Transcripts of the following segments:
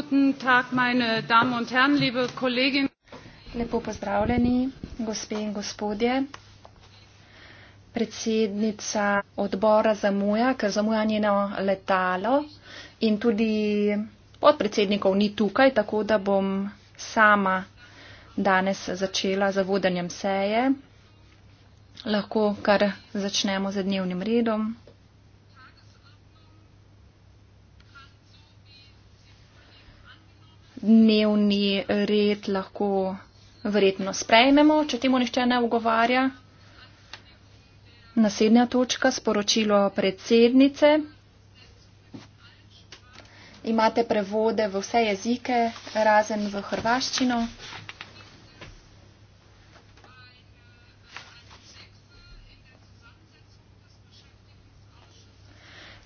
Guten Tag, meine Damen und Herren, liebe Kolleginnen. Lepo pozdravljeni, gospe in gospodje. Predsednica odbora zamuja, ker zamuja njeno letalo in tudi podpredsednikov ni tukaj, tako da bom sama danes začela za vodenjem seje. Lahko kar začnemo z dnevnim redom. dnevni red lahko verjetno sprejmemo, če temu nišče ne ugovarja. Naslednja točka, sporočilo predsednice. Imate prevode v vse jezike, razen v hrvaščino.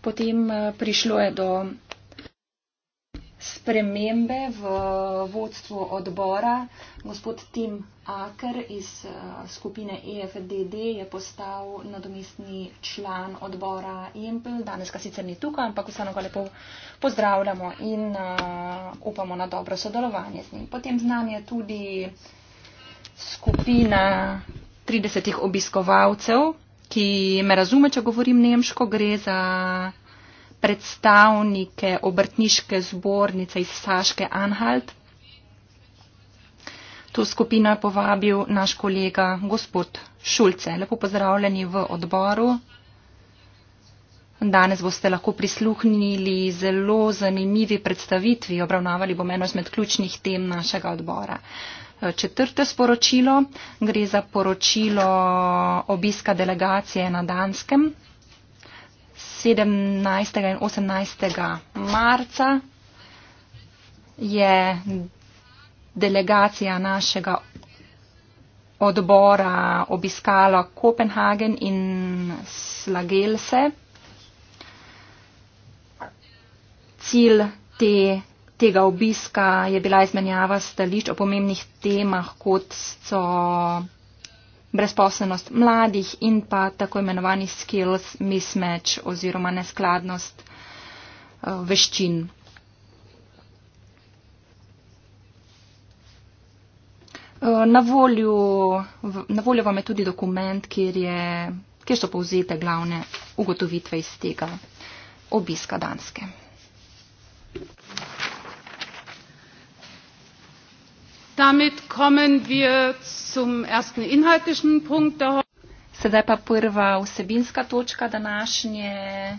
Potem eh, prišlo je do spremembe v vodstvu odbora. Gospod Tim Aker iz eh, skupine EFDD je postal nadomestni član odbora IMPL. Danes ga sicer ni tukaj, ampak vseeno ga lepo pozdravljamo in uh, upamo na dobro sodelovanje z njim. Potem z nami je tudi skupina 30 obiskovalcev, ki me razume, če govorim nemško, gre za predstavnike obrtniške zbornice iz Saške Anhalt. To skupino je povabil naš kolega gospod Šulce. Lepo pozdravljeni v odboru. Danes boste lahko prisluhnili zelo zanimivi predstavitvi, obravnavali bom eno izmed ključnih tem našega odbora. Četrte sporočilo gre za poročilo obiska delegacije na Danskem. 17. in 18. marca je delegacija našega odbora obiskala Kopenhagen in Slagelse. Cilj te, tega obiska je bila izmenjava stališč o pomembnih temah, kot so brezposobnost mladih in pa tako imenovani skills mismatch oziroma neskladnost eh, veščin. Eh, na voljo, na voljo vam je tudi dokument, kjer, je, kjer so povzete glavne ugotovitve iz tega obiska Danske. Damit kommen wir zum ersten inhaltlichen Punkt. Sedaj pa prva vsebinska točka današnjega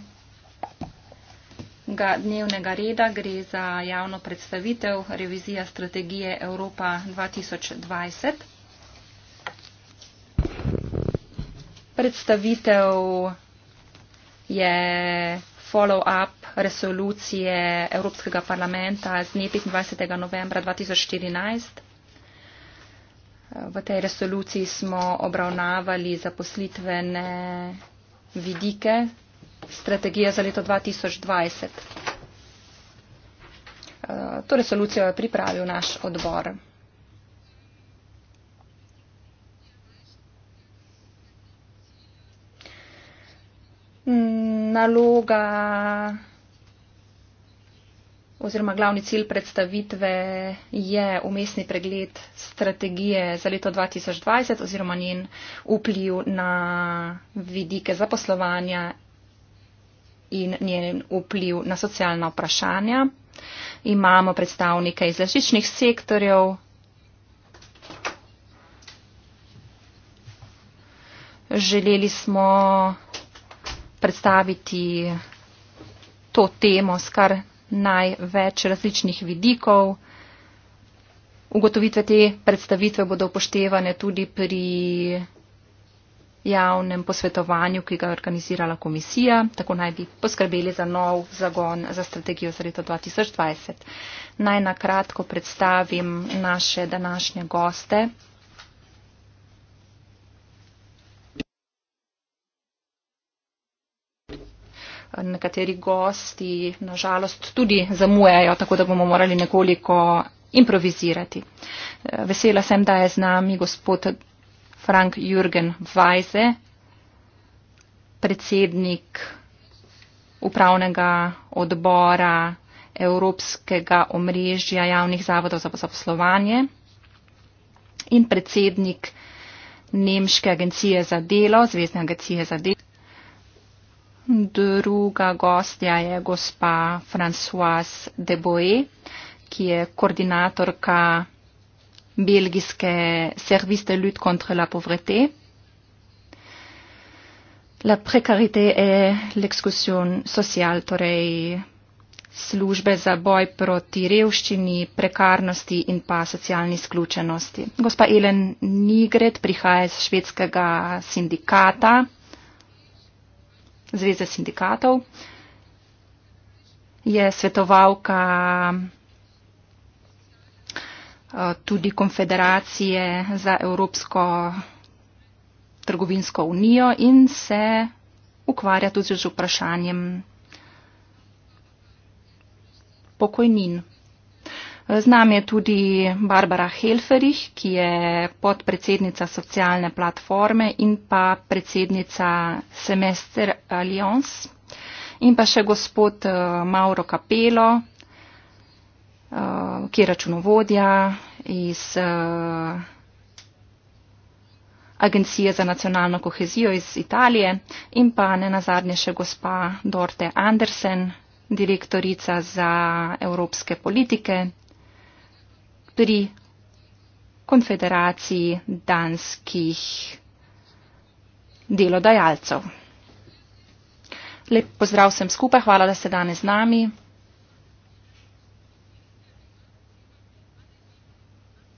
dnevnega reda gre za javno predstavitev revizija strategije Evropa 2020. Predstavitev je follow-up resolucije Evropskega parlamenta z dne 25. novembra 2014. V tej resoluciji smo obravnavali zaposlitvene vidike strategije za leto 2020. To resolucijo je pripravil naš odbor. Hmm naloga oziroma glavni cilj predstavitve je umestni pregled strategije za leto 2020 oziroma njen vpliv na vidike zaposlovanja in njen vpliv na socialna vprašanja. Imamo predstavnike iz različnih sektorjev. Želeli smo predstaviti to temo s kar največ različnih vidikov. Ugotovitve te predstavitve bodo upoštevane tudi pri javnem posvetovanju, ki ga je organizirala komisija. Tako naj bi poskrbeli za nov zagon za strategijo za leto 2020. Naj nakratko predstavim naše današnje goste. nekateri gosti nažalost tudi zamujajo, tako da bomo morali nekoliko improvizirati. Vesela sem, da je z nami gospod Frank Jürgen Weise, predsednik upravnega odbora Evropskega omrežja javnih zavodov za poslovanje in predsednik Nemške agencije za delo, Zvezdne agencije za delo. Druga gostja je gospa Françoise Deboe, ki je koordinatorka belgijske Service de lutte contre la pauvreté. La precarité est l'exclusion sociale, torej službe za boj proti revščini, prekarnosti in pa socialni sključenosti. Gospa Elen Nigret prihaja iz švedskega sindikata. Zveze sindikatov, je svetovalka eh, tudi Konfederacije za Evropsko trgovinsko unijo in se ukvarja tudi z vprašanjem pokojnin. Z nami je tudi Barbara Helferih, ki je podpredsednica socialne platforme in pa predsednica Semester Alliance. In pa še gospod eh, Mauro Capelo, eh, ki je računovodja iz eh, Agencije za nacionalno kohezijo iz Italije in pa ne nazadnje še gospa Dorte Andersen, direktorica za evropske politike pri konfederaciji danskih delodajalcev. Lep pozdrav vsem skupaj, hvala, da ste danes z nami.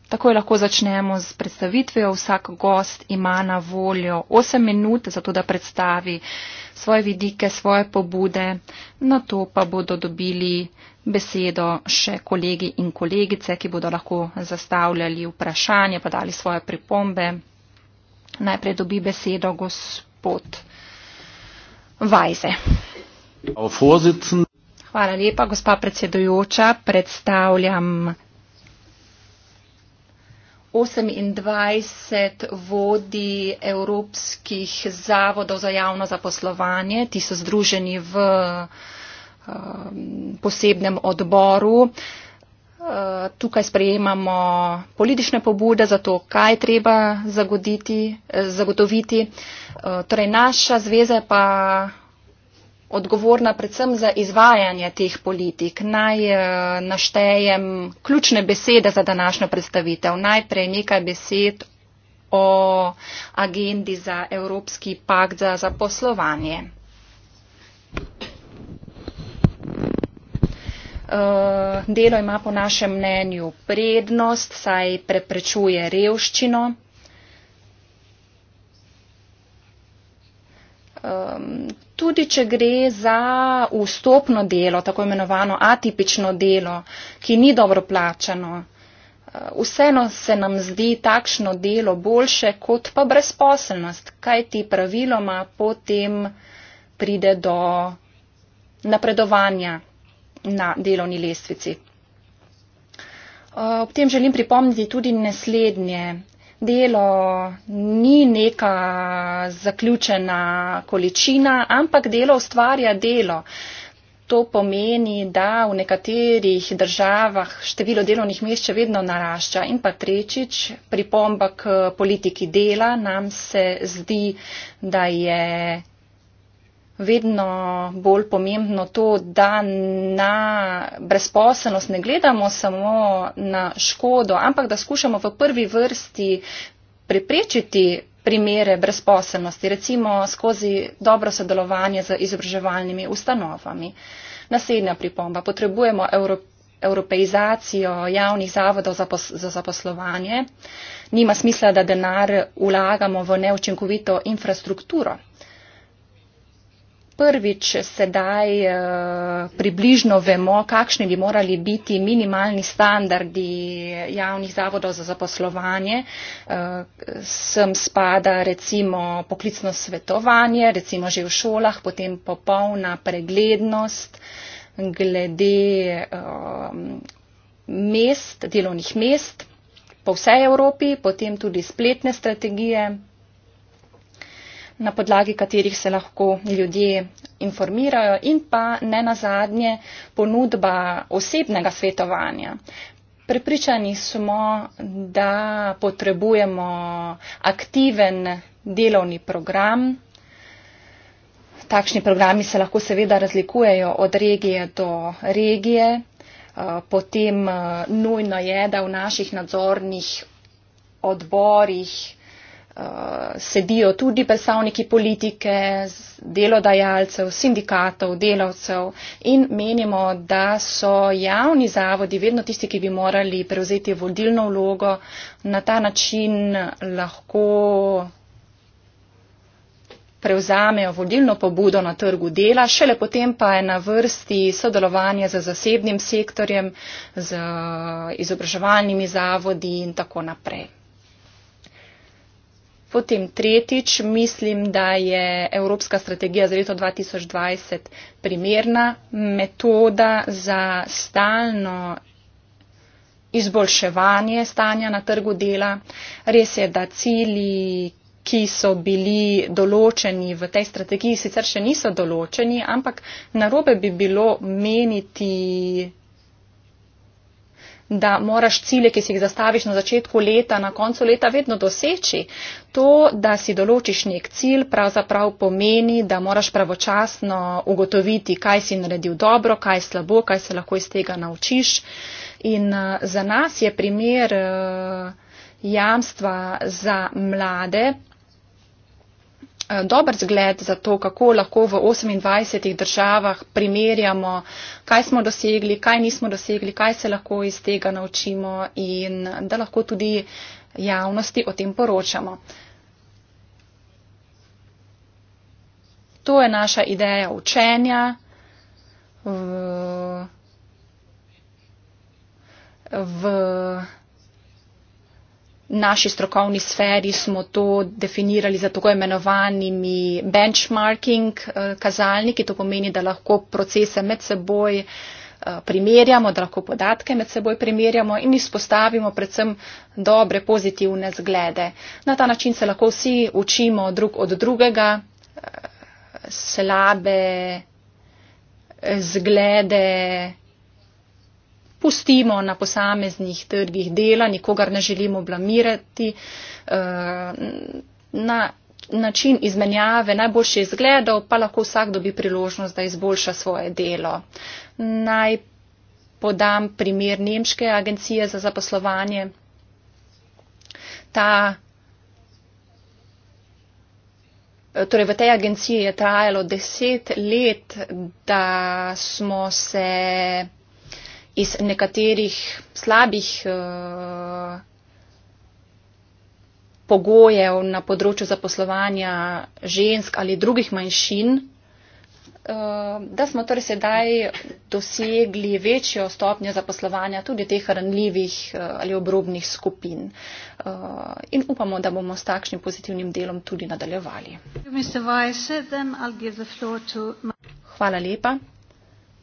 Takoj lahko začnemo z predstavitvijo. Vsak gost ima na voljo 8 minut, zato da predstavi svoje vidike, svoje pobude. Na to pa bodo dobili besedo še kolegi in kolegice, ki bodo lahko zastavljali vprašanje, pa dali svoje pripombe. Najprej dobi besedo gospod Vajze. Hvala lepa, gospa predsedujoča. Predstavljam 28 vodi evropskih zavodov za javno zaposlovanje, ti so združeni v um, posebnem odboru. Uh, tukaj sprejemamo politične pobude za to, kaj treba zagoditi, eh, zagotoviti. Uh, torej, naša zveza je pa odgovorna predvsem za izvajanje teh politik. Naj eh, naštejem ključne besede za današnjo predstavitev. Najprej nekaj besed o agendi za Evropski pakt za zaposlovanje. Eh, delo ima po našem mnenju prednost, saj preprečuje revščino tudi če gre za vstopno delo, tako imenovano atipično delo, ki ni dobro plačano. Eh, vseeno se nam zdi takšno delo boljše kot pa brezposelnost, kaj ti praviloma potem pride do napredovanja na delovni lestvici. Eh, ob tem želim pripomniti tudi naslednje delo ni neka zaključena količina, ampak delo ustvarja delo. To pomeni, da v nekaterih državah število delovnih mest še vedno narašča. In pa tretjič, pripomba k politiki dela nam se zdi, da je vedno bolj pomembno to, da na brezposelnost ne gledamo samo na škodo, ampak da skušamo v prvi vrsti preprečiti primere brezposelnosti, recimo skozi dobro sodelovanje z izobraževalnimi ustanovami. Naslednja pripomba. Potrebujemo euro, europeizacijo javnih zavodov za, pos, za zaposlovanje. Nima smisla, da denar vlagamo v neučinkovito infrastrukturo prvič sedaj eh, približno vemo, kakšni bi morali biti minimalni standardi javnih zavodov za zaposlovanje. Eh, sem spada recimo poklicno svetovanje, recimo že v šolah, potem popolna preglednost glede eh, mest, delovnih mest po vsej Evropi, potem tudi spletne strategije na podlagi katerih se lahko ljudje informirajo in pa ne nazadnje ponudba osebnega svetovanja. Prepričani smo, da potrebujemo aktiven delovni program. Takšni programi se lahko seveda razlikujejo od regije do regije. Potem eh, nujno je, da v naših nadzornih odborih Eh, sedijo tudi predstavniki politike, delodajalcev, sindikatov, delavcev in menimo, da so javni zavodi vedno tisti, ki bi morali prevzeti vodilno vlogo, na ta način lahko prevzamejo vodilno pobudo na trgu dela, šele potem pa je na vrsti sodelovanje z zasebnim sektorjem, z izobraževalnimi zavodi in tako naprej. Potem tretjič, mislim, da je Evropska strategija za leto 2020 primerna metoda za stalno izboljševanje stanja na trgu dela. Res je, da cilji, ki so bili določeni v tej strategiji, sicer še niso določeni, ampak narobe bi bilo meniti da moraš cilje, ki si jih zastaviš na začetku leta, na koncu leta vedno doseči. To, da si določiš nek cilj, pravzaprav pomeni, da moraš pravočasno ugotoviti, kaj si naredil dobro, kaj slabo, kaj se lahko iz tega naučiš. In eh, za nas je primer eh, jamstva za mlade Eh, dober zgled za to, kako lahko v 28 državah primerjamo, kaj smo dosegli, kaj nismo dosegli, kaj se lahko iz tega naučimo in da lahko tudi javnosti o tem poročamo. To je naša ideja učenja. V, v, naši strokovni sferi smo to definirali za tako imenovanimi benchmarking eh, kazalniki. To pomeni, da lahko procese med seboj eh, primerjamo, da lahko podatke med seboj primerjamo in izpostavimo predvsem dobre, pozitivne zglede. Na ta način se lahko vsi učimo drug od drugega, eh, slabe zglede pustimo na posameznih trgih dela, nikogar ne želimo blamirati. Eh, na način izmenjave najboljših izgledov pa lahko vsak dobi priložnost, da izboljša svoje delo. Naj podam primer Nemške agencije za zaposlovanje. Ta Torej, v tej agenciji je trajalo deset let, da smo se iz nekaterih slabih eh, pogojev na področju zaposlovanja žensk ali drugih manjšin, eh, da smo torej sedaj dosegli večjo stopnjo zaposlovanja tudi teh ranljivih eh, ali obrobnih skupin. In upamo, da bomo s takšnim pozitivnim delom tudi nadaljevali. Hvala lepa.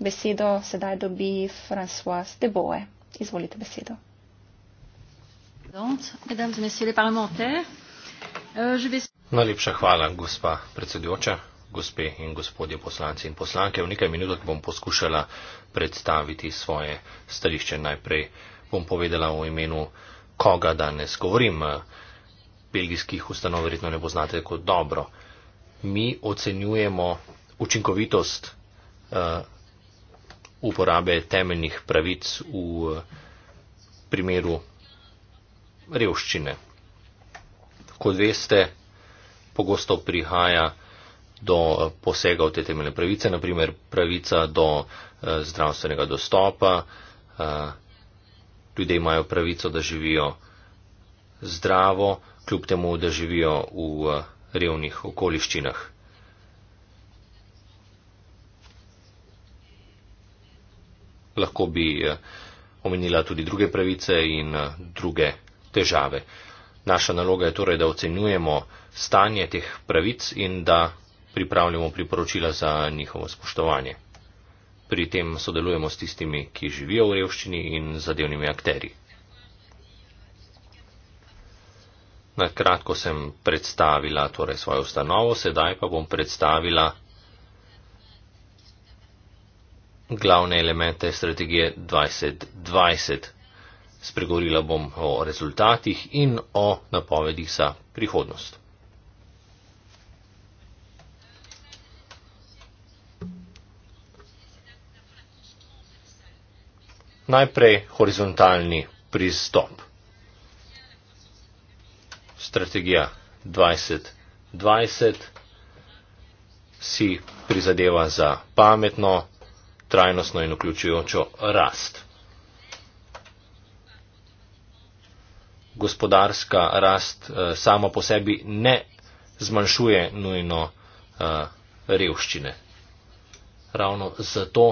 Besedo sedaj dobi François Deboe. Izvolite besedo. Euh, Najlepša hvala, gospa predsedujoča, gospe in gospodje poslanci in poslanke. V nekaj minutah bom poskušala predstaviti svoje stališče. Najprej bom povedala v imenu, koga danes govorim. Belgijskih ustanov verjetno ne poznate tako dobro. Mi ocenjujemo učinkovitost uh, uporabe temeljnih pravic v eh, primeru revščine. Kot veste, pogosto prihaja do eh, posega v te temeljne pravice, naprimer pravica do eh, zdravstvenega dostopa. Ljudje imajo pravico, da živijo zdravo, kljub temu, da živijo v revnih okoliščinah. lahko bi eh, omenila tudi druge pravice in eh, druge težave. Naša naloga je torej, da ocenjujemo stanje teh pravic in da pripravljamo priporočila za njihovo spoštovanje. Pri tem sodelujemo s tistimi, ki živijo v revščini in zadevnimi akteri. Na kratko sem predstavila torej svojo ustanovo, sedaj pa bom predstavila glavne elemente strategije 2020. Spregovorila bom o rezultatih in o napovedih za prihodnost. Najprej horizontalni pristop. Strategija 2020 si prizadeva za pametno, trajnostno in vključujočo rast. Gospodarska rast eh, sama po sebi ne zmanjšuje nujno eh, revščine. Ravno zato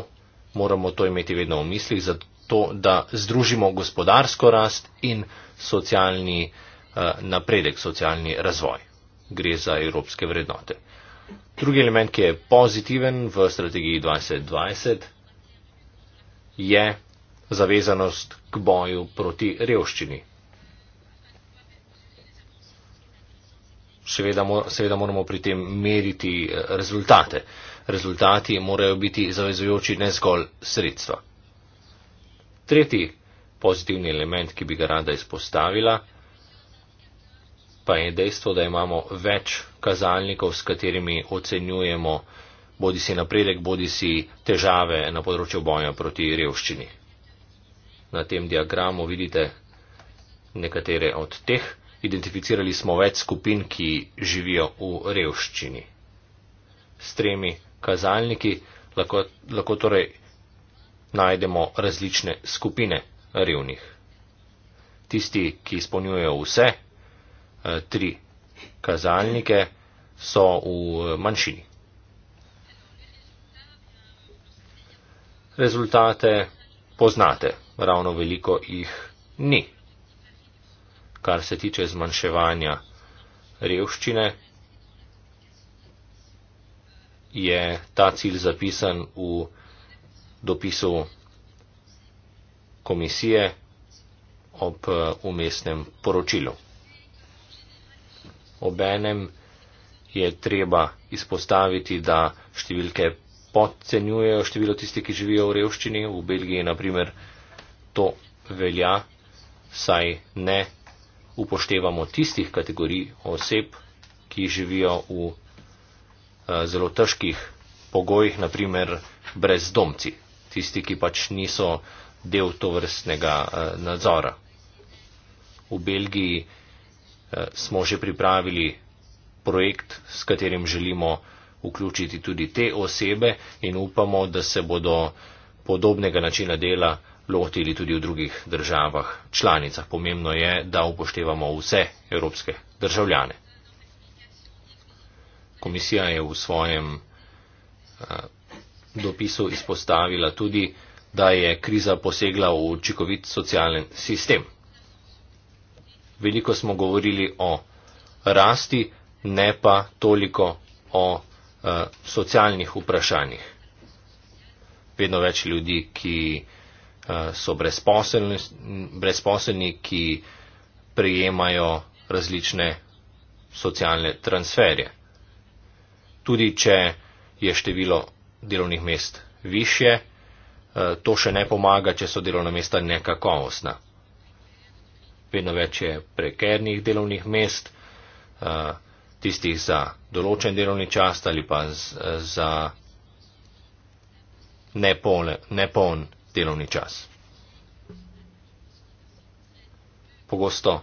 moramo to imeti vedno v mislih, zato da združimo gospodarsko rast in socialni eh, napredek, socialni razvoj. Gre za evropske vrednote. Drugi element, ki je pozitiven v strategiji 2020, je zavezanost k boju proti revščini. Seveda, mor, seveda moramo pri tem meriti eh, rezultate. Rezultati morajo biti zavezujoči ne zgolj sredstva. Tretji pozitivni element, ki bi ga rada izpostavila, pa je dejstvo, da imamo več kazalnikov, s katerimi ocenjujemo bodi si napredek, bodi si težave na področju boja proti revščini. Na tem diagramu vidite nekatere od teh. Identificirali smo več skupin, ki živijo v revščini. S tremi kazalniki lahko, lahko torej najdemo različne skupine revnih. Tisti, ki izpolnjujejo vse Eh, tri kazalnike, so v eh, manjšini. Rezultate poznate, ravno veliko jih ni. Kar se tiče zmanjševanja revščine, je ta cilj zapisan v dopisu komisije ob umestnem eh, poročilu. Obenem je treba izpostaviti, da številke podcenjujejo število tistih, ki živijo v revščini. V Belgiji, naprimer, to velja, saj ne upoštevamo tistih kategorij oseb, ki živijo v eh, zelo težkih pogojih, naprimer brezdomci, tisti, ki pač niso del tovrstnega eh, nadzora. V Belgiji Eh, smo že pripravili projekt, s katerim želimo vključiti tudi te osebe in upamo, da se bodo podobnega načina dela lotili tudi v drugih državah članicah. Pomembno je, da upoštevamo vse evropske državljane. Komisija je v svojem eh, dopisu izpostavila tudi, da je kriza posegla v učinkovit socialen sistem veliko smo govorili o rasti, ne pa toliko o uh, socialnih vprašanjih. Vedno več ljudi, ki uh, so brezposelni, brezposelni, ki prejemajo različne socialne transferje. Tudi, če je število delovnih mest više, eh, to še ne pomaga, če so delovna mesta nekakovostna vedno več je prekernih delovnih mest, eh, tistih za določen delovni čas ali pa eh, za nepoln delovni čas. Pogosto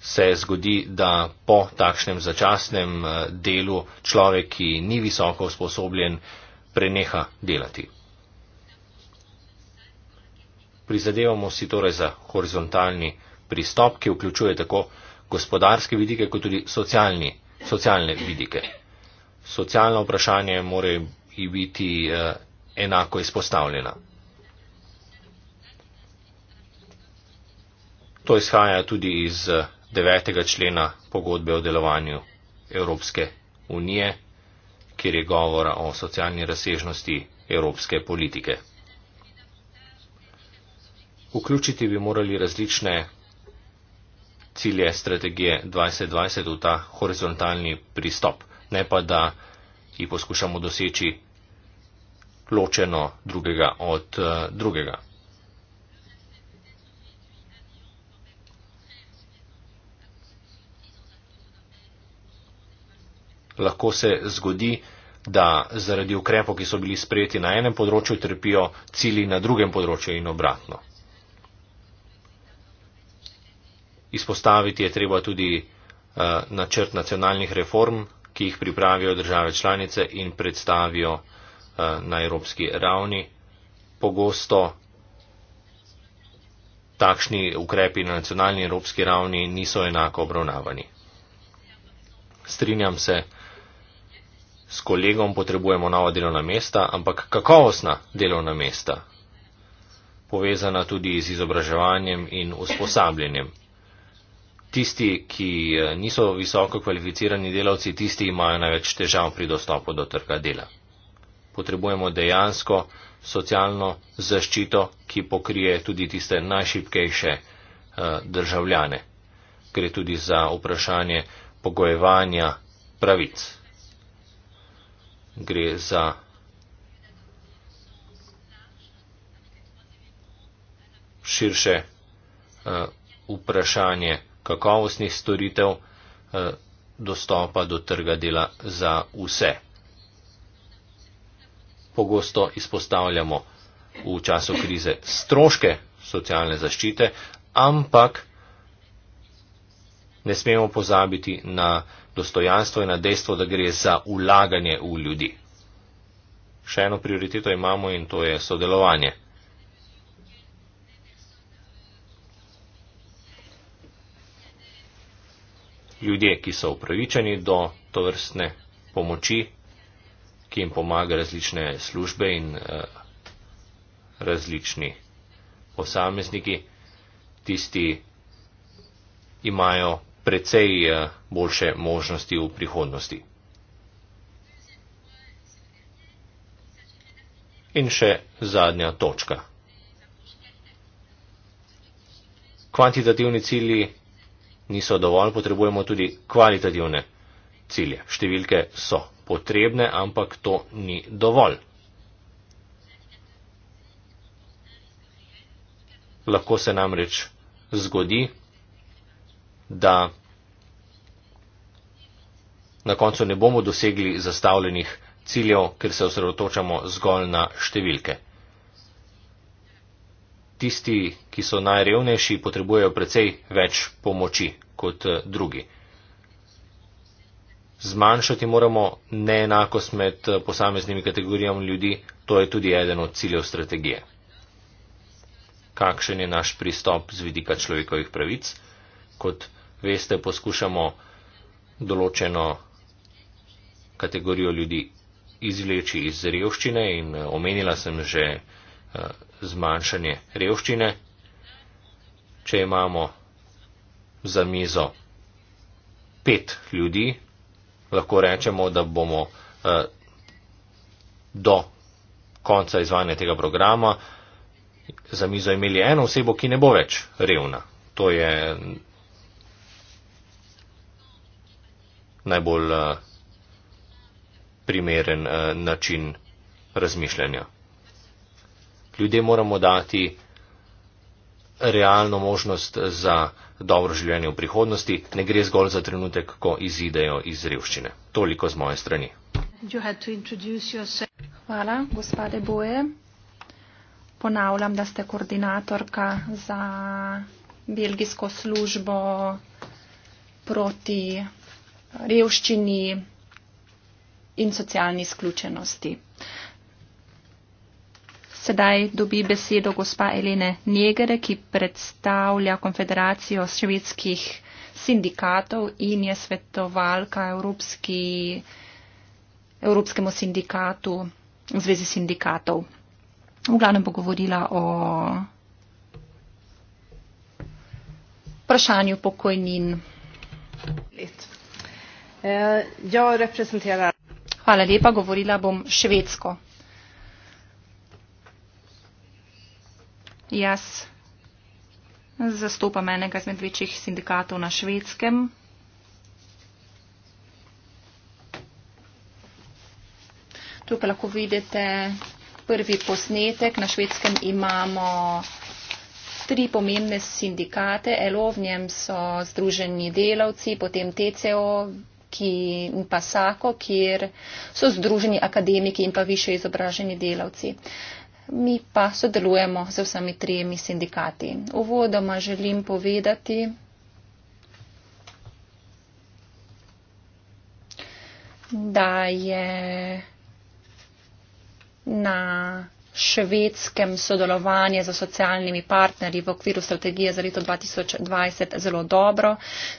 se zgodi, da po takšnem začasnem eh, delu človek, ki ni visoko usposobljen, preneha delati prizadevamo si torej za horizontalni pristop, ki vključuje tako gospodarske vidike, kot tudi socialni, socialne vidike. Socialno vprašanje more biti eh, enako izpostavljena. To izhaja tudi iz 9. Eh, člena pogodbe o delovanju Evropske unije, kjer je govora o socialni razsežnosti evropske politike. Vključiti bi morali različne cilje strategije 2020 v ta horizontalni pristop, ne pa da jih poskušamo doseči ločeno drugega od eh, drugega. Lahko se zgodi, da zaradi ukrepov, ki so bili sprejeti na enem področju, trpijo cili na drugem področju in obratno. Izpostaviti je treba tudi eh, načrt nacionalnih reform, ki jih pripravijo države članice in predstavijo eh, na evropski ravni. Pogosto takšni ukrepi na nacionalni evropski ravni niso enako obravnavani. Strinjam se, s kolegom potrebujemo nova delovna mesta, ampak kakovostna delovna mesta, povezana tudi z izobraževanjem in usposabljanjem tisti, ki eh, niso visoko kvalificirani delavci, tisti imajo največ težav pri dostopu do trga dela. Potrebujemo dejansko socialno zaščito, ki pokrije tudi tiste najšipkejše eh, državljane. Gre tudi za vprašanje pogojevanja pravic. Gre za. Širše uh, vprašanje kakovostnih storitev, eh, dostopa do trga dela za vse. Pogosto izpostavljamo v času krize stroške socialne zaščite, ampak ne smemo pozabiti na dostojanstvo in na dejstvo, da gre za ulaganje v ljudi. Še eno prioriteto imamo in to je sodelovanje. ljudje, ki so upravičeni do to vrstne pomoči, ki jim pomaga različne službe in eh, različni posamezniki, tisti imajo precej eh, boljše možnosti v prihodnosti. In še zadnja točka. Kvantitativni cilji niso dovolj, potrebujemo tudi kvalitativne cilje. Številke so potrebne, ampak to ni dovolj. Lahko se namreč zgodi, da na koncu ne bomo dosegli zastavljenih ciljev, ker se osredotočamo zgolj na številke tisti, ki so najrevnejši, potrebujejo precej več pomoči kot eh, drugi. Zmanjšati moramo neenakost med eh, posameznimi kategorijami ljudi, to je tudi eden od ciljev strategije. Kakšen je naš pristop z vidika človekovih pravic? Kot veste, poskušamo določeno kategorijo ljudi izvleči iz revščine in eh, omenila sem že, Eh, zmanjšanje revščine, če imamo za mizo pet ljudi, lahko rečemo, da bomo eh, do konca izvajanja tega programa za mizo imeli eno osebo, ki ne bo več revna. To je najbolj eh, primeren način razmišljanja. Ljudje moramo dati realno možnost za dobro življenje v prihodnosti, ne gre zgolj za trenutek, ko izidejo iz revščine. Toliko z moje strani. Hvala, gospode Boje. Ponavljam, da ste koordinatorka za belgijsko službo proti revščini in socialni izključenosti. Sedaj dobi besedo gospa Elene Njegere, ki predstavlja Konfederacijo švedskih sindikatov in je svetovalka Evropski, Evropskemu sindikatu v zvezi sindikatov. V glavnem bo govorila o vprašanju pokojnin. Eh, ja, Hvala lepa, govorila bom švedsko. Jaz zastopam enega izmed večjih sindikatov na švedskem. Tukaj lahko vidite prvi posnetek. Na švedskem imamo tri pomembne sindikate. Elo, v njem so združeni delavci, potem TCO ki, in pa SAKO, kjer so združeni akademiki in pa više izobraženi delavci. Uh, mi pa sodelujemo z vsemi trijemi sindikati. Uvodoma želim povedati, da je na švedskem sodelovanje za socialnimi partnerji v okviru strategije za leto 2020 zelo dobro.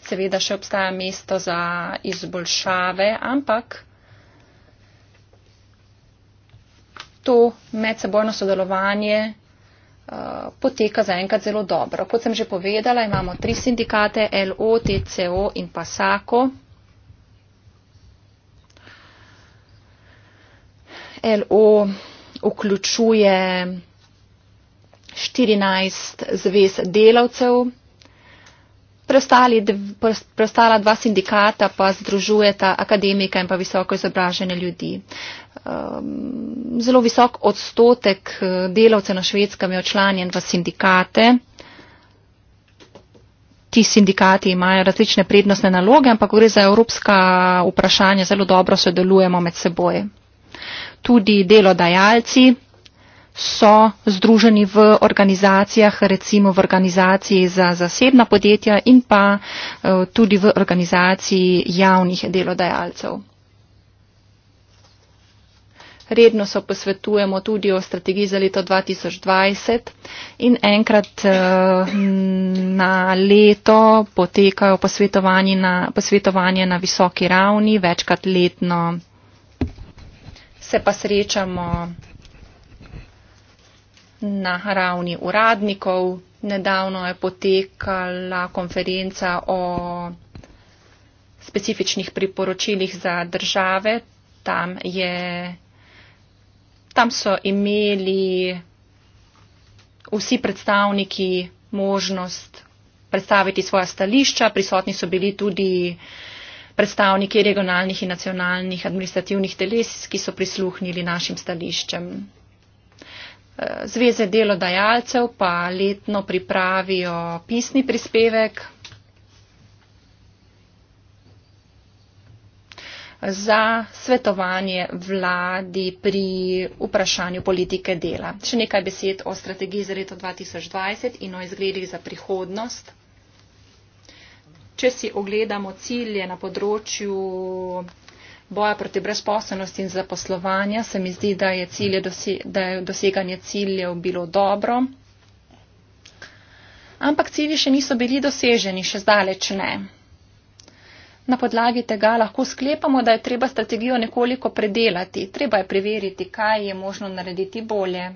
Seveda še obstaja mesto za izboljšave, ampak to medsebojno sodelovanje uh, poteka zaenkrat zelo dobro. Kot sem že povedala, imamo tri sindikate, LO, TCO in pa SAKO. LO vključuje 14 zvez delavcev, preostala dva sindikata pa združujeta akademika in pa visoko izobražene ljudi um, zelo visok odstotek eh, delavcev na švedskem je očlanjen v sindikate. Ti sindikati imajo različne prednostne naloge, ampak gre za evropska vprašanja, zelo dobro sodelujemo med seboj. Tudi delodajalci so združeni v organizacijah, recimo v organizaciji za zasebna podjetja in pa eh, tudi v organizaciji javnih delodajalcev redno se posvetujemo tudi o strategiji za leto 2020 in enkrat eh, na leto potekajo posvetovanje na, posvetovanje na visoki ravni, večkrat letno se pa srečamo na ravni uradnikov. Nedavno je potekala konferenca o specifičnih priporočilih za države. Tam je tam so imeli vsi predstavniki možnost predstaviti svoja stališča, prisotni so bili tudi predstavniki regionalnih in nacionalnih administrativnih teles, ki so prisluhnili našim stališčem. Eh, Zveze delodajalcev pa letno pripravijo pisni prispevek za svetovanje vladi pri vprašanju politike dela. Še nekaj besed o strategiji za leto 2020 in o izgledih za prihodnost. Če si ogledamo cilje na področju boja proti brezposobnosti in zaposlovanja, se mi zdi, da je, cilje, da je doseganje ciljev bilo dobro. Ampak cilji še niso bili doseženi, še zdaleč ne na podlagi tega lahko sklepamo, da je treba strategijo nekoliko predelati. Treba je preveriti, kaj je možno narediti bolje.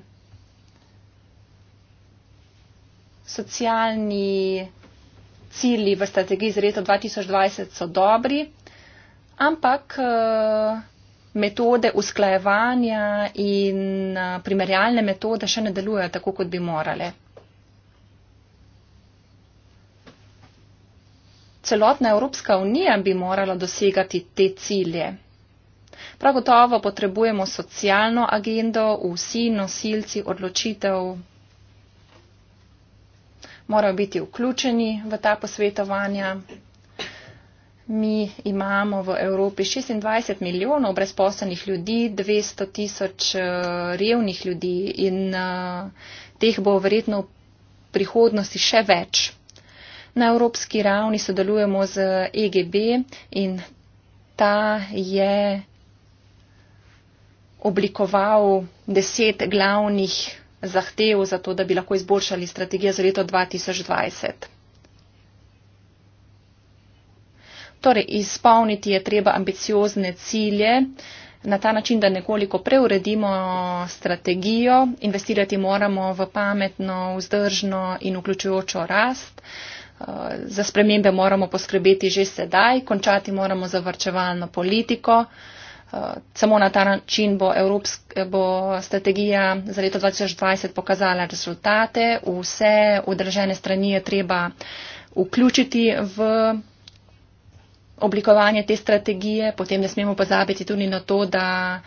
Socialni cilji v strategiji za leto 2020 so dobri, ampak eh, metode usklajevanja in eh, primerjalne metode še ne delujejo tako, kot bi morale. celotna Evropska unija bi morala dosegati te cilje. Prav gotovo potrebujemo socialno agendo, vsi nosilci odločitev morajo biti vključeni v ta posvetovanja. Mi imamo v Evropi 26 milijonov brezposlenih ljudi, 200 tisoč eh, revnih ljudi in uh, teh bo verjetno v prihodnosti še več. Na evropski ravni sodelujemo z EGB in ta je oblikoval deset glavnih zahtev za to, da bi lahko izboljšali strategijo za leto 2020. Torej, izpolniti je treba ambiciozne cilje na ta način, da nekoliko preuredimo strategijo, investirati moramo v pametno, vzdržno in vključujočo rast. Uh, za spremembe moramo poskrbeti že sedaj, končati moramo zavrčevalno politiko. Eh, samo na ta način bo, Evropsk, bo strategija za leto 2020 pokazala rezultate. Vse udržene strani je treba vključiti v oblikovanje te strategije. Potem ne smemo pozabiti tudi na to, da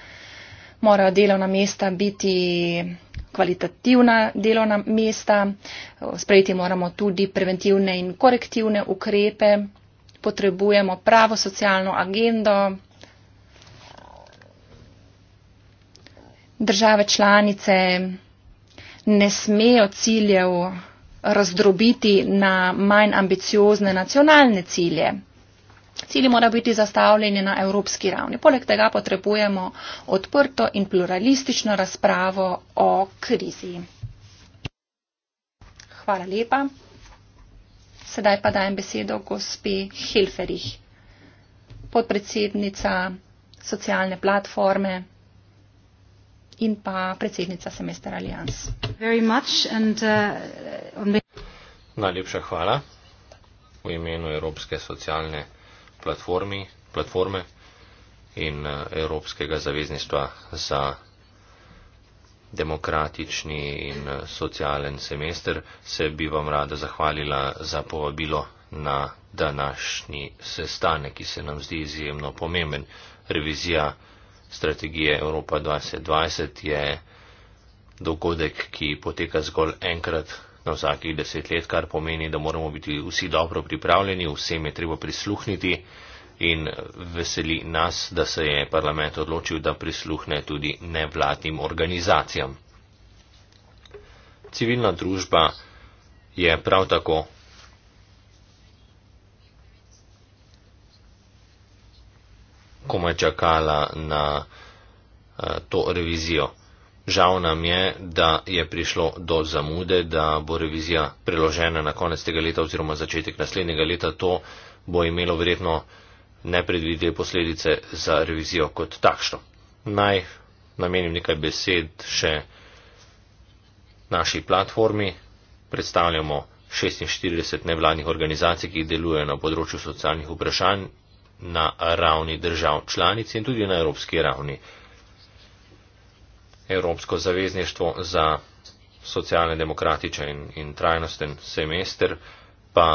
morajo delovna mesta biti kvalitativna delovna mesta, sprejeti moramo tudi preventivne in korektivne ukrepe, potrebujemo pravo socialno agendo. Države članice ne smejo ciljev razdrobiti na manj ambiciozne nacionalne cilje. Cilji mora biti zastavljeni na evropski ravni. Poleg tega potrebujemo odprto in pluralistično razpravo o krizi. Hvala lepa. Sedaj pa dajem besedo gospe Hilferih, podpredsednica socialne platforme in pa predsednica Semester Alliance. And, uh, Najlepša hvala v imenu Evropske socialne platforme platformi, platforme in eh, Evropskega zavezništva za demokratični in eh, socialen semester, se bi vam rada zahvalila za povabilo na današnji sestanek, ki se nam zdi izjemno pomemben. Revizija strategije Evropa 2020 je dogodek, ki poteka zgolj enkrat na vsakih deset let, kar pomeni, da moramo biti vsi dobro pripravljeni, vsem je treba prisluhniti in eh, veseli nas, da se je parlament odločil, da prisluhne tudi nevladnim organizacijam. Civilna družba je prav tako komaj čakala na eh, to revizijo. Žal nam je, da je prišlo do zamude, da bo revizija preložena na konec tega leta oziroma začetek naslednjega leta. To bo imelo verjetno nepredvidljive posledice za revizijo kot takšno. Naj namenim nekaj besed še naši platformi. Predstavljamo 46 nevladnih organizacij, ki delujejo na področju socialnih vprašanj na ravni držav članic in tudi na evropski ravni. Evropsko zavezništvo za socialne demokratiče in, in trajnosten semester pa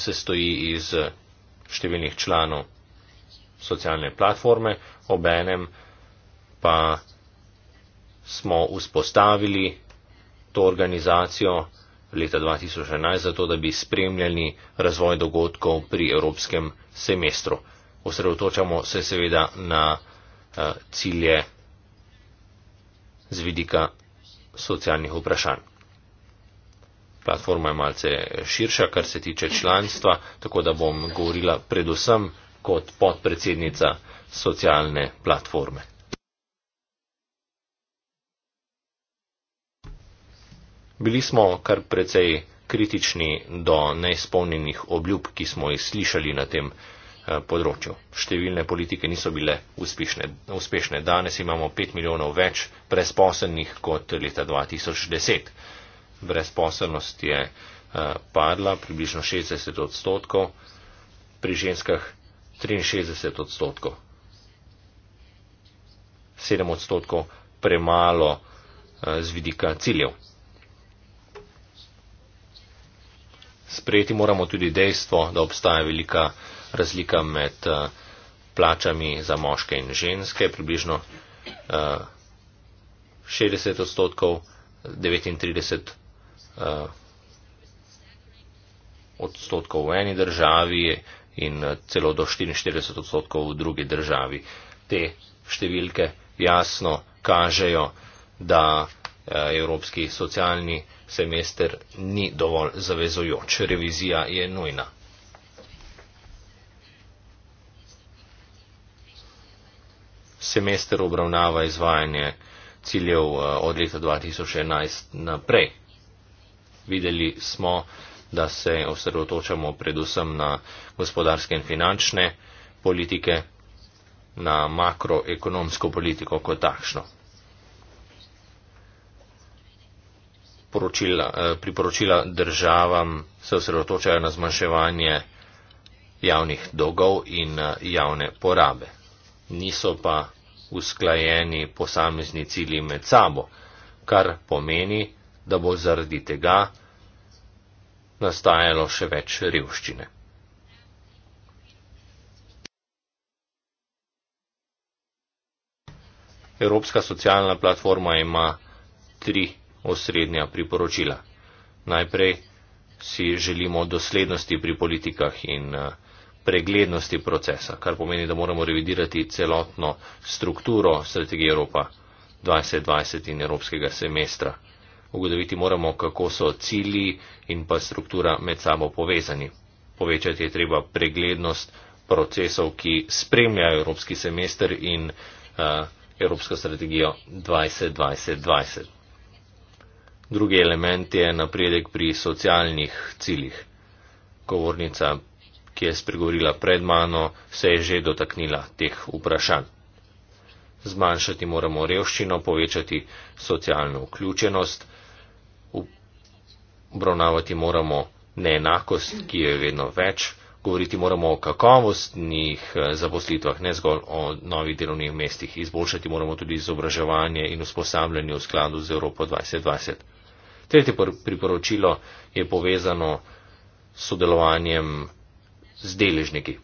se stoji iz številnih članov socialne platforme, obenem pa smo vzpostavili to organizacijo leta 2011, zato da bi spremljali razvoj dogodkov pri evropskem semestru. Osredotočamo se seveda na Eh, cilje z vidika socialnih vprašanj. Platforma je malce širša, kar se tiče članstva, tako da bom govorila predvsem kot podpredsednica socialne platforme. Bili smo kar precej kritični do neizpolnjenih obljub, ki smo jih slišali na tem Eh, področju. Številne politike niso bile uspešne. uspešne. Danes imamo 5 milijonov več brezposelnih kot leta 2010. Brezposelnost je eh, padla približno 60 odstotkov, pri ženskah 63 odstotkov. 7 odstotkov premalo eh, z vidika ciljev. Sprejeti moramo tudi dejstvo, da obstaja velika razlika med eh, plačami za moške in ženske, približno 60 eh, odstotkov, 39 eh, odstotkov v eni državi in celo do 44 odstotkov v drugi državi. Te številke jasno kažejo, da evropski socialni semester ni dovolj zavezojoč. Revizija je nujna. semester obravnava izvajanje ciljev eh, od leta 2011 naprej. Videli smo, da se osredotočamo predvsem na gospodarske in finančne politike, na makroekonomsko politiko kot takšno. Poročila, eh, priporočila državam se osredotočajo na zmanjševanje javnih dolgov in eh, javne porabe niso pa usklajeni posamezni cilji med sabo, kar pomeni, da bo zaradi tega nastajalo še več revščine. Evropska socialna platforma ima tri osrednja priporočila. Najprej si želimo doslednosti pri politikah in uh, preglednosti procesa, kar pomeni, da moramo revidirati celotno strukturo strategije Evropa 2020 in Evropskega semestra. Ugotoviti moramo, kako so cilji in pa struktura med sabo povezani. Povečati je treba preglednost procesov, ki spremljajo Evropski semester in uh, Evropsko strategijo 2020. Drugi element je napredek pri socialnih ciljih. Govornica ki je spregovorila pred mano, se je že dotaknila teh vprašanj. Zmanjšati moramo revščino, povečati socialno vključenost, obravnavati moramo neenakost, ki jo je vedno več, govoriti moramo o kakovostnih eh, zaposlitvah, ne zgolj o novih delovnih mestih, izboljšati moramo tudi izobraževanje in usposabljanje v skladu z Evropo 2020. Tretje priporočilo je povezano s sodelovanjem z deležniki.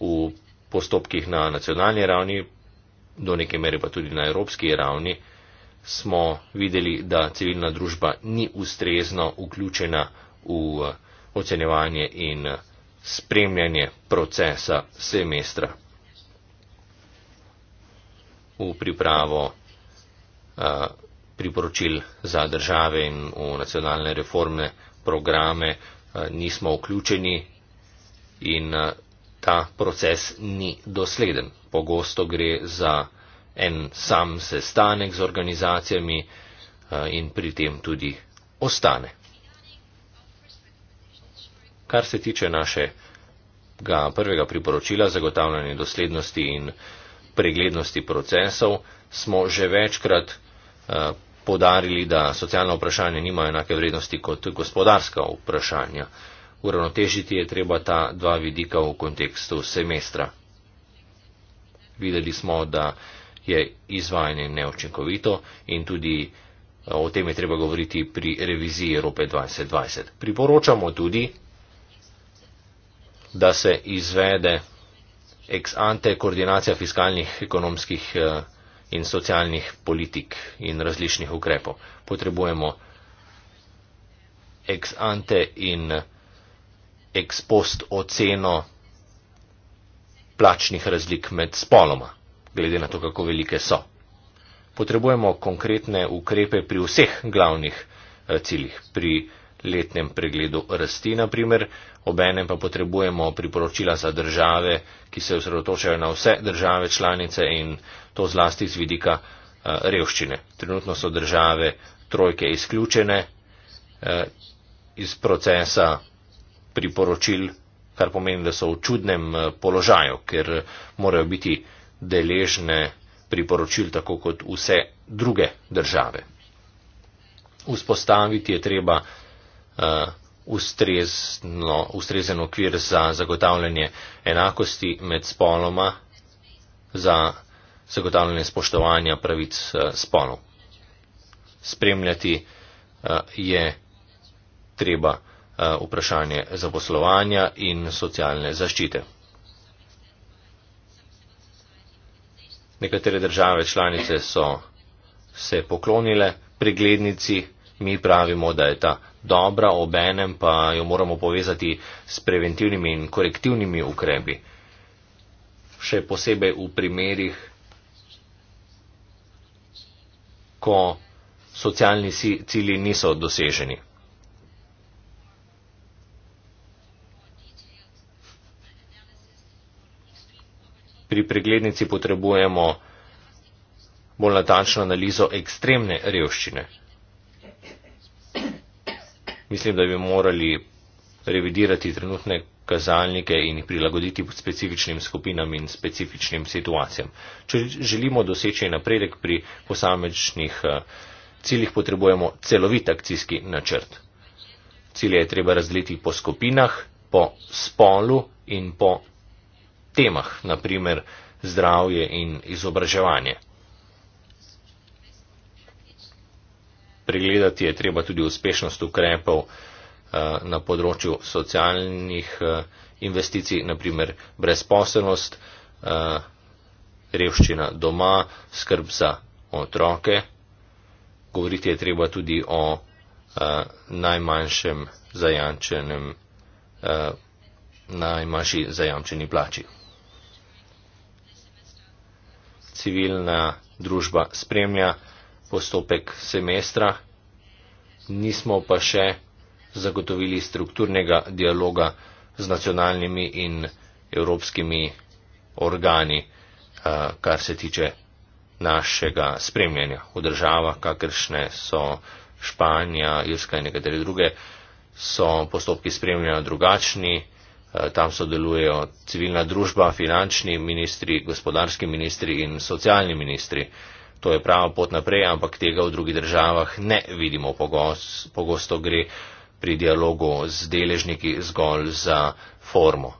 V postopkih na nacionalni ravni, do neke mere pa tudi na evropski ravni, smo videli, da civilna družba ni ustrezno vključena v eh, ocenjevanje in eh, spremljanje procesa semestra. V pripravo eh, priporočil za države in v nacionalne reformne programe nismo vključeni, in eh, ta proces ni dosleden. Pogosto gre za en sam sestanek z organizacijami eh, in pri tem tudi ostane. Kar se tiče našega prvega priporočila zagotavljanje doslednosti in preglednosti procesov, smo že večkrat eh, podarili, da socialna vprašanja nima enake vrednosti kot gospodarska vprašanja uravnotežiti je treba ta dva vidika v kontekstu semestra. Videli smo, da je izvajanje neočinkovito in tudi eh, o tem je treba govoriti pri reviziji Evrope 2020. Priporočamo tudi, da se izvede ex ante koordinacija fiskalnih, ekonomskih eh, in socialnih politik in različnih ukrepov. Potrebujemo ex ante in ekspost oceno plačnih razlik med spoloma, glede na to, kako velike so. Potrebujemo konkretne ukrepe pri vseh glavnih eh, ciljih, pri letnem pregledu rasti, na primer, obenem pa potrebujemo priporočila za države, ki se osredotočajo na vse države članice in to zlasti z vidika eh, revščine. Trenutno so države trojke izključene eh, iz procesa priporočil, kar pomeni, da so v čudnem eh, položaju, ker eh, morajo biti deležne priporočil tako kot vse druge države. Vzpostaviti je treba eh, ustrezno, ustrezen okvir za zagotavljanje enakosti med spoloma, za zagotavljanje spoštovanja pravic spolov. Spremljati je treba. Eh, vprašanje zaposlovanja in socialne zaščite. Nekatere države članice so se poklonile preglednici, mi pravimo, da je ta dobra, obenem pa jo moramo povezati s preventivnimi in korektivnimi ukrepi. Še posebej v primerih, ko socialni cili niso doseženi. pri preglednici potrebujemo bolj natančno analizo ekstremne revščine. Mislim, da bi morali revidirati trenutne kazalnike in jih prilagoditi pod specifičnim skupinam in specifičnim situacijam. Če želimo doseči napredek pri posamečnih eh, ciljih, potrebujemo celovit akcijski načrt. Cilje je treba razdeliti po skupinah, po spolu in po temah, naprimer zdravje in izobraževanje. Pregledati je treba tudi uspešnost ukrepov eh, na področju socialnih eh, investicij, naprimer brezposelnost, eh, revščina doma, skrb za otroke. Govoriti je treba tudi o najmanjšem zajančenem, najmanjši zajamčeni plači civilna družba spremlja postopek semestra. Nismo pa še zagotovili strukturnega dialoga z nacionalnimi in evropskimi organi, eh, kar se tiče našega spremljanja v državah, kakršne so Španija, Irska in nekatere druge, so postopki spremljanja drugačni. Eh, tam sodelujejo civilna družba, finančni ministri, gospodarski ministri in socialni ministri. To je prava pot naprej, ampak tega v drugih državah ne vidimo. Pogosto gre pri dialogu z deležniki zgolj za formo.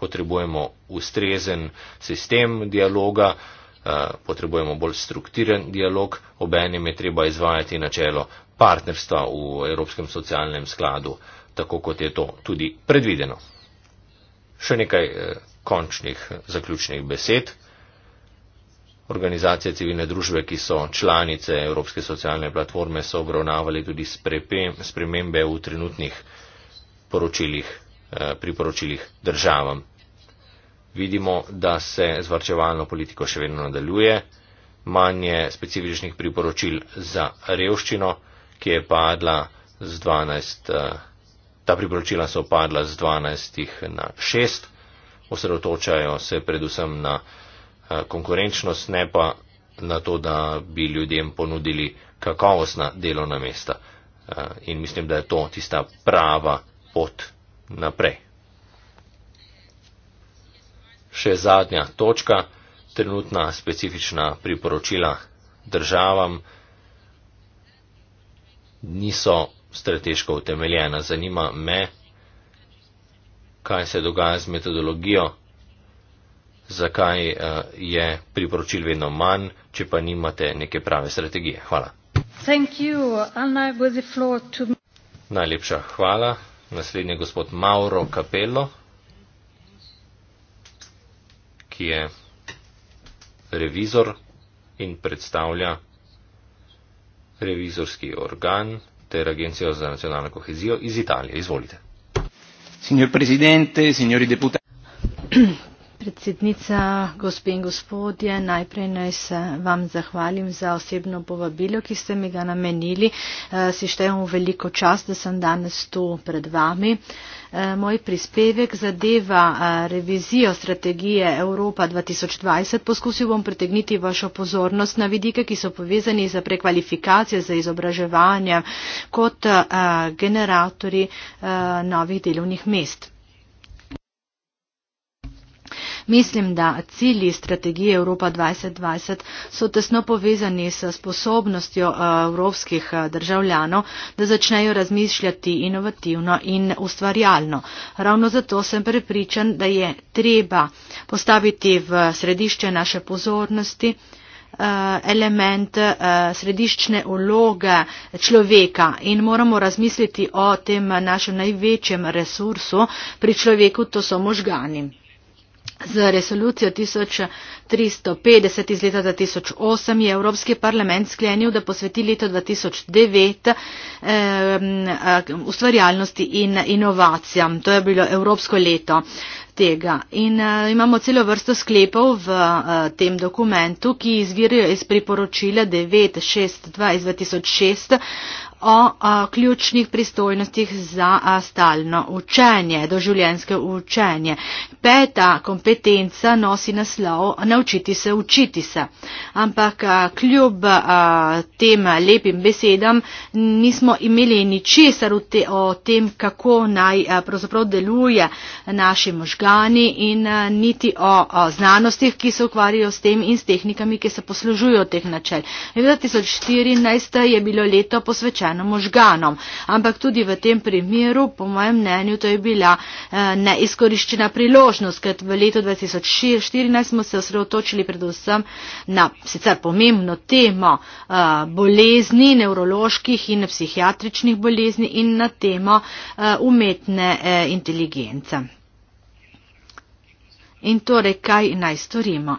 Potrebujemo ustrezen sistem dialoga, eh, potrebujemo bolj strukturiran dialog, obenem je treba izvajati načelo partnerstva v Evropskem socialnem skladu tako kot je to tudi predvideno. Še nekaj eh, končnih eh, zaključnih besed. Organizacije civilne družbe, ki so članice Evropske socialne platforme, so obravnavali tudi spremembe v trenutnih eh, priporočilih državam. Vidimo, da se zvrčevalno politiko še vedno nadaljuje, manj je specifičnih priporočil za revščino, ki je padla z 12. Ta priporočila so padla z 12 na 6, osredotočajo se predvsem na eh, konkurenčnost, ne pa na to, da bi ljudem ponudili kakovostna delovna mesta. Eh, in mislim, da je to tista prava pot naprej. Še zadnja točka, trenutna specifična priporočila državam niso strateško utemeljena. Zanima me, kaj se dogaja z metodologijo, zakaj eh, je priporočil vedno manj, če pa nimate neke prave strategije. Hvala. Najlepša hvala. Naslednji je gospod Mauro Capello, ki je revizor in predstavlja revizorski organ ter Agencijo za nacionalno kohezijo iz Italije. Izvolite. Signor Presidente, signori deputati predsednica, gospe in gospodje, najprej naj se vam zahvalim za osebno povabilo, ki ste mi ga namenili. Eh, si štejem v veliko čas, da sem danes tu pred vami. Eh, moj prispevek zadeva eh, revizijo strategije Evropa 2020. Poskusil bom pritegniti vašo pozornost na vidike, ki so povezani za prekvalifikacije, za izobraževanje kot generatori novih delovnih mest. Mislim, da cilji strategije Evropa 2020 so tesno povezani s sposobnostjo eh, evropskih eh, državljanov, da začnejo razmišljati inovativno in ustvarjalno. Ravno zato sem prepričan, da je treba postaviti v središče naše pozornosti eh, element središčne uloge človeka in moramo razmisliti o tem našem največjem resursu pri človeku, to so možgani. Z resolucijo 1350 iz leta 2008 je Evropski parlament sklenil, da posveti leto 2009 eh, ustvarjalnosti in inovacijam. To je bilo Evropsko leto tega. In eh, imamo celo vrsto sklepov v eh, tem dokumentu, ki izvirajo iz priporočila 962 iz 2006 o a, ključnih pristojnostih za a, stalno učenje, doživljenjske učenje. Peta kompetenca nosi naslov naučiti se učiti se. Ampak a, kljub a, tem lepim besedam nismo imeli ničesar te, o tem, kako naj a, pravzaprav deluje naši možgani in a, niti o, o znanostih, ki se ukvarjajo s tem in s tehnikami, ki se poslužujo teh načel. 2014 je bilo leto posvečeno poškodovanem možganom. Ampak tudi v tem primeru, po mojem mnenju, to je bila eh, neizkoriščena priložnost, ker v letu 2014 smo se osredotočili predvsem na sicer pomembno temo eh, bolezni, nevroloških in psihiatričnih bolezni in na temo eh, umetne inteligence. In torej, kaj naj storimo?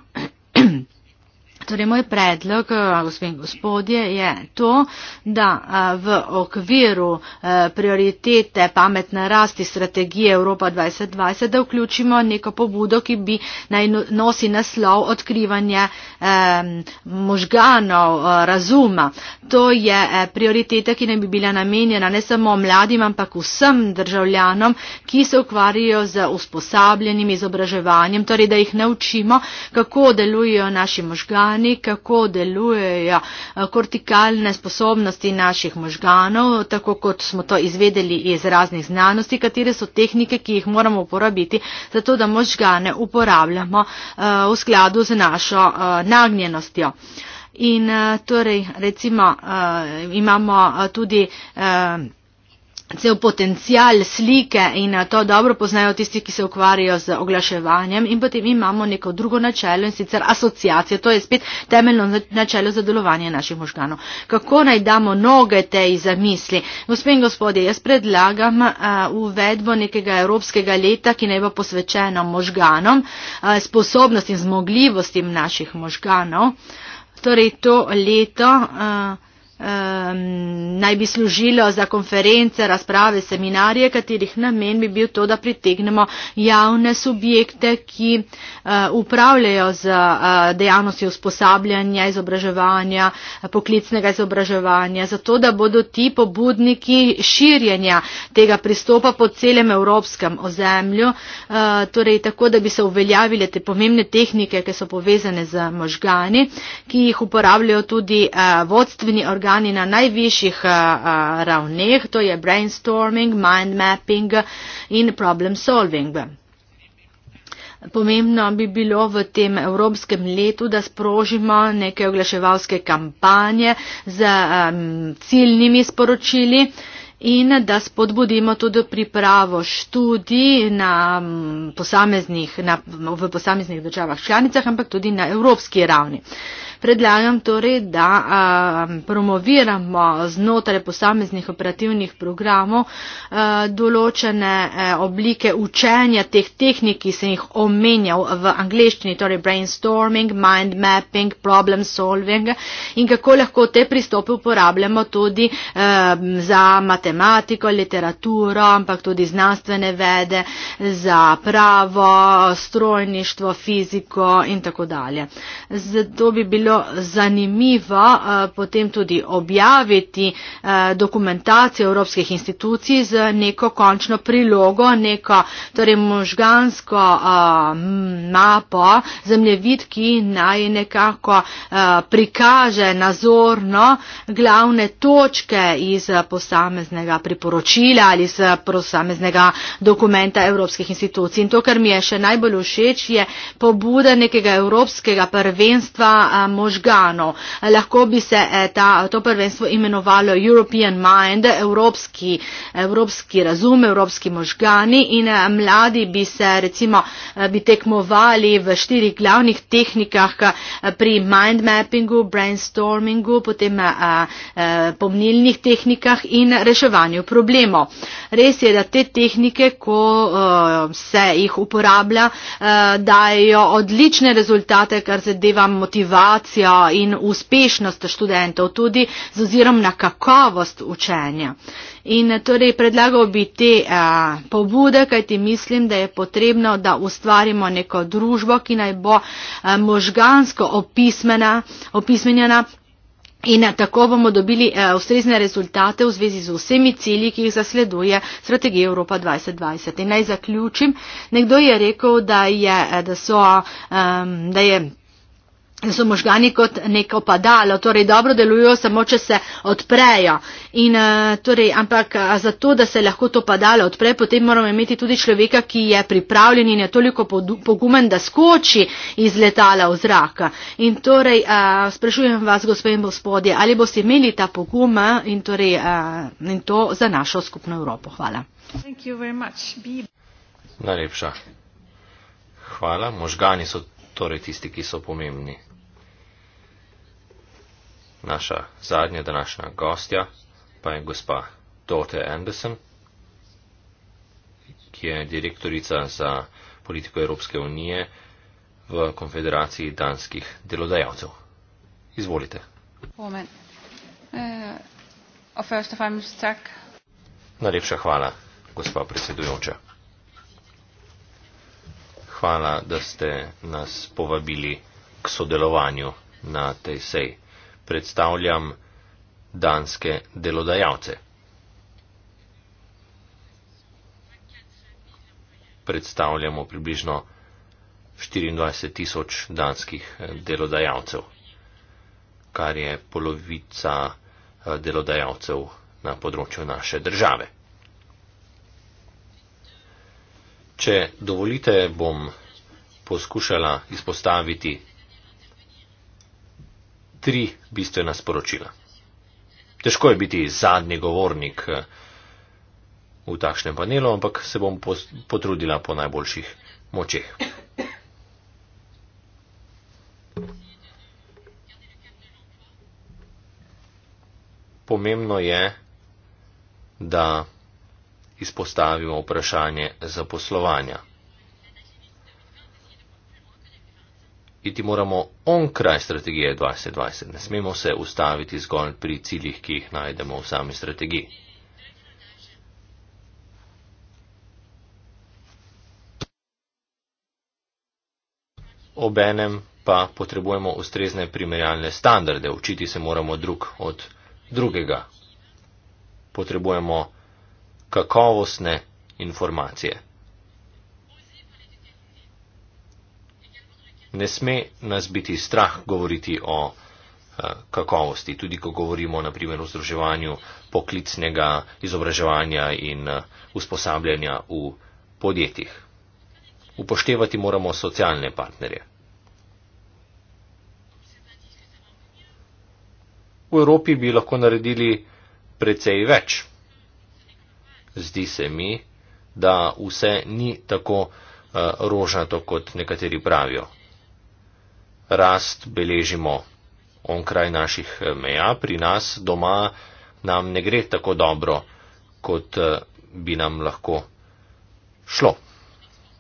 Torej, moj predlog, eh, gospod in gospodje, je to, da eh, v okviru eh, prioritete pametne rasti strategije Evropa 2020, da vključimo neko pobudo, ki bi naj no-, nosi naslov odkrivanje možganov, razuma. To je prioriteta, ki naj bi bila namenjena ne samo mladim, ampak vsem državljanom, ki se ukvarjajo z usposabljenim izobraževanjem, torej da jih naučimo, kako delujejo naši možgani strani, kako delujejo eh, kortikalne sposobnosti naših možganov, tako kot smo to izvedeli iz raznih znanosti, katere so tehnike, ki jih moramo uporabiti, zato da možgane uporabljamo eh, v skladu z našo eh, nagnjenostjo. In torej, recimo, imamo tudi cel potencial slike in eh, to dobro poznajo tisti, ki se ukvarjajo z oglaševanjem in potem imamo neko drugo načelo in sicer asociacijo. To je spet temeljno načelo za delovanje naših možganov. Kako naj damo noge tej zamisli? Gospod in gospodje, jaz predlagam eh, uvedbo nekega evropskega leta, ki naj bo posvečeno možganom, eh, sposobnostim, zmogljivostim naših možganov. Torej to leto. A, um, naj bi služilo za konference, razprave, seminarje, katerih namen bi bil to, da pritegnemo javne subjekte, ki uh, upravljajo z uh, dejavnostjo usposabljanja, izobraževanja, poklicnega izobraževanja, zato da bodo ti pobudniki širjenja tega pristopa po celem evropskem ozemlju, uh, torej tako, da bi se uveljavile te pomembne tehnike, ki so povezane z možgani, ki jih uporabljajo tudi uh, vodstveni organizacije, organi na najvišjih uh, ravneh, to je brainstorming, mind mapping in problem solving. Pomembno bi bilo v tem evropskem letu, da sprožimo neke oglaševalske kampanje z um, ciljnimi sporočili in da spodbudimo tudi pripravo študij na, um, posameznih, na, v posameznih državah članicah, ampak tudi na evropski ravni. Uh, Predlagam torej, da promoviramo znotraj posameznih operativnih programov določene e, oblike učenja teh tehnik, ki sem jih omenjal v angleščini, torej brainstorming, mind mapping, problem solving in kako lahko te pristope uporabljamo tudi e, za matematiko, literaturo, ampak tudi znanstvene vede, za pravo, strojništvo, fiziko in tako dalje. Zato bi bilo zanimiva eh, potem tudi objaviti eh, dokumentacijo evropskih institucij z neko končno prilogo, neko torej možgansko eh, mapo zemljevid, ki naj nekako prikaže nazorno glavne točke iz posameznega priporočila ali iz posameznega dokumenta evropskih institucij. In to, kar mi je še najbolj všeč, je pobuda nekega evropskega prvenstva možganov. Lahko bi se eh, ta, to prvenstvo imenovalo European Mind, evropski, evropski razum, evropski možgani in eh, mladi bi se recimo eh, bi tekmovali v štirih glavnih tehnikah pri mind mappingu, brainstormingu, potem pomnilnih tehnikah in reševanju problemov. Res je, da te tehnike, ko se jih uporablja, dajo odlične rezultate, kar zadeva motivacijo, motivacijo in uspešnost študentov, tudi z ozirom na kakovost učenja. In torej predlagal bi te a, pobude, kajti mislim, da je potrebno, da ustvarimo neko družbo, ki naj bo a, možgansko opismena, opismenjena. In tako bomo dobili ustrezne rezultate v zvezi z vsemi cilji, ki jih zasleduje strategija Evropa 2020. In naj zaključim, nekdo je rekel, da je, da so, da je so možgani kot neko padalo, torej dobro delujejo samo, če se odprejo. In, eh, torej, ampak eh, zato, da se lahko to padalo odpre, potem moramo imeti tudi človeka, ki je pripravljen in je toliko pogumen, da skoči iz letala v zrak. In torej, eh, sprašujem vas, gospodin gospodje, ali boste imeli ta pogum in, torej, in to za našo skupno Evropo. Hvala. Najlepša. Hvala. Možgani so torej tisti, ki so pomembni. Naša zadnja današnja gostja pa je gospa Dote Anderson, ki je direktorica za politiko Evropske unije v Konfederaciji danskih delodajalcev. Izvolite. Eh, Najlepša hvala, gospa predsedujoča. Hvala, da ste nas povabili k sodelovanju na tej seji predstavljam danske delodajalce. Predstavljamo približno 24 tisoč danskih eh, delodajalcev, kar je polovica eh, delodajalcev na področju naše države. Če dovolite, bom poskušala izpostaviti tri bistvena sporočila. Težko je biti zadnji govornik eh, v takšnem panelu, ampak se bom potrudila po najboljših močeh. Pomembno je, da izpostavimo vprašanje zaposlovanja. iti moramo onkraj strategije 2020. Ne smemo se ustaviti zgolj pri ciljih, ki jih najdemo v sami strategiji. Obenem pa potrebujemo ustrezne primerjalne standarde, učiti se moramo drug od drugega. Potrebujemo kakovostne informacije. ne sme nas biti strah govoriti o eh, kakovosti, tudi ko govorimo naprimer o združevanju poklicnega izobraževanja in eh, usposabljanja v podjetjih. Upoštevati moramo socialne partnerje. V Evropi bi lahko naredili precej več. Zdi se mi, da vse ni tako uh, rožnato, kot nekateri pravijo rast beležimo onkraj naših eh, meja, pri nas doma nam ne gre tako dobro, kot eh, bi nam lahko šlo.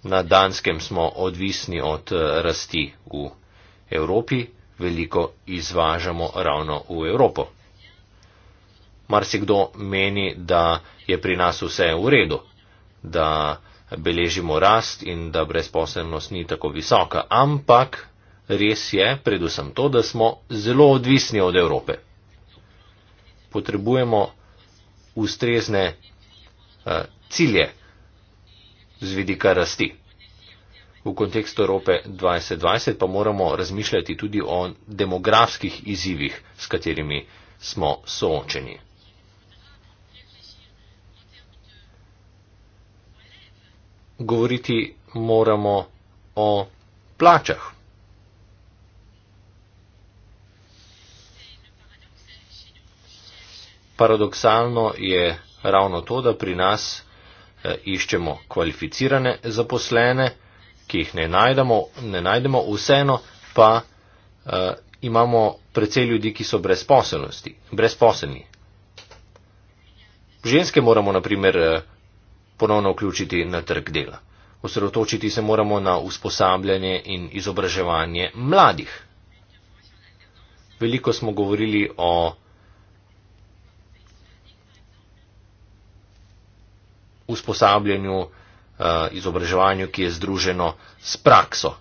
Na Danskem smo odvisni od eh, rasti v Evropi, veliko izvažamo ravno v Evropo. Marsikdo meni, da je pri nas vse v redu, da beležimo rast in da brezposelnost ni tako visoka, ampak Res je predvsem to, da smo zelo odvisni od Evrope. Potrebujemo ustrezne uh, cilje z vidika rasti. V kontekstu Evrope 2020 pa moramo razmišljati tudi o demografskih izzivih, s katerimi smo soočeni. Govoriti moramo o plačah. Paradoksalno je ravno to, da pri nas eh, iščemo kvalificirane zaposlene, ki jih ne najdemo, ne najdemo vseeno pa uh, imamo precej ljudi, ki so brezposelni. Ženske moramo, na primer, eh, ponovno vključiti na trg dela. Osredotočiti se moramo na usposabljanje in izobraževanje mladih. Veliko smo govorili o usposabljanju, eh, izobraževanju, ki je združeno s prakso.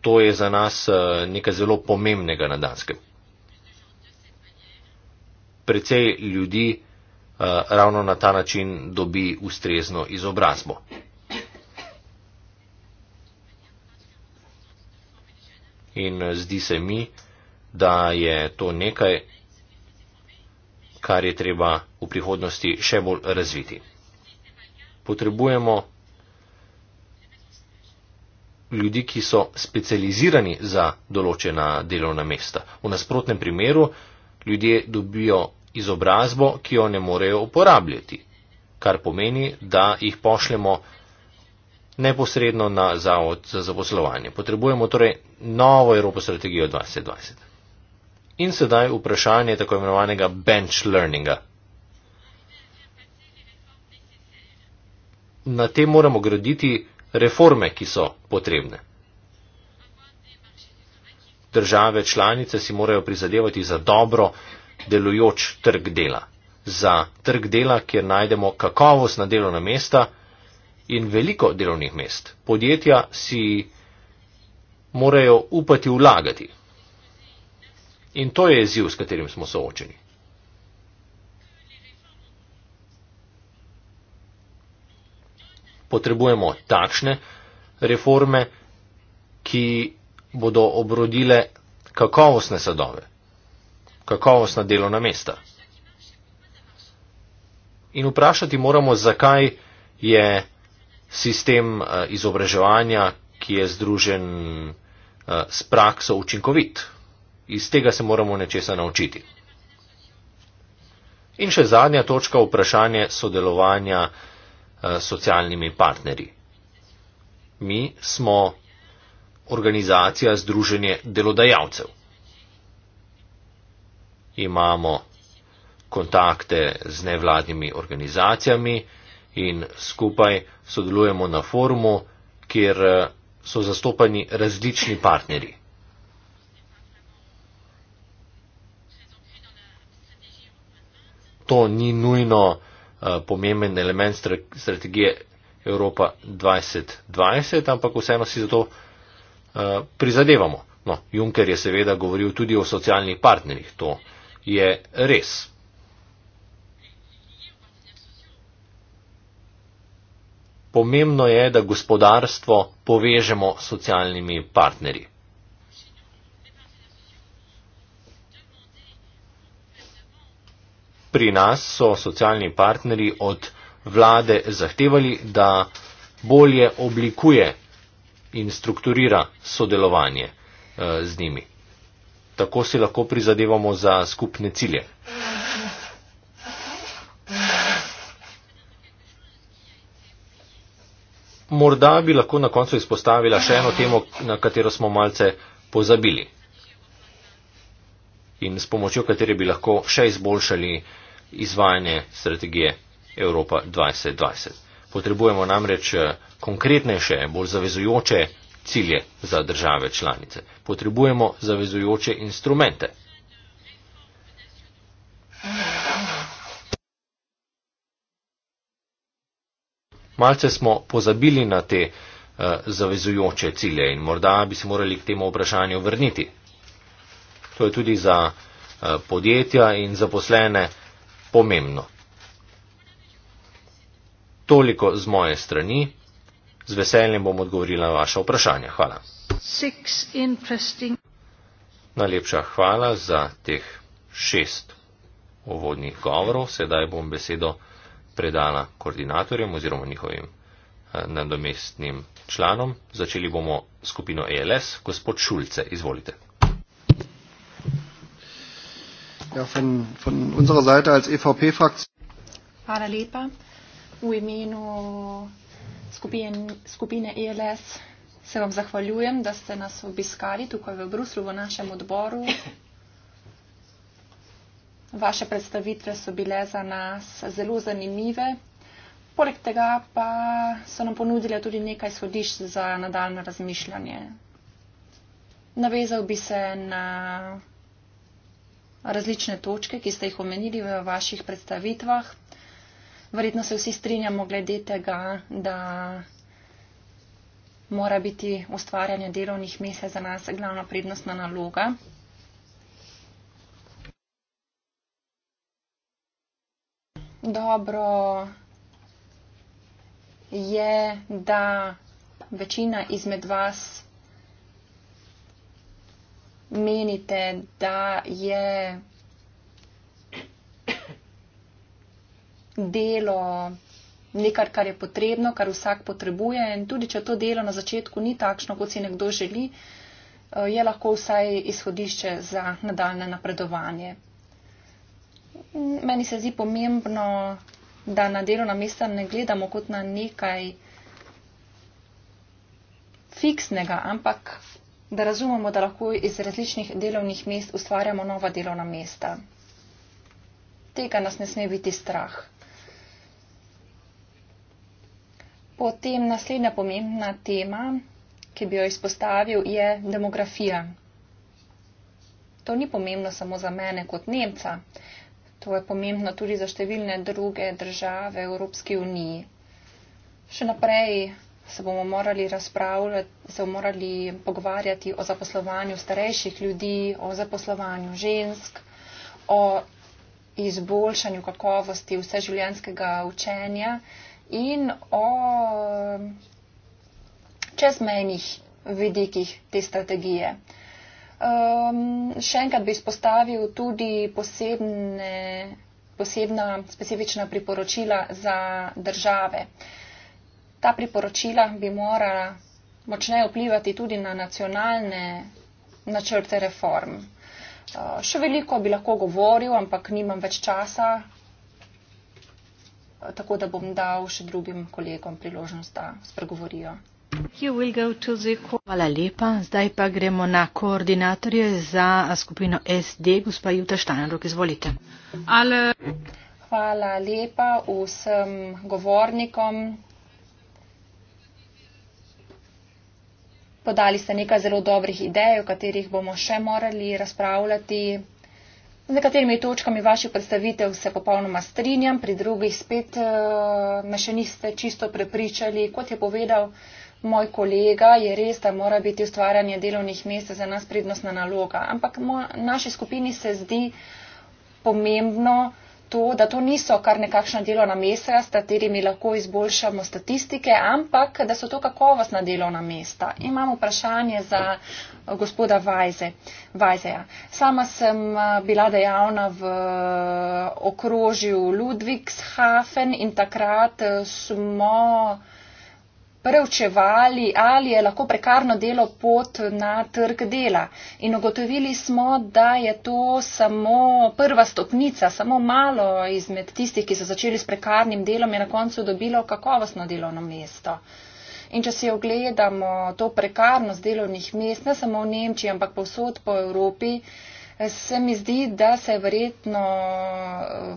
To je za nas eh, nekaj zelo pomembnega na Danskem. Predvsej ljudi eh, ravno na ta način dobi ustrezno izobrazbo. In zdi se mi, da je to nekaj, kar je treba v prihodnosti še bolj razviti potrebujemo ljudi, ki so specializirani za določena delovna mesta. V nasprotnem primeru ljudje dobijo izobrazbo, ki jo ne morejo uporabljati, kar pomeni, da jih pošljemo neposredno na zavod za zaposlovanje. Potrebujemo torej novo Evropo strategijo 2020. In sedaj vprašanje tako imenovanega bench learninga, na tem moramo graditi reforme, ki so potrebne. Države članice si morajo prizadevati za dobro delujoč trg dela, za trg dela, kjer najdemo kakovostna delovna mesta in veliko delovnih mest. Podjetja si morajo upati vlagati. In to je izziv, s katerim smo soočeni. potrebujemo takšne reforme, ki bodo obrodile kakovostne sadove, kakovostna delovna mesta. In vprašati moramo, zakaj je sistem eh, izobraževanja, ki je združen eh, s prakso, učinkovit. Iz tega se moramo nečesa naučiti. In še zadnja točka vprašanje sodelovanja Eh, socialnimi partnerji. Mi smo organizacija Združenje delodajalcev. Imamo kontakte z nevladnimi organizacijami in skupaj sodelujemo na forumu, kjer eh, so zastopani različni partnerji. To ni nujno, Eh, pomemben element strategije Evropa 2020, ampak vseeno si zato eh, prizadevamo. No, Juncker je seveda govoril tudi o socialnih partnerjih, to je res. Pomembno je, da gospodarstvo povežemo s socialnimi partnerji. pri nas so socialni partnerji od vlade zahtevali, da bolje oblikuje in strukturira sodelovanje eh, z njimi. Tako si lahko prizadevamo za skupne cilje. Morda bi lahko na koncu izpostavila še eno temo, na katero smo malce pozabili in s pomočjo katere bi lahko še izboljšali izvajanje strategije Evropa 2020. Potrebujemo namreč eh, konkretnejše, bolj zavezujoče cilje za države članice. Potrebujemo zavezujoče instrumente. Malce smo pozabili na te uh, zavezujoče cilje in morda bi se morali k temu vprašanju vrniti to je tudi za eh, podjetja in zaposlene pomembno. Toliko z moje strani. Z veseljem bom odgovorila na vaše vprašanje. Hvala. Najlepša hvala za teh šest uvodnih govorov. Sedaj bom besedo predala koordinatorjem oziroma njihovim eh, nadomestnim članom. Začeli bomo skupino ELS. Gospod Šulce, izvolite ja, von, von unserer Seite als EVP-Fraktion. U imenu skupin, skupine ELS se vam zahvaljujem, da ste nas obiskali tukaj v Bruslu, v našem odboru. Vaše predstavitve so bile za nas zelo zanimive. Poleg tega pa so nam ponudile tudi nekaj shodišč za nadaljne razmišljanje. Navezal bi se na različne točke, ki ste jih omenili v vaših predstavitvah. Verjetno se vsi strinjamo glede tega, da mora biti ustvarjanje delovnih mesec za nas glavna prednostna naloga. Dobro je, da večina izmed vas menite, da je delo nekaj, kar je potrebno, kar vsak potrebuje in tudi, če to delo na začetku ni takšno, kot si nekdo želi, eh, je lahko vsaj izhodišče za nadaljne napredovanje. Meni se zdi pomembno, da na delovna mesta ne gledamo kot na nekaj fiksnega, ampak da razumemo, da lahko iz različnih delovnih mest ustvarjamo nova delovna mesta. Tega nas ne sme biti strah. Potem naslednja pomembna tema, ki bi jo izpostavil, je demografija. To ni pomembno samo za mene kot Nemca, to je pomembno tudi za številne druge države v Evropski uniji. Še naprej se bomo morali razpravljati, se bomo morali pogovarjati o zaposlovanju starejših ljudi, o zaposlovanju žensk, o izboljšanju kakovosti vseživljenskega učenja in o um, čezmejnih vidikih te strategije. Um, še enkrat bi izpostavil tudi posebne, posebna specifična priporočila za države. Uh, ta priporočila bi morala močneje vplivati tudi na nacionalne načrte reform. Uh, še veliko bi lahko govoril, ampak nimam več časa, uh, tako da bom dal še drugim kolegom priložnost, da spregovorijo. Hvala lepa. Zdaj pa gremo na koordinatorje za skupino SD, gospa Juta Štanarok, izvolite. Ale... Hvala lepa vsem govornikom, Podali ste nekaj zelo dobrih idej, o katerih bomo še morali razpravljati. Z nekaterimi točkami vaših predstavitev se popolnoma strinjam, pri drugih spet eh, me še niste čisto prepričali. Kot je povedal moj kolega, je res, da mora biti ustvarjanje delovnih mest za nas prednostna naloga. Ampak naši skupini se zdi pomembno, to, da to niso kar nekakšna delovna mesta, s katerimi lahko izboljšamo statistike, ampak da so to kakovostna delovna mesta. Imam vprašanje za eh, gospoda Vajze, Vajzeja. Sama sem eh, bila dejavna v eh, okrožju Ludwigshafen in takrat smo preučevali, ali je lahko prekarno delo pot na trg dela. In ugotovili smo, da je to samo prva stopnica, samo malo izmed tistih, ki so začeli s prekarnim delom, je na koncu dobilo kakovostno delovno mesto. In če si ogledamo to prekarnost delovnih mest, ne samo v Nemčiji, ampak povsod po Evropi, se mi zdi, da se je verjetno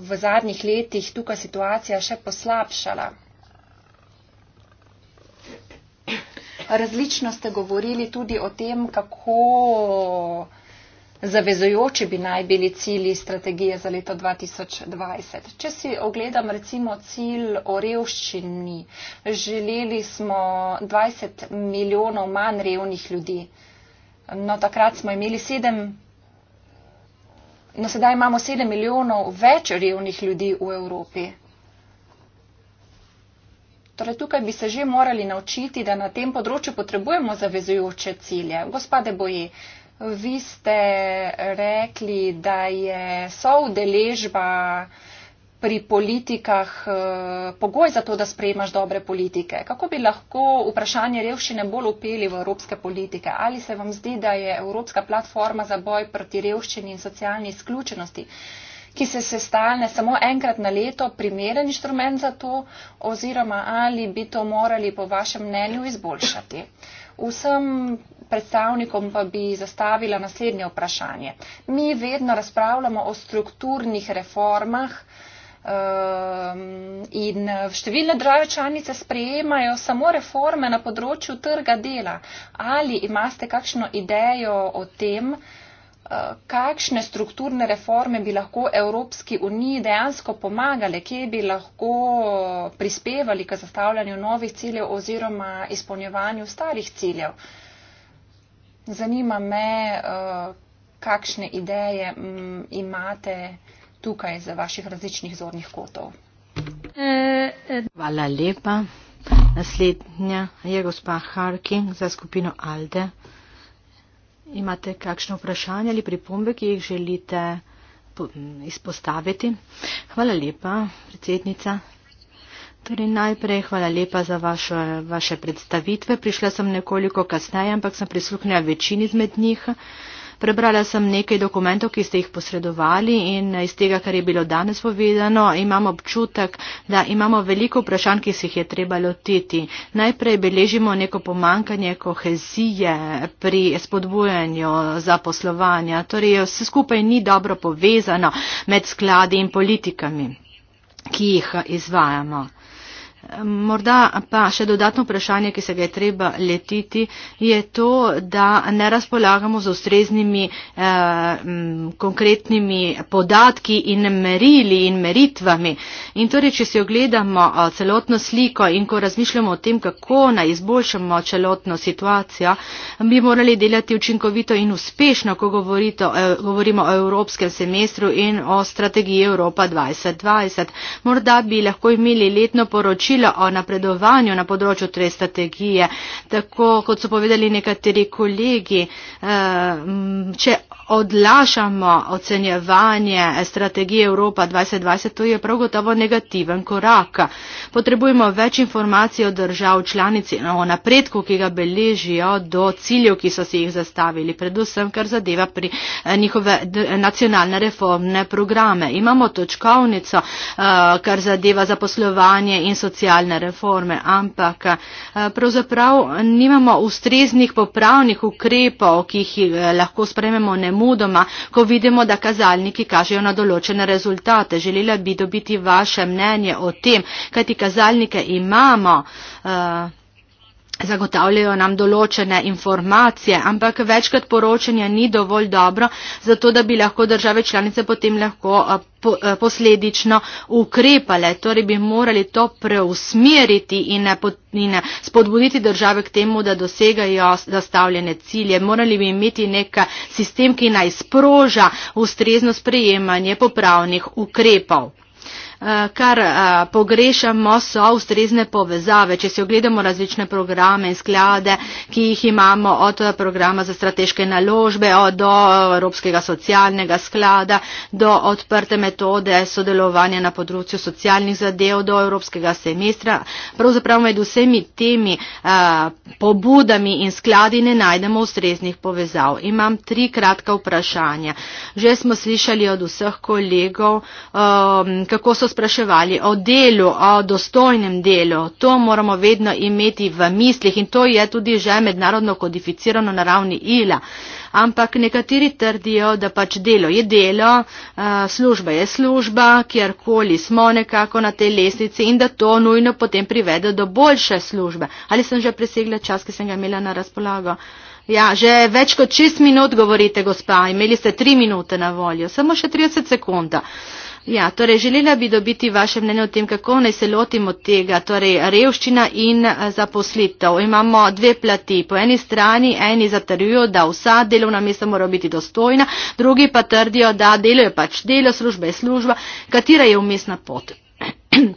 v zadnjih letih tukaj situacija še poslabšala. Različno ste govorili tudi o tem, kako zavezojoči bi naj bili cilji strategije za leto 2020. Če si ogledam recimo cilj o revščini, želeli smo 20 milijonov manj revnih ljudi. No, takrat smo imeli 7. No, sedaj imamo 7 milijonov več revnih ljudi v Evropi. Torej, tukaj bi se že morali naučiti, da na tem področju potrebujemo zavezujoče cilje. Gospode Boji, vi ste rekli, da je soudeležba pri politikah eh, pogoj za to, da sprejmaš dobre politike. Kako bi lahko vprašanje revščine bolj upeli v evropske politike? Ali se vam zdi, da je Evropska platforma za boj proti revščini in socialni izključenosti? ki se sestane samo enkrat na leto, primeren inštrument za to, oziroma ali bi to morali po vašem mnenju izboljšati. Vsem predstavnikom pa bi zastavila naslednje vprašanje. Mi vedno razpravljamo o strukturnih reformah um, in številne države članice sprejemajo samo reforme na področju trga dela. Ali imate kakšno idejo o tem, uh, kakšne strukturne reforme bi lahko Evropski uniji dejansko pomagale, kje bi lahko prispevali k zastavljanju novih ciljev oziroma izpolnjevanju starih ciljev. Zanima me, eh, kakšne ideje mm, imate tukaj za vaših različnih zornih kotov. Hvala lepa. Naslednja je gospa Harking za skupino Alde. Imate kakšno vprašanje ali pripombe, ki jih želite izpostaviti? Hvala lepa, predsednica. Torej najprej hvala lepa za vaše, vaše predstavitve. Prišla sem nekoliko kasneje, ampak sem prisluhnila večini izmed njih. Prebrala sem nekaj dokumentov, ki ste jih posredovali in iz tega, kar je bilo danes povedano, imam občutek, da imamo veliko vprašanj, ki se jih je treba lotiti. Najprej beležimo neko pomankanje kohezije pri spodbujanju zaposlovanja. Torej, vse skupaj ni dobro povezano med skladi in politikami ki jih izvajamo. Morda pa še dodatno vprašanje, ki se ga je treba letiti, je to, da ne razpolagamo z ustreznimi eh, konkretnimi podatki in merili in meritvami. In torej, če si ogledamo eh, celotno sliko in ko razmišljamo o tem, kako naj izboljšamo celotno situacijo, bi morali delati učinkovito in uspešno, ko govorito, eh, govorimo o evropskem semestru in o strategiji Evropa 2020. Morda bi lahko imeli letno poročilo, poročilo o napredovanju na področju te strategije. Tako kot so povedali nekateri kolegi, eh, če odlašamo ocenjevanje strategije Evropa 2020, to je prav gotovo negativen korak. Potrebujemo več informacij od držav članici o napredku, ki ga beležijo do ciljev, ki so si jih zastavili, predvsem kar zadeva pri eh, njihove nacionalne reformne programe. Imamo točkovnico, eh, kar zadeva zaposlovanje in socijalno socialne reforme, ampak eh, pravzaprav nimamo ustreznih popravnih ukrepov, ki jih eh, lahko sprememo nemudoma, ko vidimo, da kazalniki kažejo na določene rezultate. Želela bi dobiti vaše mnenje o tem, kajti kazalnike imamo. Uh, zagotavljajo nam določene informacije, ampak večkrat poročanja ni dovolj dobro, zato da bi lahko države članice potem lahko eh, eh, posledično ukrepale. Torej bi morali to preusmeriti in, eh, in spodbuditi države k temu, da dosegajo zastavljene cilje. Morali bi imeti nek sistem, ki naj sproža ustrezno sprejemanje popravnih ukrepov. Eh, kar eh, pogrešamo, so ustrezne povezave. Če si ogledamo različne programe in sklade, ki jih imamo od eh, programa za strateške naložbe do Evropskega socialnega sklada, do odprte metode sodelovanja na področju socialnih zadev, do Evropskega semestra, pravzaprav med vsemi temi pobudami in skladi ne najdemo ustreznih povezav. Imam tri kratka vprašanja. Že smo slišali od vseh kolegov, kako so spraševali o delu, o dostojnem delu. To moramo vedno imeti v mislih in to je tudi že mednarodno kodificirano na ravni ila. Ampak nekateri trdijo, da pač delo je delo, eh, služba je služba, kjerkoli smo nekako na tej lesnici in da to nujno potem privede do boljše službe. Ali sem že presegla čas, ki sem ga imela na razpolago? Ja, že več kot 6 minut govorite, gospa, imeli ste 3 minute na voljo, samo še 30 sekunda. Ja, torej želela bi dobiti vaše mnenje o tem, kako naj se lotimo tega, torej revščina in eh, zaposlitev. Imamo dve plati. Po eni strani eni zatrjujo, da vsa delovna mesta mora biti dostojna, drugi pa trdijo, da delo je pač delo, služba je služba, katera je umestna pot.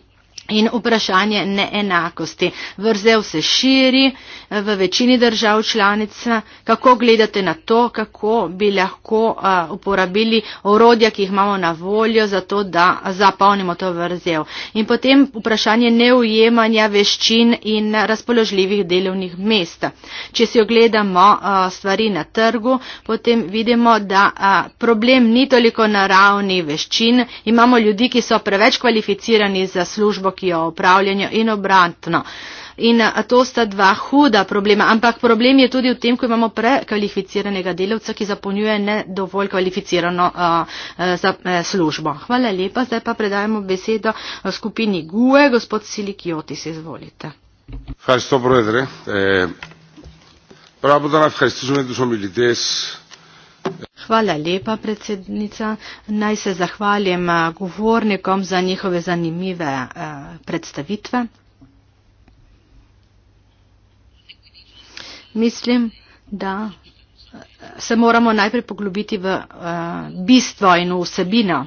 In vprašanje neenakosti. Vrzel se širi eh, v večini držav članica. Eh, kako gledate na to, kako bi lahko eh, uporabili orodja, ki jih imamo na voljo, za to, da zapolnimo to vrzel. In potem vprašanje neujemanja veščin in razpoložljivih delovnih mest. Če si ogledamo stvari na trgu, potem vidimo, da problem ni toliko na ravni veščin. Imamo ljudi, ki so preveč kvalificirani za službo, Tokio upravljanju in obratno. In to sta dva huda problema, ampak problem je tudi v tem, ko imamo prekvalificiranega delavca, ki zapolnjuje ne dovolj kvalificirano uh, uh, za, uh, službo. Hvala lepa, zdaj pa predajemo besedo skupini GUE, gospod Silikiotis, izvolite. Hvala, gospod predsednik. Prav bodo nas, kaj stižemo, da smo bili des. Hvala lepa, predsednica. Naj se zahvalim eh, govornikom za njihove zanimive eh, predstavitve. Mislim, da eh, se moramo najprej poglobiti v bistvo in v vsebino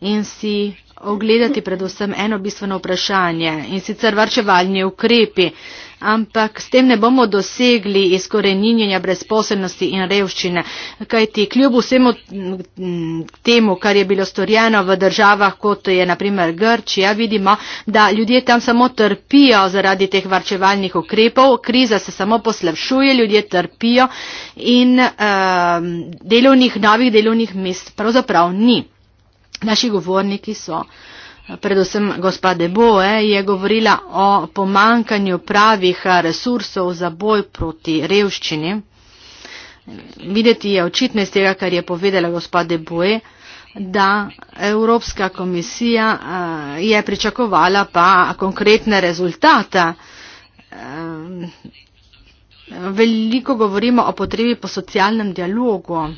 in si ogledati predvsem eno bistveno vprašanje in sicer varčevalni ukrepi, ampak s tem ne bomo dosegli izkoreninjenja brezposobnosti in revščine, kajti kljub vsemu temu, kar je bilo storjeno v državah, kot je naprimer Grčija, vidimo, da ljudje tam samo trpijo zaradi teh varčevalnih ukrepov, kriza se samo poslevšuje, ljudje trpijo in um, delovnih, novih delovnih mest pravzaprav ni. Naši govorniki so, predvsem gospa Deboe je govorila o pomankanju pravih resursov za boj proti revščini. Videti je očitno iz tega, kar je povedala gospa Deboe, da Evropska komisija eh, je pričakovala pa konkretne rezultate. Eh, veliko govorimo o potrebi po socialnem dialogu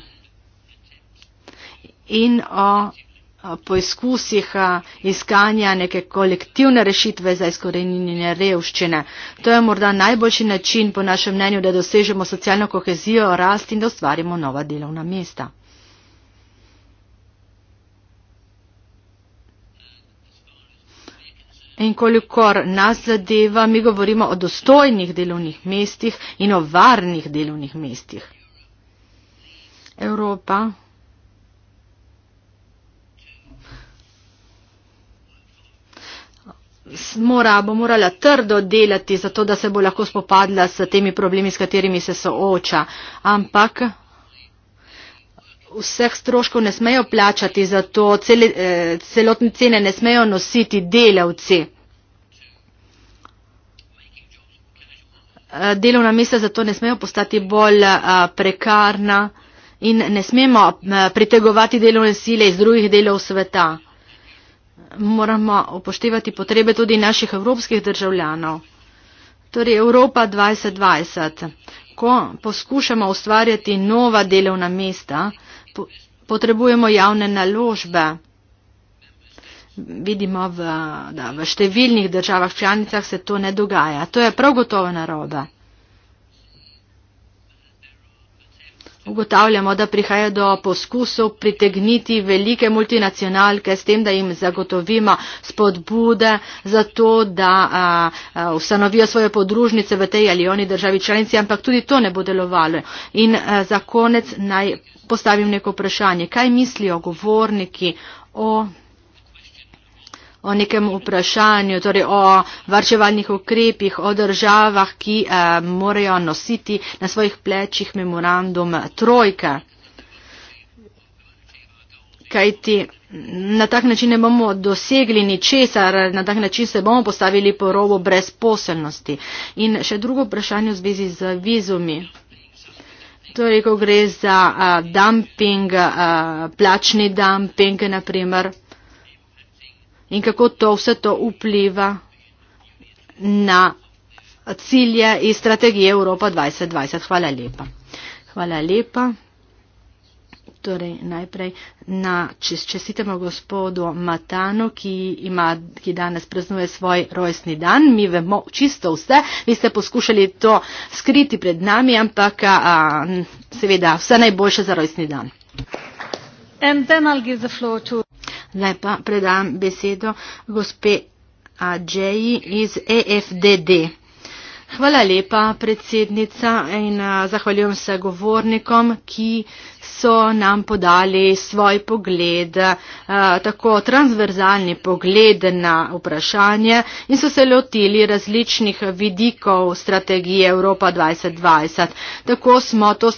in o poizkusih iskanja neke kolektivne rešitve za izkoreninjenje revščine. To je morda najboljši način, po našem mnenju, da dosežemo socialno kohezijo, rast in da ustvarimo nova delovna mesta. In kolikor nas zadeva, mi govorimo o dostojnih delovnih mestih in o varnih delovnih mestih. Evropa. mora, bo morala trdo delati, zato da se bo lahko spopadla s temi problemi, s katerimi se sooča. Ampak vseh stroškov ne smejo plačati, zato cel, eh, celotne cene ne smejo nositi delavci. Eh, delovna mesta zato ne smejo postati bolj a, eh, prekarna in ne smemo a, eh, pritegovati delovne sile iz drugih delov sveta moramo upoštevati potrebe tudi naših evropskih državljanov. Torej Evropa 2020, ko poskušamo ustvarjati nova delovna mesta, potrebujemo javne naložbe. Vidimo, v, da v številnih državah članicah se to ne dogaja. To je prav gotovo naroda. Ugotavljamo, da prihaja do poskusov pritegniti velike multinacionalke s tem, da jim zagotovimo spodbude za to, da a, a, ustanovijo svoje podružnice v tej ali oni državi članici, ampak tudi to ne bo delovalo. In a, za konec naj postavim neko vprašanje. Kaj mislijo govorniki o o nekem vprašanju, torej o varčevalnih ukrepih, o državah, ki eh, morajo nositi na svojih plečih memorandum trojka. Kajti na tak način ne bomo dosegli ničesar, na tak način se bomo postavili po robo brezposelnosti. In še drugo vprašanje v zvezi z vizumi. Torej, ko gre za a, eh, dumping, a, eh, plačni dumping, naprimer in kako to vse to vpliva na cilje iz strategije Evropa 2020. Hvala lepa. Hvala lepa. Torej, najprej na čestitamo gospodu Matanu, ki, ima, ki danes praznuje svoj rojstni dan. Mi vemo čisto vse. Vi ste poskušali to skriti pred nami, ampak a, seveda vse najboljše za rojstni dan. And then I'll give the floor to... Zdaj pa predam besedo gospe Ađeji iz EFDD. Hvala lepa, predsednica, in zahvaljujem se govornikom, ki so nam podali svoj pogled, eh, tako transverzalni pogled na vprašanje in so se lotili različnih vidikov strategije Evropa 2020. Tako smo to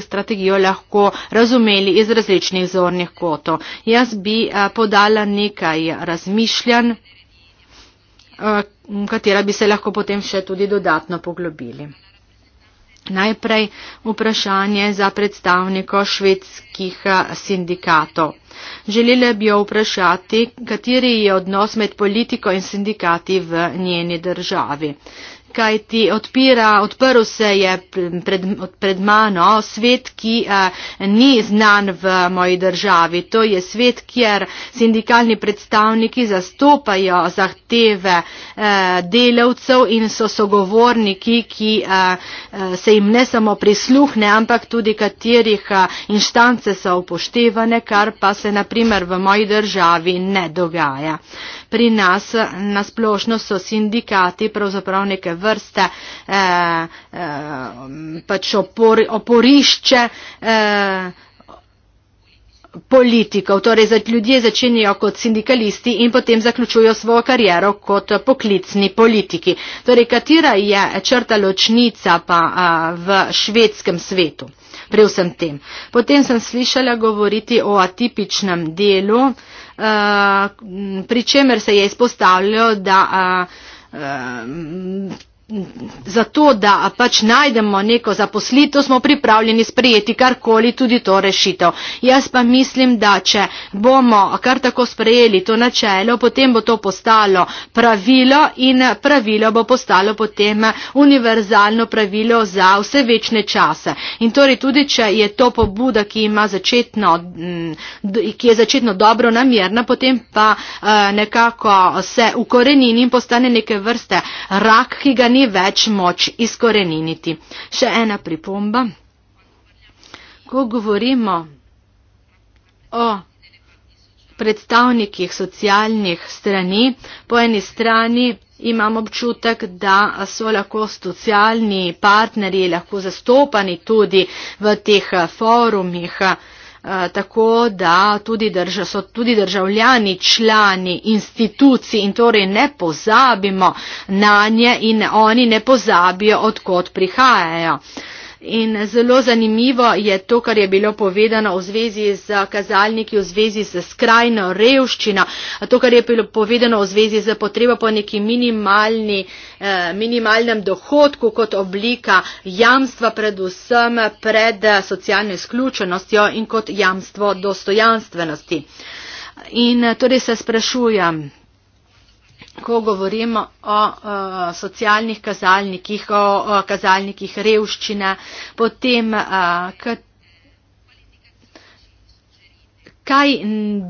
strategijo lahko razumeli iz različnih zornih kotov. Jaz bi eh, podala nekaj razmišljanj, eh, katera bi se lahko potem še tudi dodatno poglobili. Najprej vprašanje za predstavniko švedskih eh, sindikatov. Želela bi jo vprašati, kateri je odnos med politiko in sindikati v njeni državi kaj ti odpira, odprl se je pred, pred mano svet, ki ni znan v moji državi. To je svet, kjer sindikalni predstavniki zastopajo zahteve delavcev in so sogovorniki, ki se jim ne samo prisluhne, ampak tudi katerih inštance so upoštevane, kar pa se naprimer v moji državi ne dogaja pri nas nasplošno so sindikati pravzaprav neke vrste eh, eh, pač opor, oporišče. Eh, politikov, torej ljudje začenjajo kot sindikalisti in potem zaključujo svojo kariero kot poklicni politiki. Torej, katera je črta ločnica pa a, eh, v švedskem svetu pri vsem tem? Potem sem slišala govoriti o atipičnem delu. A, Eh, pri čemer se je izpostavljalo, da uh, zato, da pač najdemo neko zaposlitev, smo pripravljeni sprejeti karkoli tudi to rešitev. Jaz pa mislim, da če bomo kar tako sprejeli to načelo, potem bo to postalo pravilo in pravilo bo postalo potem univerzalno pravilo za vse večne čase. In torej tudi, če je to pobuda, ki, začetno, mm, ki je začetno dobro namerna, potem pa eh, nekako se ukorenini in postane neke vrste rak, ki ga ni več moč izkoreniniti. Še ena pripomba. Ko govorimo o predstavnikih socialnih strani, po eni strani imam občutek, da so lahko socialni partnerji lahko zastopani tudi v teh forumih. Eh, tako da tudi drž so tudi državljani člani institucij in torej ne pozabimo na nje in oni ne pozabijo, odkot prihajajo in zelo zanimivo je to, kar je bilo povedano v zvezi z kazalniki, v zvezi z skrajno revščino, to, kar je bilo povedano v zvezi z potrebo po neki minimalni, eh, minimalnem dohodku kot oblika jamstva predvsem pred socialno izključenostjo in kot jamstvo dostojanstvenosti. In torej se sprašujem, ko govorimo o, o socialnih kazalnikih, o, o kazalnikih revščine, potem, a, kat, kaj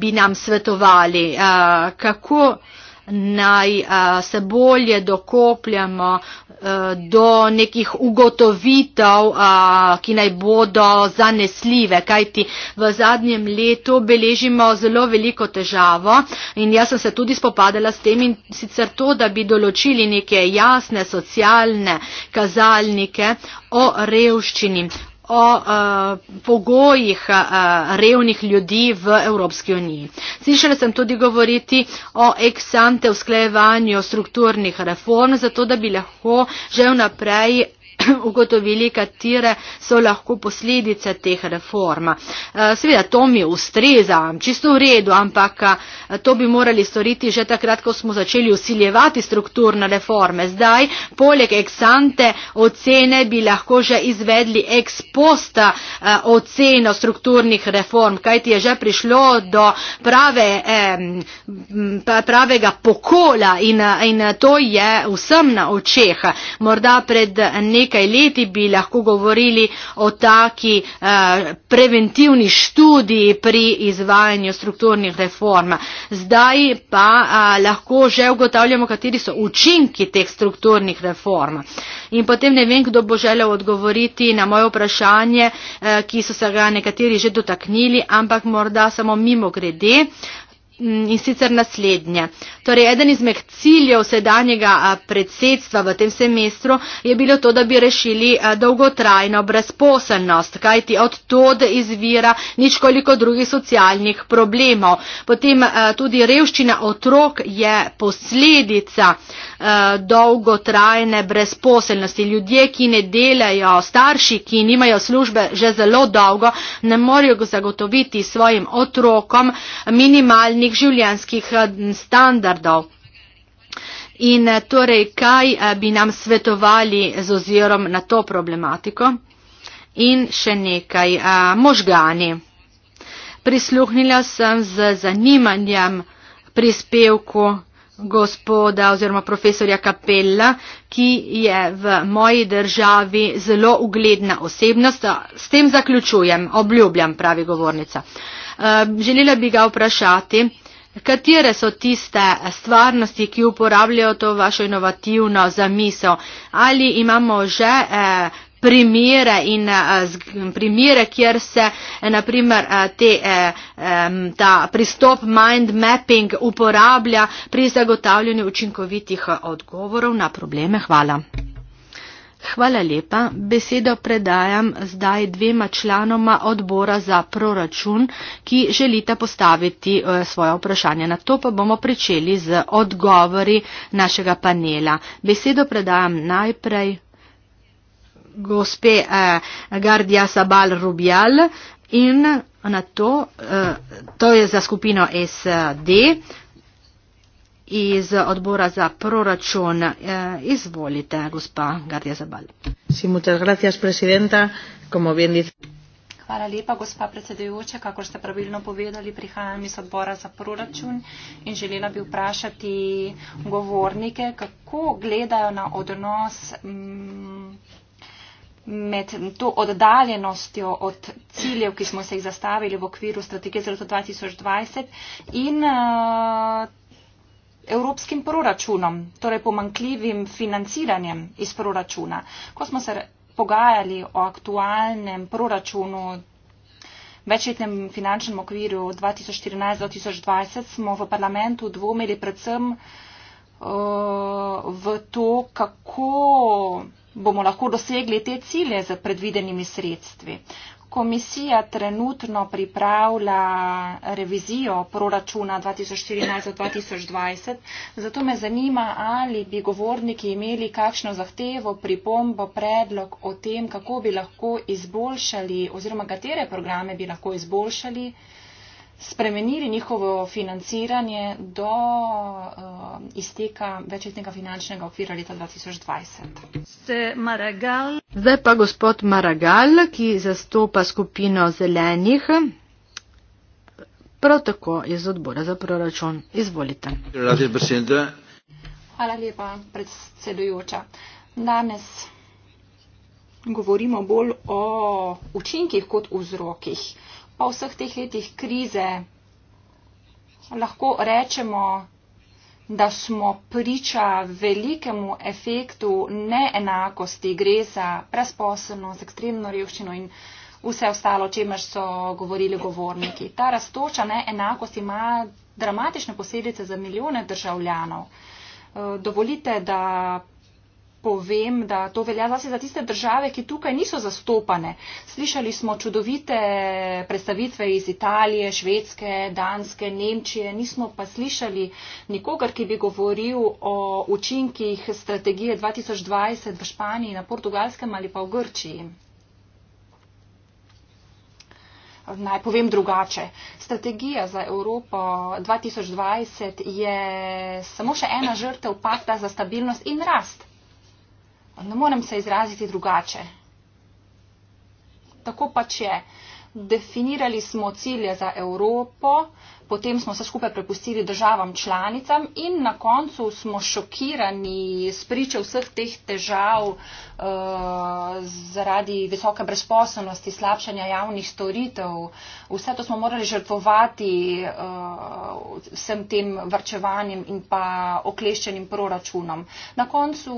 bi nam svetovali, a, kako naj a, se bolje dokopljamo Eh, do nekih ugotovitev, ki naj bodo zanesljive, kajti v zadnjem letu beležimo zelo veliko težavo in jaz sem se tudi spopadala s tem in sicer to, da bi določili neke jasne socialne kazalnike o revščini, o a, pogojih a, revnih ljudi v Evropski uniji. Slišala sem tudi govoriti o eksante usklejevanju strukturnih reform, zato da bi lahko že vnaprej ugotovili, katere so lahko posledice teh reform. Eh, seveda, to mi ustreza, čisto v redu, ampak eh, to bi morali storiti že takrat, ko smo začeli usiljevati strukturne reforme. Zdaj, poleg eksante ocene, bi lahko že izvedli eksposta eh, oceno strukturnih reform, kajti je že prišlo do prave, pravega pokola in, in to je vsem na očeh. Morda pred nekaj nekaj leti bi lahko govorili o taki eh, preventivni študiji pri izvajanju strukturnih reform. Zdaj pa eh, lahko že ugotavljamo, kateri so učinki teh strukturnih reform. In potem ne vem, kdo bo želel odgovoriti na moje vprašanje, eh, ki so se ga nekateri že dotaknili, ampak morda samo mimo grede. Mm, in sicer naslednje. Torej, eden izmed ciljev sedanjega predsedstva v tem semestru je bilo to, da bi rešili dolgotrajno brezposelnost, kajti od tod izvira nič koliko drugih socialnih problemov. Potem tudi revščina otrok je posledica dolgotrajne brezposelnosti. Ljudje, ki ne delajo, starši, ki nimajo službe že zelo dolgo, ne morejo zagotoviti svojim otrokom minimalni osebnih življenjskih eh, standardov. In eh, torej, kaj eh, bi nam svetovali z ozirom na to problematiko? In še nekaj, možgani. Prisluhnila sem z zanimanjem prispevku gospoda oziroma profesorja Kapella, ki je v moji državi zelo ugledna osebnost. S tem zaključujem, obljubljam, pravi govornica. Uh, Ehm, želela bi ga vprašati, katere so tiste stvarnosti, ki uporabljajo to vašo inovativno zamisel? Ali imamo že eh, primere in eh, primere, kjer se eh, naprimer te, ehm, ta pristop mind mapping uporablja pri zagotavljanju učinkovitih odgovorov na probleme? Hvala. Hvala lepa. Besedo predajam zdaj dvema članoma odbora za proračun, ki želite postaviti eh, svoje vprašanje. Na to pa bomo pričeli z odgovori našega panela. Besedo predajam najprej gospe eh, Gardia Sabal Rubjal in na to, eh, to je za skupino SD, eh, iz odbora za proračun. Eh, izvolite, gospa Gardija Zabal. Hvala lepa, gospa predsedujoča. Kakor ste pravilno povedali, prihajam iz odbora za proračun in želela bi vprašati govornike, kako gledajo na odnos mm, med to oddaljenostjo od ciljev, ki smo se jih zastavili v okviru strategije za leto 2020 in eh, evropskim proračunom, torej pomankljivim financiranjem iz proračuna. Ko smo se pogajali o aktualnem proračunu, večletnem finančnem okviru 2014-2020, smo v parlamentu dvomili predvsem eh, v to, kako bomo lahko dosegli te cilje z predvidenimi sredstvi. Komisija trenutno pripravlja revizijo proračuna 2014-2020, zato me zanima, ali bi govorniki imeli kakšno zahtevo, pripombo, predlog o tem, kako bi lahko izboljšali oziroma katere programe bi lahko izboljšali spremenili njihovo financiranje do uh, izteka večletnega finančnega okvira leta 2020. Zdaj pa gospod Maragal, ki zastopa skupino zelenih. Prav tako je z odbora za proračun. Izvolite. Hvala lepa, predsedujoča. Danes govorimo bolj o učinkih kot vzrokih pa v vseh teh letih krize lahko rečemo, da smo priča velikemu efektu neenakosti, gre za brezposobnost, ekstremno revščino in vse ostalo, o čemer so govorili govorniki. Ta raztoča neenakost ima dramatične posledice za milijone državljanov. Eh, dovolite, da povem, da to velja zase za tiste države, ki tukaj niso zastopane. Slišali smo čudovite predstavitve iz Italije, Švedske, Danske, Nemčije, nismo pa slišali nikogar, ki bi govoril o učinkih strategije 2020 v Španiji, na Portugalskem ali pa v Grčiji. Naj povem drugače. Strategija za Evropo 2020 je samo še ena žrtev pakta za stabilnost in rast. Ne morem se izraziti drugače. Tako pač je. Definirali smo cilje za Evropo, potem smo vse skupaj prepustili državam članicam in na koncu smo šokirani spričo vseh teh težav uh, zaradi visoke brezposobnosti, slabšanja javnih storitev. Vse to smo morali žrtvovati uh, vsem tem vrčevanjem in pa okleščenim proračunom. Na koncu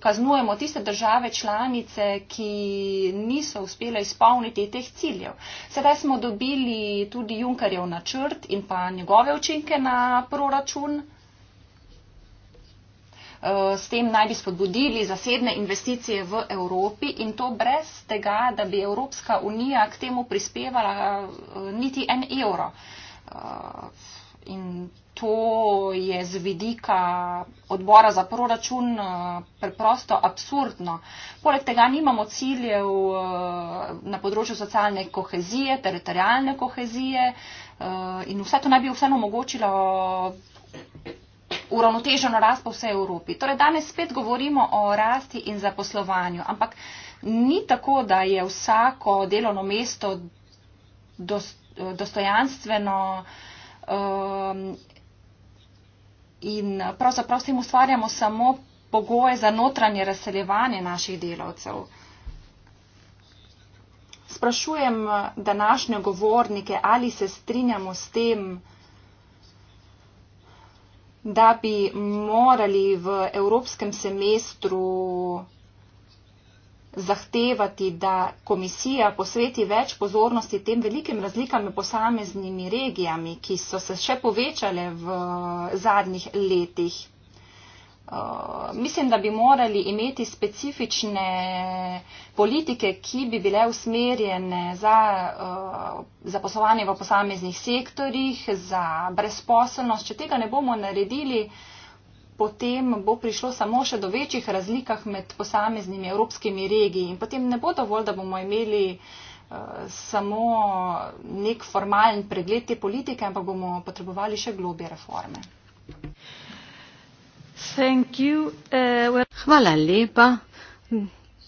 kaznujemo tiste države članice, ki niso uspele izpolniti teh ciljev. Sedaj smo dobili tudi Junkerjev načrt in pa njegove učinke na proračun. E, s tem naj bi spodbudili zasedne investicije v Evropi in to brez tega, da bi Evropska unija k temu prispevala e, niti en evro. E, in to je z vidika odbora za proračun preprosto absurdno. Poleg tega nimamo ciljev na področju socialne kohezije, teritorijalne kohezije, Eh, in vse to naj bi vseeno omogočilo uravnoteženo rast po vsej Evropi. Torej danes spet govorimo o rasti in zaposlovanju, ampak ni tako, da je vsako delovno mesto dostojanstveno ehm, in pravzaprav s tem ustvarjamo samo pogoje za notranje razseljevanje naših delavcev sprašujem eh, današnje govornike, ali se strinjamo s tem, da bi morali v evropskem semestru zahtevati, da komisija posveti več pozornosti tem velikim razlikam med posameznimi regijami, ki so se še povečale v zadnjih letih. Eh, mislim, da bi morali imeti specifične politike, ki bi bile usmerjene za uh, zaposlovanje v posameznih sektorjih, za brezposelnost. Če tega ne bomo naredili, potem bo prišlo samo še do večjih razlikah med posameznimi evropskimi regiji in potem ne bo dovolj, da bomo imeli eh, samo nek formalen pregled te politike, ampak bomo potrebovali še globje reforme. Uh, Hvala lepa.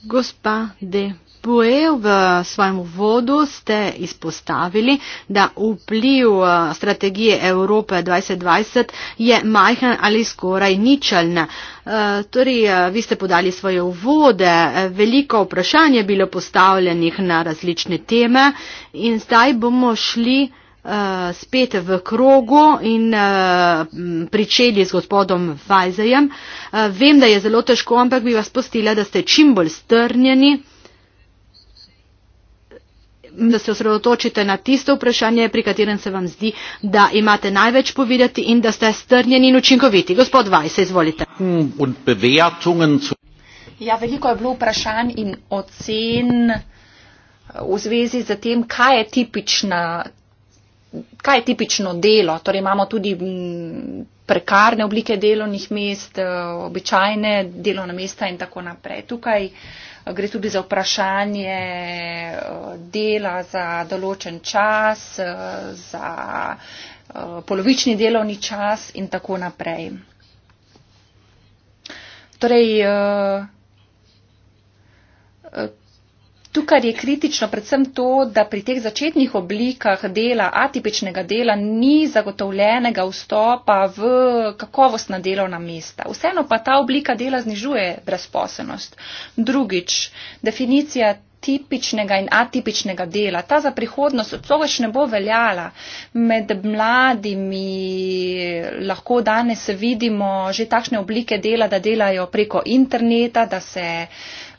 Gospa De Buev, v svojem vodu ste izpostavili, da vpliv uh, strategije Evrope 2020 je majhen ali skoraj ničeln. Uh, torej, vi ste podali svoje vode, veliko vprašanje je bilo postavljenih na različne teme in zdaj bomo šli. Eh, spet v krogu in eh, pričeli z gospodom Fajzejem. Eh, vem, da je zelo težko, ampak bi vas postila, da ste čim bolj strnjeni, da se osredotočite na tisto vprašanje, pri katerem se vam zdi, da imate največ povedati in da ste strnjeni in učinkoviti. Gospod Vajse, izvolite. Hmm, ja, veliko je bilo vprašanj in ocen v zvezi z tem, kaj je tipična kaj je tipično delo. Torej imamo tudi mm, prekarne oblike delovnih mest, eh, običajne delovna mesta in tako naprej. Tukaj eh, gre tudi za vprašanje eh, dela za določen čas, za polovični delovni čas in tako naprej. Torej, Tukaj je kritično predvsem to, da pri teh začetnih oblikah dela, atipičnega dela, ni zagotovljenega vstopa v kakovostna delovna mesta. Vseeno pa ta oblika dela znižuje brezposobnost. Drugič, definicija tipičnega in atipičnega dela. Ta za prihodnost odsoga še ne bo veljala. Med mladimi lahko danes vidimo že takšne oblike dela, da delajo preko interneta, da, se,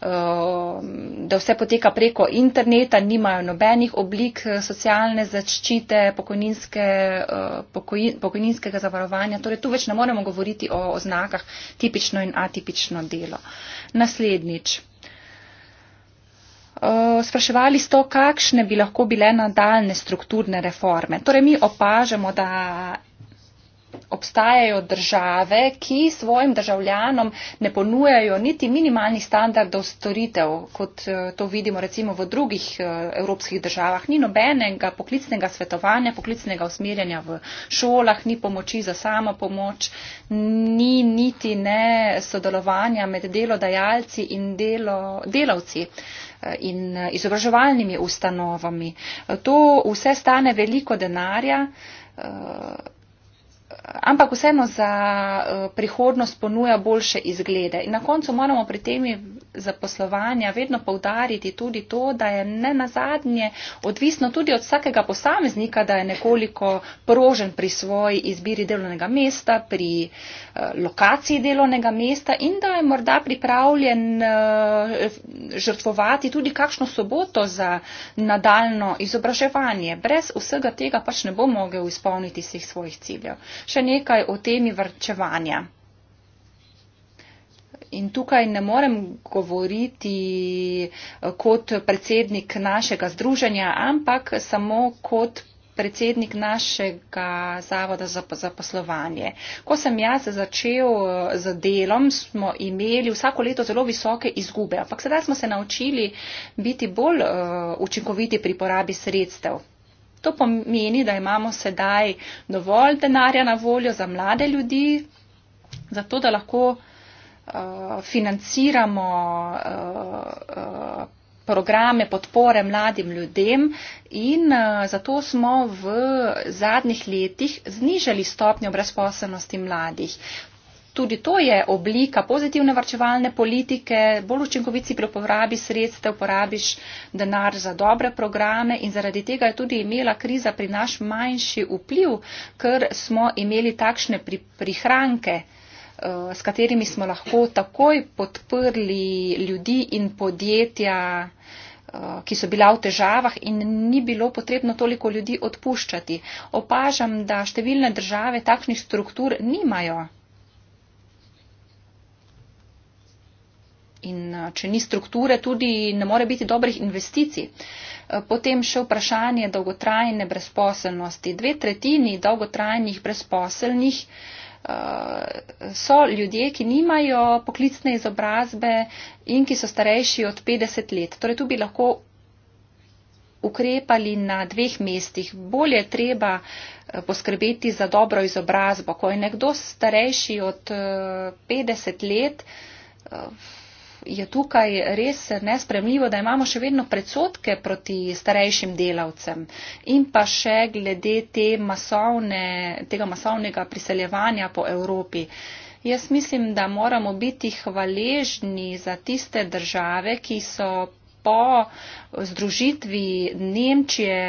um, da vse poteka preko interneta, nimajo nobenih oblik eh, socialne zaščite, pokojninske, eh, pokojin, pokojninskega zavarovanja. Torej, tu več ne moremo govoriti o oznakah tipično in atipično delo. Naslednjič uh, spraševali s to, kakšne bi lahko bile nadaljne strukturne reforme. Torej, mi opažamo, da obstajajo države, ki svojim državljanom ne ponujajo niti minimalnih standardov storitev, kot eh, to vidimo recimo v drugih eh, evropskih državah. Ni nobenega poklicnega svetovanja, poklicnega usmerjanja v šolah, ni pomoči za samo pomoč, ni niti ne sodelovanja med delodajalci in delo, delavci eh, in izobraževalnimi ustanovami. To vse stane veliko denarja ampak vseeno za eh, prihodnost ponuja boljše izglede. In na koncu moramo pri temi zaposlovanja vedno povdariti tudi to, da je ne nazadnje odvisno tudi od vsakega posameznika, da je nekoliko prožen pri svoji izbiri delovnega mesta, pri eh, lokaciji delovnega mesta in da je morda pripravljen eh, žrtvovati tudi kakšno soboto za nadaljno izobraževanje. Brez vsega tega pač ne bo mogel izpolniti vseh svojih ciljev. Še nekaj o temi vrčevanja. In tukaj ne morem govoriti eh, kot predsednik našega združenja, ampak samo kot predsednik našega zavoda za zaposlovanje. Ko sem jaz začel eh, z delom, smo imeli vsako leto zelo visoke izgube, ampak sedaj smo se naučili biti bolj eh, učinkoviti pri porabi sredstev. To pomeni, da imamo sedaj dovolj denarja na voljo za mlade ljudi, zato da lahko uh, financiramo uh, uh, programe podpore mladim ljudem in uh, zato smo v zadnjih letih znižali stopnjo brezposobnosti mladih. Tudi to je oblika pozitivne varčevalne politike, bolj učinkovit si pri uporabi sredstev, porabiš denar za dobre programe in zaradi tega je tudi imela kriza pri naš manjši vpliv, ker smo imeli takšne pri, prihranke, eh, s katerimi smo lahko takoj podprli ljudi in podjetja, eh, ki so bila v težavah in ni bilo potrebno toliko ljudi odpuščati. Opažam, da številne države takšnih struktur nimajo. In eh, če ni strukture, tudi ne more biti dobrih investicij. Eh, potem še vprašanje dolgotrajne brezposelnosti. Dve tretjini dolgotrajnih brezposelnih eh, so ljudje, ki nimajo poklicne izobrazbe in ki so starejši od 50 let. Torej, tu bi lahko ukrepali na dveh mestih. Bolje je treba poskrbeti za dobro izobrazbo. Ko je nekdo starejši od 50 let, je tukaj res nespremljivo, da imamo še vedno predsotke proti starejšim delavcem in pa še glede te masovne, tega masovnega priseljevanja po Evropi. Jaz mislim, da moramo biti hvaležni za tiste države, ki so po združitvi Nemčije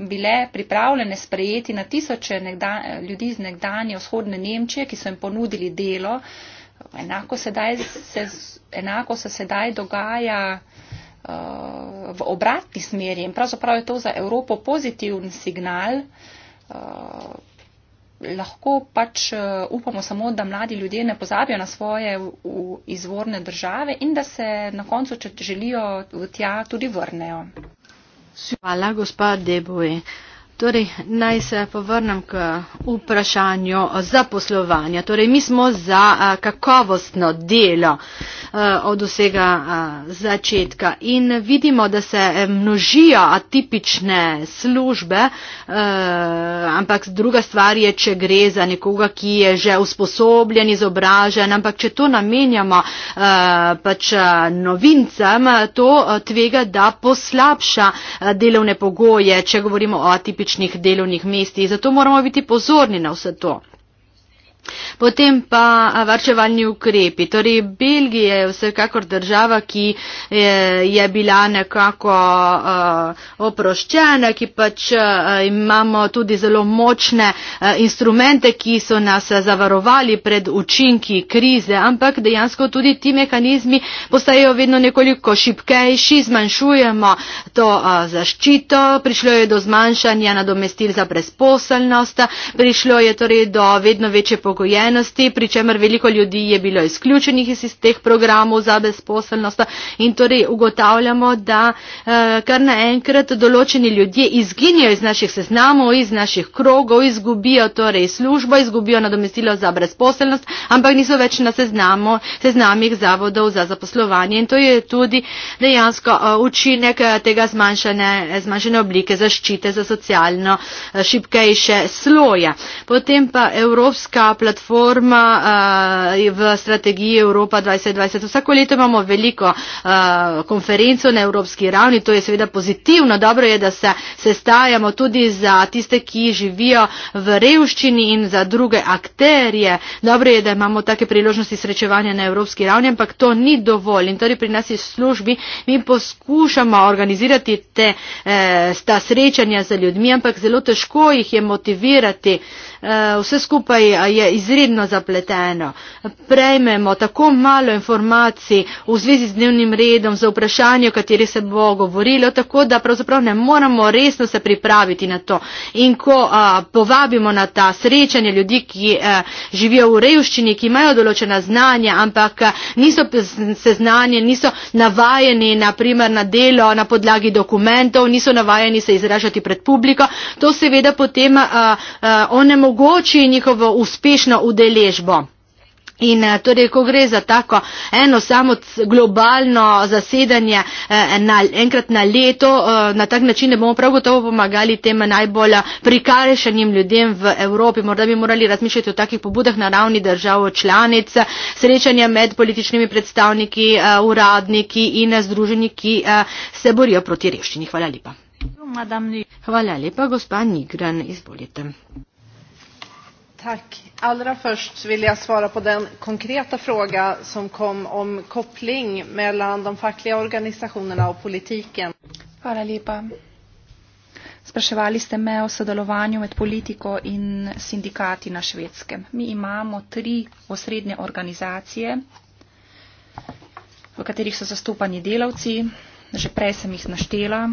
bile pripravljene sprejeti na tisoče nekda, ljudi iz nekdanje vzhodne Nemčije, ki so jim ponudili delo. Uh, Enako, sedaj se, enako se sedaj dogaja uh, v obratni smeri in pravzaprav je to za Evropo pozitiven signal. Uh, lahko pač uh, upamo samo, da mladi ljudje ne pozabijo na svoje v, v izvorne države in da se na koncu, če želijo, v tja tudi vrnejo. Hvala, gospod Deboj. Torej, naj se povrnem k vprašanju zaposlovanja. Torej, mi smo za kakovostno delo od vsega začetka in vidimo, da se e, množijo atipične službe, e, ampak druga stvar je, če gre za nekoga, ki je že usposobljen, izobražen, ampak če to namenjamo e, pač novincem, to tvega, da poslabša delovne pogoje, če govorimo o atipičnih različnih delovnih mestih, zato moramo biti pozorni na vse to. Potem pa varčevalni ukrepi. Torej, Belgija je vsekakor država, ki je bila nekako oproščena, ki pač imamo tudi zelo močne instrumente, ki so nas zavarovali pred učinki krize, ampak dejansko tudi ti mehanizmi postajajo vedno nekoliko šipkejši, zmanjšujemo to zaščito, prišlo je do zmanjšanja nadomestil za brezposelnost, prišlo je torej do vedno večje pogojenosti, zaposlenosti pri čemer veliko ljudi je bilo izključenih iz teh programov za brezposelnost in torej ugotavljamo, da eh, kar naenkrat določeni ljudje izginjajo iz naših seznamov, iz naših krogov, izgubijo torej službo, izgubijo nadomestilo za brezposelnost, ampak niso več na seznamu, seznamih zavodov za zaposlovanje in to je tudi dejansko eh, učinek eh, tega zmanjšane, zmanjšane oblike zaščite za socialno šibkejše sloje. Potem pa Evropska platforma reforma eh, v strategiji Evropa 2020. Vsako leto imamo veliko eh, konferenco na evropski ravni, to je seveda pozitivno, dobro je, da se sestajamo tudi za tiste, ki živijo v revščini in za druge akterje. Dobro je, da imamo take priložnosti srečevanja na evropski ravni, ampak to ni dovolj. In torej pri nas iz službi mi poskušamo organizirati te, eh, ta srečanja za ljudmi, ampak zelo težko jih je motivirati. Eh, vse skupaj je izredno zapleteno. Prejmemo tako malo informacij v zvezi z dnevnim redom, za vprašanje, o kateri se bo govorilo, tako da pravzaprav ne moramo resno se pripraviti na to. In ko a, povabimo na ta srečanje ljudi, ki a, eh, živijo v revščini, ki imajo določena znanja, ampak eh, niso seznanjeni, niso navajeni naprimer na delo na podlagi dokumentov, niso navajeni se izražati pred publiko, to seveda potem a, a, onemo omogoči njihovo uspešno udeležbo. In eh, torej, ko gre za tako eno samo globalno zasedanje eh, na, enkrat na leto, eh, na tak način ne bomo prav gotovo pomagali tem najbolj prikarešenim ljudem v Evropi. Morda bi morali razmišljati o takih pobudah na ravni držav članic, srečanja med političnimi predstavniki, uradniki in združeni, ki se borijo proti reščini. Hvala lepa. Hvala lepa, gospa Nigran, izvolite. Tack. Allra först vill jag svara på den konkreta fråga som kom om koppling mellan de fackliga organisationerna och politiken. Hvala lepa. Spraševali ste me o sodelovanju med politiko in sindikati na švedskem. Mi imamo tri osrednje organizacije, v katerih so zastopani delavci. Že prej sem jih naštela.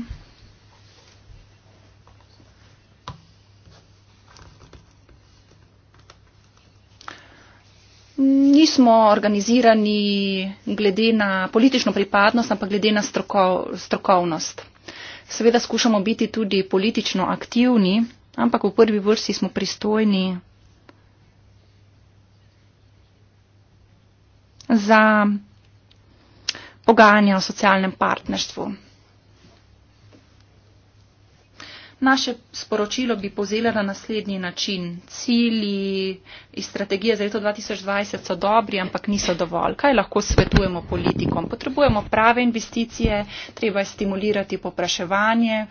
nismo organizirani glede na politično pripadnost, ampak glede na stroko, strokovnost. Seveda skušamo biti tudi politično aktivni, ampak v prvi vrsti smo pristojni za pogajanja o socialnem partnerstvu. Naše sporočilo bi povzela na naslednji način. Cili iz strategije za leto 2020 so dobri, ampak niso dovolj. Kaj lahko svetujemo politikom? Potrebujemo prave investicije, treba je stimulirati popraševanje,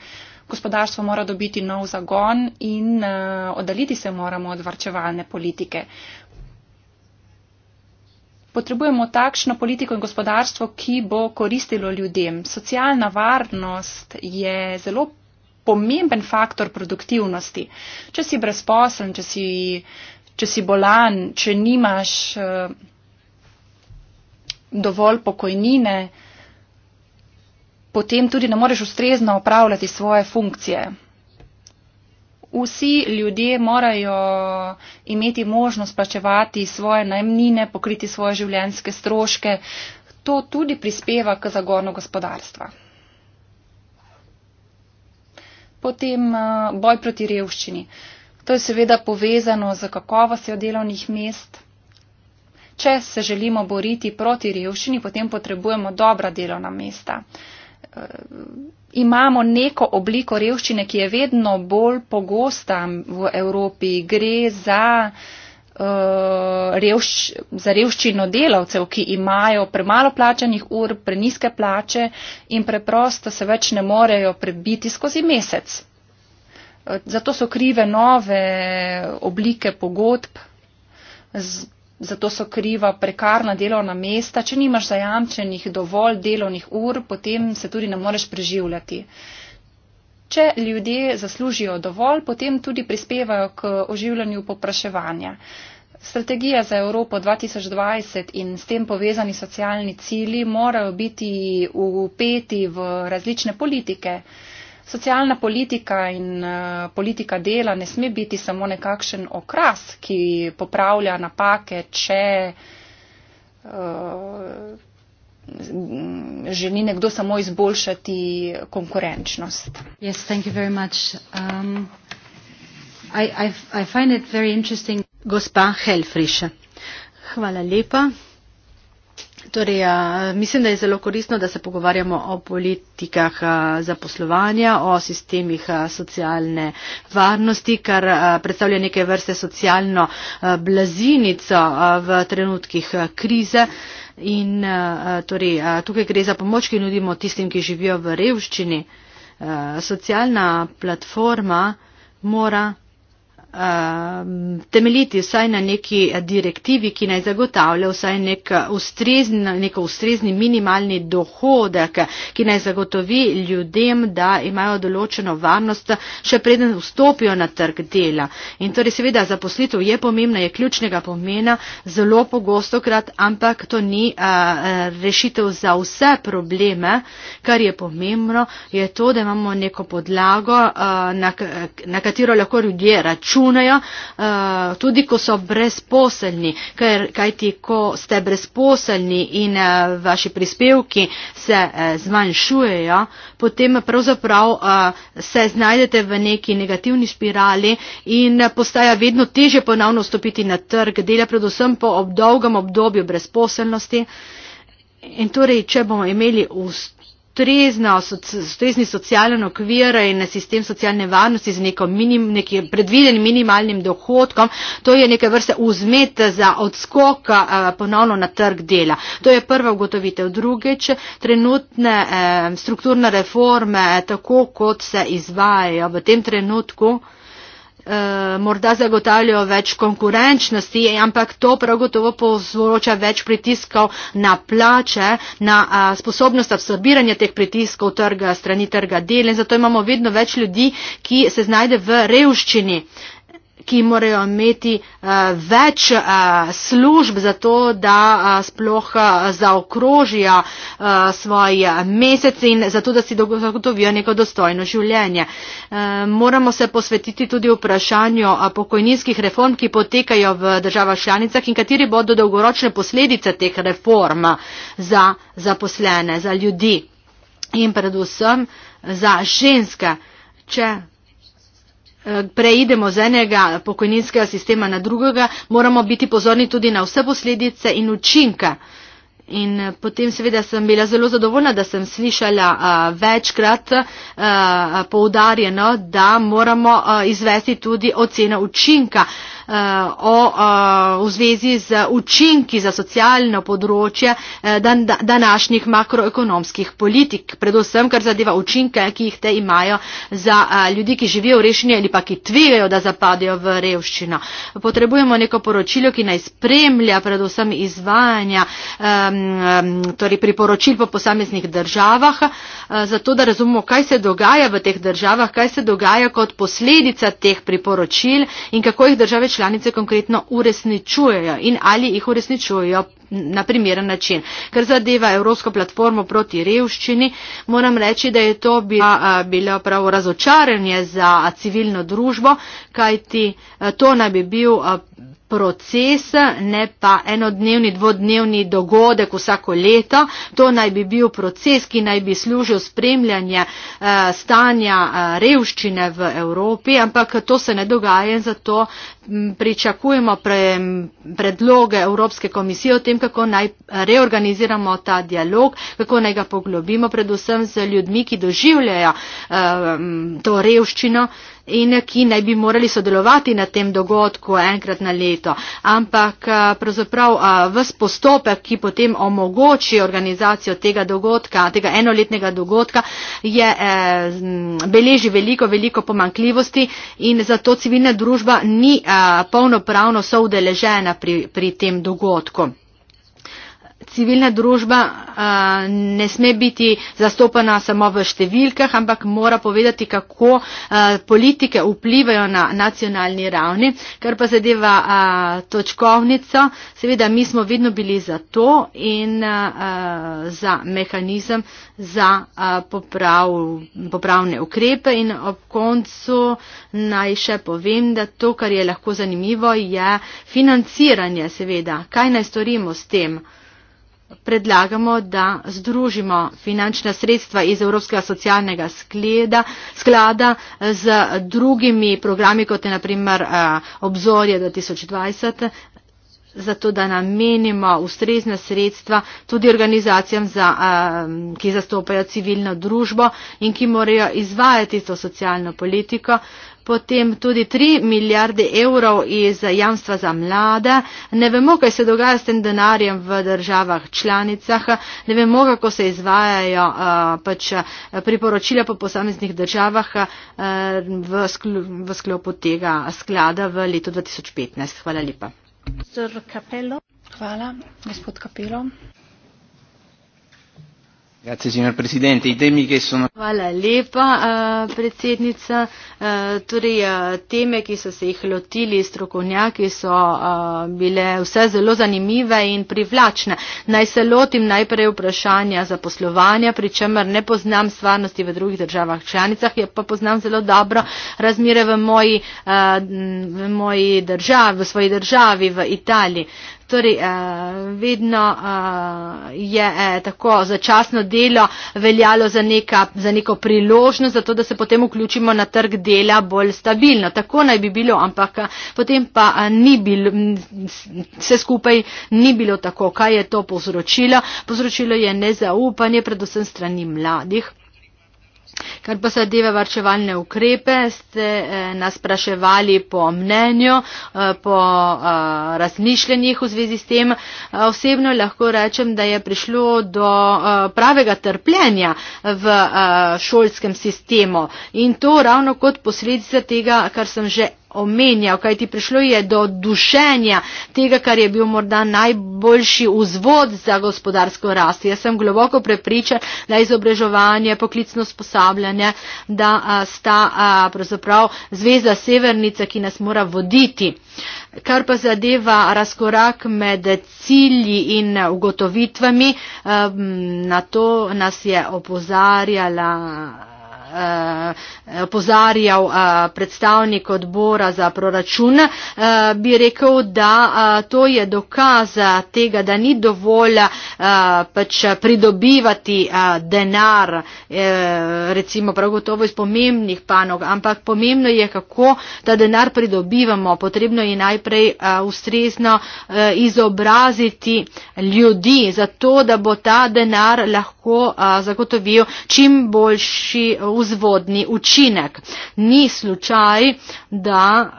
gospodarstvo mora dobiti nov zagon in uh, eh, oddaliti se moramo od varčevalne politike. Potrebujemo takšno politiko in gospodarstvo, ki bo koristilo ljudem. Socialna varnost je zelo pomemben faktor produktivnosti. Če si brezposen, če si, če si bolan, če nimaš eh, dovolj pokojnine, potem tudi ne moreš ustrezno opravljati svoje funkcije. Vsi ljudje morajo imeti možnost plačevati svoje najmnine, pokriti svoje življenjske stroške. To tudi prispeva k zagonu gospodarstva potem eh, boj proti revščini. To je seveda povezano z kakovostjo delovnih mest. Če se želimo boriti proti revščini, potem potrebujemo dobra delovna mesta. Eh, imamo neko obliko revščine, ki je vedno bolj pogosta v Evropi. Gre za uh, Eh, revš, za revščino delavcev, ki imajo premalo plačanih ur, preniske plače in preprosto se več ne morejo prebiti skozi mesec. Eh, zato so krive nove oblike pogodb, zato so kriva prekarna delovna mesta. Če nimaš zajamčenih dovolj delovnih ur, potem se tudi ne moreš preživljati. Uh, Če ljudje zaslužijo dovolj, potem tudi prispevajo k oživljanju popraševanja. Strategija za Evropo 2020 in s tem povezani socialni cili morajo biti upeti v različne politike. Socialna politika in eh, politika dela ne sme biti samo nekakšen okras, ki popravlja napake, če. Uh, želi nekdo samo izboljšati konkurenčnost. Yes, um, I, I, I Gospa Helfriš. Hvala lepa. Torej, ja, mislim, da je zelo koristno, da se pogovarjamo o politikah zaposlovanja, o sistemih socialne varnosti, kar predstavlja neke vrste socialno blazinico v trenutkih krize in eh, torej, eh, tukaj gre za pomoč, ki nudimo tistim, ki živijo v revščini. Eh, socialna platforma mora Um, temeljiti vsaj na neki direktivi, ki naj zagotavlja vsaj nek ustrezni, neko ustrezni minimalni dohodek, ki naj zagotovi ljudem, da imajo določeno varnost, še preden vstopijo na trg dela. In torej seveda zaposlitev je pomembna, je ključnega pomena, zelo pogosto krat, ampak to ni a, rešitev za vse probleme, kar je pomembno, je to, da imamo neko podlago, a, na, na katero lahko ljudje računajo računajo, eh, tudi ko so brezposelni, ker kajti, ko ste brezposelni in eh, vaši prispevki se eh, zmanjšujejo, potem pravzaprav se znajdete v neki negativni spirali in postaja vedno teže ponovno vstopiti na trg dela, predvsem po dolgem obdobju brezposelnosti. In torej, če bomo imeli ustavljanje, ustrezna, ustrezni socialni okvir in sistem socialne varnosti z nekim minim, predvidenim minimalnim dohodkom, to je neke vrste vzmet za odskok eh, ponovno na trg dela. To je prva ugotovitev. Drugič, trenutne eh, strukturne reforme, eh, tako kot se izvajajo v tem trenutku, Eh, morda zagotavljajo več konkurenčnosti, ampak to prav gotovo povzroča več pritiskov na plače, na sposobnost absorbiranja teh pritiskov trga, strani trga dela in zato imamo vedno več ljudi, ki se znajde v revščini ki morajo imeti eh, več eh, služb za to, da eh, sploh zaokrožijo svoj mesec in zato, da si zagotovijo neko dostojno življenje. Moramo se posvetiti tudi vprašanju pokojninskih reform, ki potekajo v državah članicah in kateri bodo dolgoročne posledice teh reform za zaposlene, za ljudi in predvsem za ženske. Če preidemo z enega pokojninskega sistema na drugega, moramo biti pozorni tudi na vse posledice in učinka. In eh, potem seveda sem bila zelo zadovoljna, da sem slišala a, eh, večkrat a, eh, poudarjeno, da moramo a, izvesti tudi oceno učinka o, o, v zvezi z učinki za socialno področje eh, dan, današnjih makroekonomskih politik, predvsem kar zadeva učinke, ki jih te imajo za eh, ljudi, ki živijo v rešenju ali pa ki tvegajo, da zapadajo v revščino. Potrebujemo neko poročilo, ki naj spremlja predvsem izvajanja um, um, torej priporočil po posameznih državah, uh, zato da razumemo, kaj se dogaja v teh državah, kaj se dogaja kot posledica teh priporočil in kako jih države članice konkretno uresničujejo in ali jih uresničujejo na primeren način. Ker zadeva Evropsko platformo proti revščini, moram reči, da je to bila, bilo prav razočaranje za civilno družbo, kajti to naj bi bil proces, ne pa enodnevni, dvodnevni dogodek vsako leto. To naj bi bil proces, ki naj bi služil spremljanje eh, stanja eh, revščine v Evropi, ampak to se ne dogaja in zato mm, pričakujemo pre, predloge Evropske komisije o tem, kako naj reorganiziramo ta dialog, kako naj ga poglobimo predvsem z ljudmi, ki doživljajo eh, mm, to revščino in ki naj bi morali sodelovati na tem dogodku enkrat na leto. Ampak eh, pravzaprav eh, vs postopek, ki potem omogoči organizacijo tega dogodka, tega enoletnega dogodka, je, eh, beleži veliko, veliko pomankljivosti in zato civilna družba ni polnopravno soudeležena pri, pri tem dogodku civilna družba ne sme biti zastopana samo v številkah, ampak mora povedati, kako politike vplivajo na nacionalni ravni. Kar pa zadeva točkovnico, seveda mi smo vedno bili za to in za mehanizem za poprav, popravne ukrepe in ob koncu naj še povem, da to, kar je lahko zanimivo, je financiranje seveda. Kaj naj storimo s tem? predlagamo, da združimo finančna sredstva iz Evropskega socialnega skleda, sklada z drugimi programi, kot je naprimer eh, obzorje 2020, zato da namenimo ustrezna sredstva tudi organizacijam, za, eh, ki zastopajo civilno družbo in ki morajo izvajati to socialno politiko, potem tudi 3 milijarde evrov iz jamstva za mlada. Ne vemo, kaj se dogaja s tem denarjem v državah članicah, ne vemo, kako se izvajajo eh, pač eh, priporočila po posameznih državah eh, v, sklu, v sklopu tega sklada v letu 2015. Hvala lepa. Hvala, gospod Kapelo. Hvala lepa, eh, predsednica. Eh, torej, eh, teme, ki so se jih lotili strokovnjaki, so bile vse zelo zanimive in privlačne. Naj se lotim najprej vprašanja zaposlovanja, pri čemer ne poznam stvarnosti v drugih državah članicah, je pa poznam zelo dobro razmire v moji, v moji državi, v svoji državi, v Italiji. Torej, eh, vedno eh, je eh, tako začasno delo veljalo za, neka, za neko priložnost, zato da se potem vključimo na trg dela bolj stabilno. Tako naj bi bilo, ampak eh, potem pa eh, ni bilo, vse skupaj ni bilo tako. Kaj je to povzročilo? Povzročilo je nezaupanje, predvsem strani mladih. Kar pa zadeva varčevalne ukrepe, ste eh, nas spraševali po mnenju, eh, po eh, razmišljenjih v zvezi s tem. Osebno lahko rečem, da je prišlo do pravega trpljenja v šolskem sistemu in to ravno kot posledica tega, kar sem že omenjal, kajti prišlo je do dušenja tega, kar je bil morda najboljši vzvod za gospodarsko rast. Jaz sem globoko prepričan, da izobraževanje, poklicno sposabljanje, da sta pravzaprav zveza Severnica, ki nas mora voditi. Kar pa zadeva razkorak med cilji in ugotovitvami, na to nas je opozarjala. Eh, opozarjal uh, uh, predstavnik odbora za proračun, uh, bi rekel, da uh, to je dokaz tega, da ni dovolj uh, pač pridobivati uh, denar, uh, recimo prav gotovo iz pomembnih panog, ampak pomembno je, kako ta denar pridobivamo. Potrebno je najprej uh, ustrezno uh, izobraziti ljudi, zato da bo ta denar lahko uh, zagotovil čim boljši uh, vzvodni učinek. Ni slučaj, da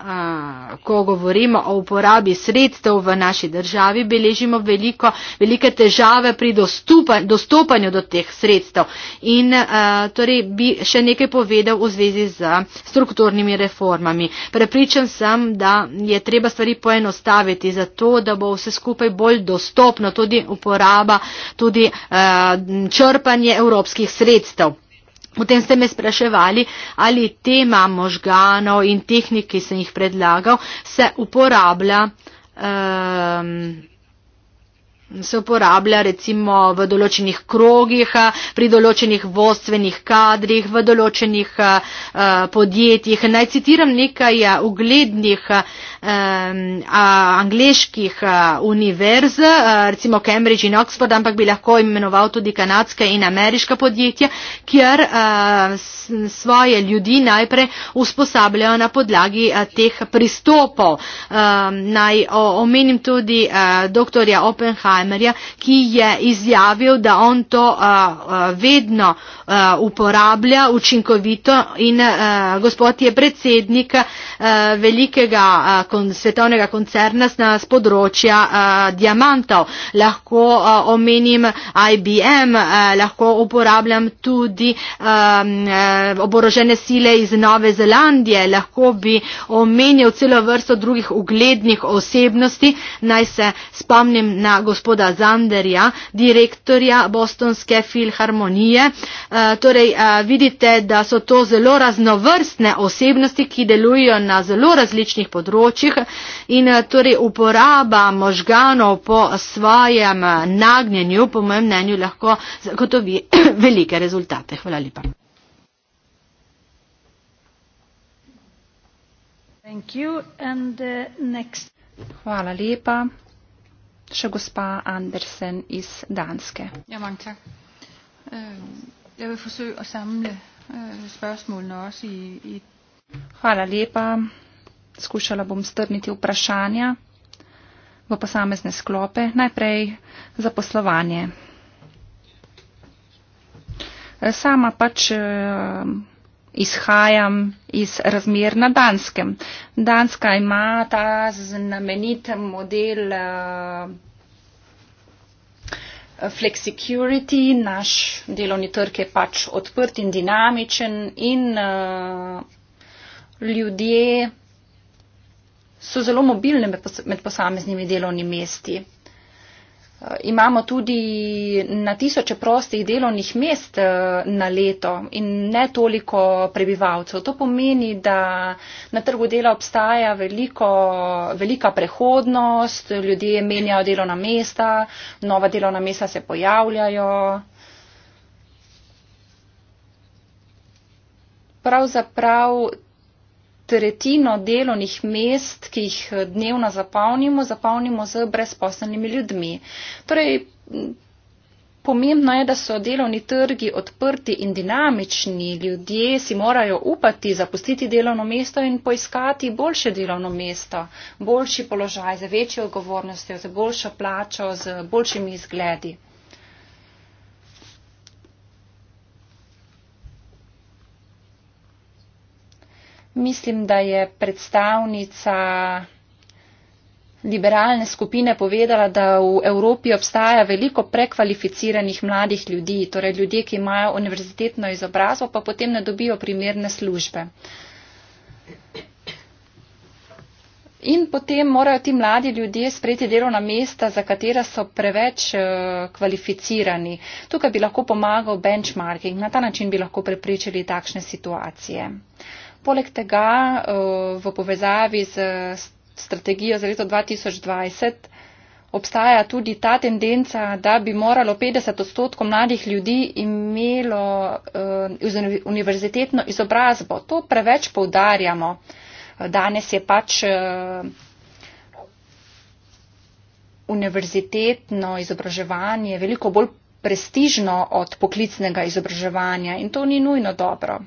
ko govorimo o uporabi sredstev v naši državi, beležimo veliko, velike težave pri dostupa, dostopanju do teh sredstev. In torej bi še nekaj povedal v zvezi z strukturnimi reformami. Prepričan sem, da je treba stvari poenostaviti zato, da bo vse skupaj bolj dostopno tudi uporaba, tudi črpanje evropskih sredstev. Potem ste me spraševali, ali tema možganov in tehnik, ki sem jih predlagal, se uporablja. Um, se uporablja recimo v določenih krogih, pri določenih vodstvenih kadrih, v določenih uh, podjetjih. Naj citiram nekaj eh, uglednih uh, angliških univerz, recimo Cambridge in Oxford, ampak bi lahko imenoval tudi kanadske in ameriška podjetja, kjer svoje ljudi najprej usposabljajo na podlagi teh pristopov. Naj omenim tudi dr. Oppenheimerja, ki je izjavil, da on to vedno uporablja učinkovito in gospod je predsednik velikega svetovnega koncerna na spodročja diamantov. Lahko omenim IBM, lahko uporabljam tudi oborožene sile iz Nove Zelandije, lahko bi omenil celo vrsto drugih uglednih osebnosti. Naj se spomnim na gospoda Zanderja, direktorja Bostonske filharmonije. Torej, vidite, da so to zelo raznovrstne osebnosti, ki delujejo na zelo različnih področjih očeh in eh, torej uporaba možganov po svojem eh, nagnjenju, po mojem mnenju, lahko zagotovi velike rezultate. Hvala lepa. Thank you. And, uh, next. Hvala lepa. Še gospa Andersen iz Danske. Ja, mange tak. Uh, jeg vil forsøge at samle uh, spørgsmålene også i, i... Hvala lepa skušala bom strniti vprašanja v posamezne sklope. Najprej zaposlovanje. Sama pač eh, izhajam iz razmer na Danskem. Danska ima ta znamenit model eh, flexicurity, naš delovni trg je pač odprt in dinamičen in uh, ljudje so zelo mobilne med posameznimi delovnimi mesti. Uh, imamo tudi na tisoče prostih delovnih mest uh, na leto in ne toliko prebivalcev. To pomeni, da na trgu dela obstaja veliko, velika prehodnost, ljudje menjajo delovna mesta, nova delovna mesta se pojavljajo. Pravzaprav tretjino delovnih mest, ki jih eh, dnevno zapolnimo, zapolnimo z brezposelnimi ljudmi. Torej, pomembno je, da so delovni trgi odprti in dinamični. Ljudje si morajo upati zapustiti delovno mesto in poiskati boljše delovno mesto, boljši položaj, za večjo odgovornostjo, za boljšo plačo, z boljšimi izgledi. Mislim, da je predstavnica liberalne skupine povedala, da v Evropi obstaja veliko prekvalificiranih mladih ljudi, torej ljudje, ki imajo univerzitetno izobrazbo, pa potem ne dobijo primerne službe. In potem morajo ti mladi ljudje sprejeti delovna mesta, za katera so preveč eh, kvalificirani. Tukaj bi lahko pomagal benchmarking. Na ta način bi lahko preprečili takšne situacije. Poleg tega eh, v povezavi z strategijo za leto 2020 obstaja tudi ta tendenca, da bi moralo 50 odstotkov mladih ljudi imelo eh, univerzitetno izobrazbo. To preveč poudarjamo. Danes je pač eh, univerzitetno izobraževanje veliko bolj prestižno od poklicnega izobraževanja in to ni nujno dobro.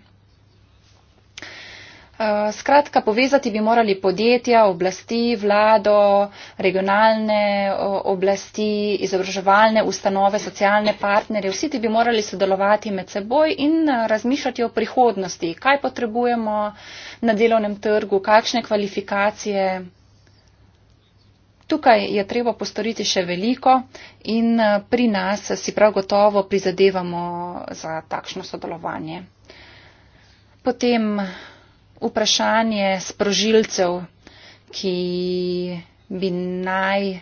Eh, skratka, povezati bi morali podjetja, oblasti, vlado, regionalne oblasti, izobraževalne ustanove, socialne partnerje. Vsi ti bi morali sodelovati med seboj in eh, razmišljati o prihodnosti, kaj potrebujemo na delovnem trgu, kakšne kvalifikacije. Tukaj je treba postoriti še veliko in eh, pri nas si prav gotovo prizadevamo za takšno sodelovanje. Potem vprašanje sprožilcev, ki bi naj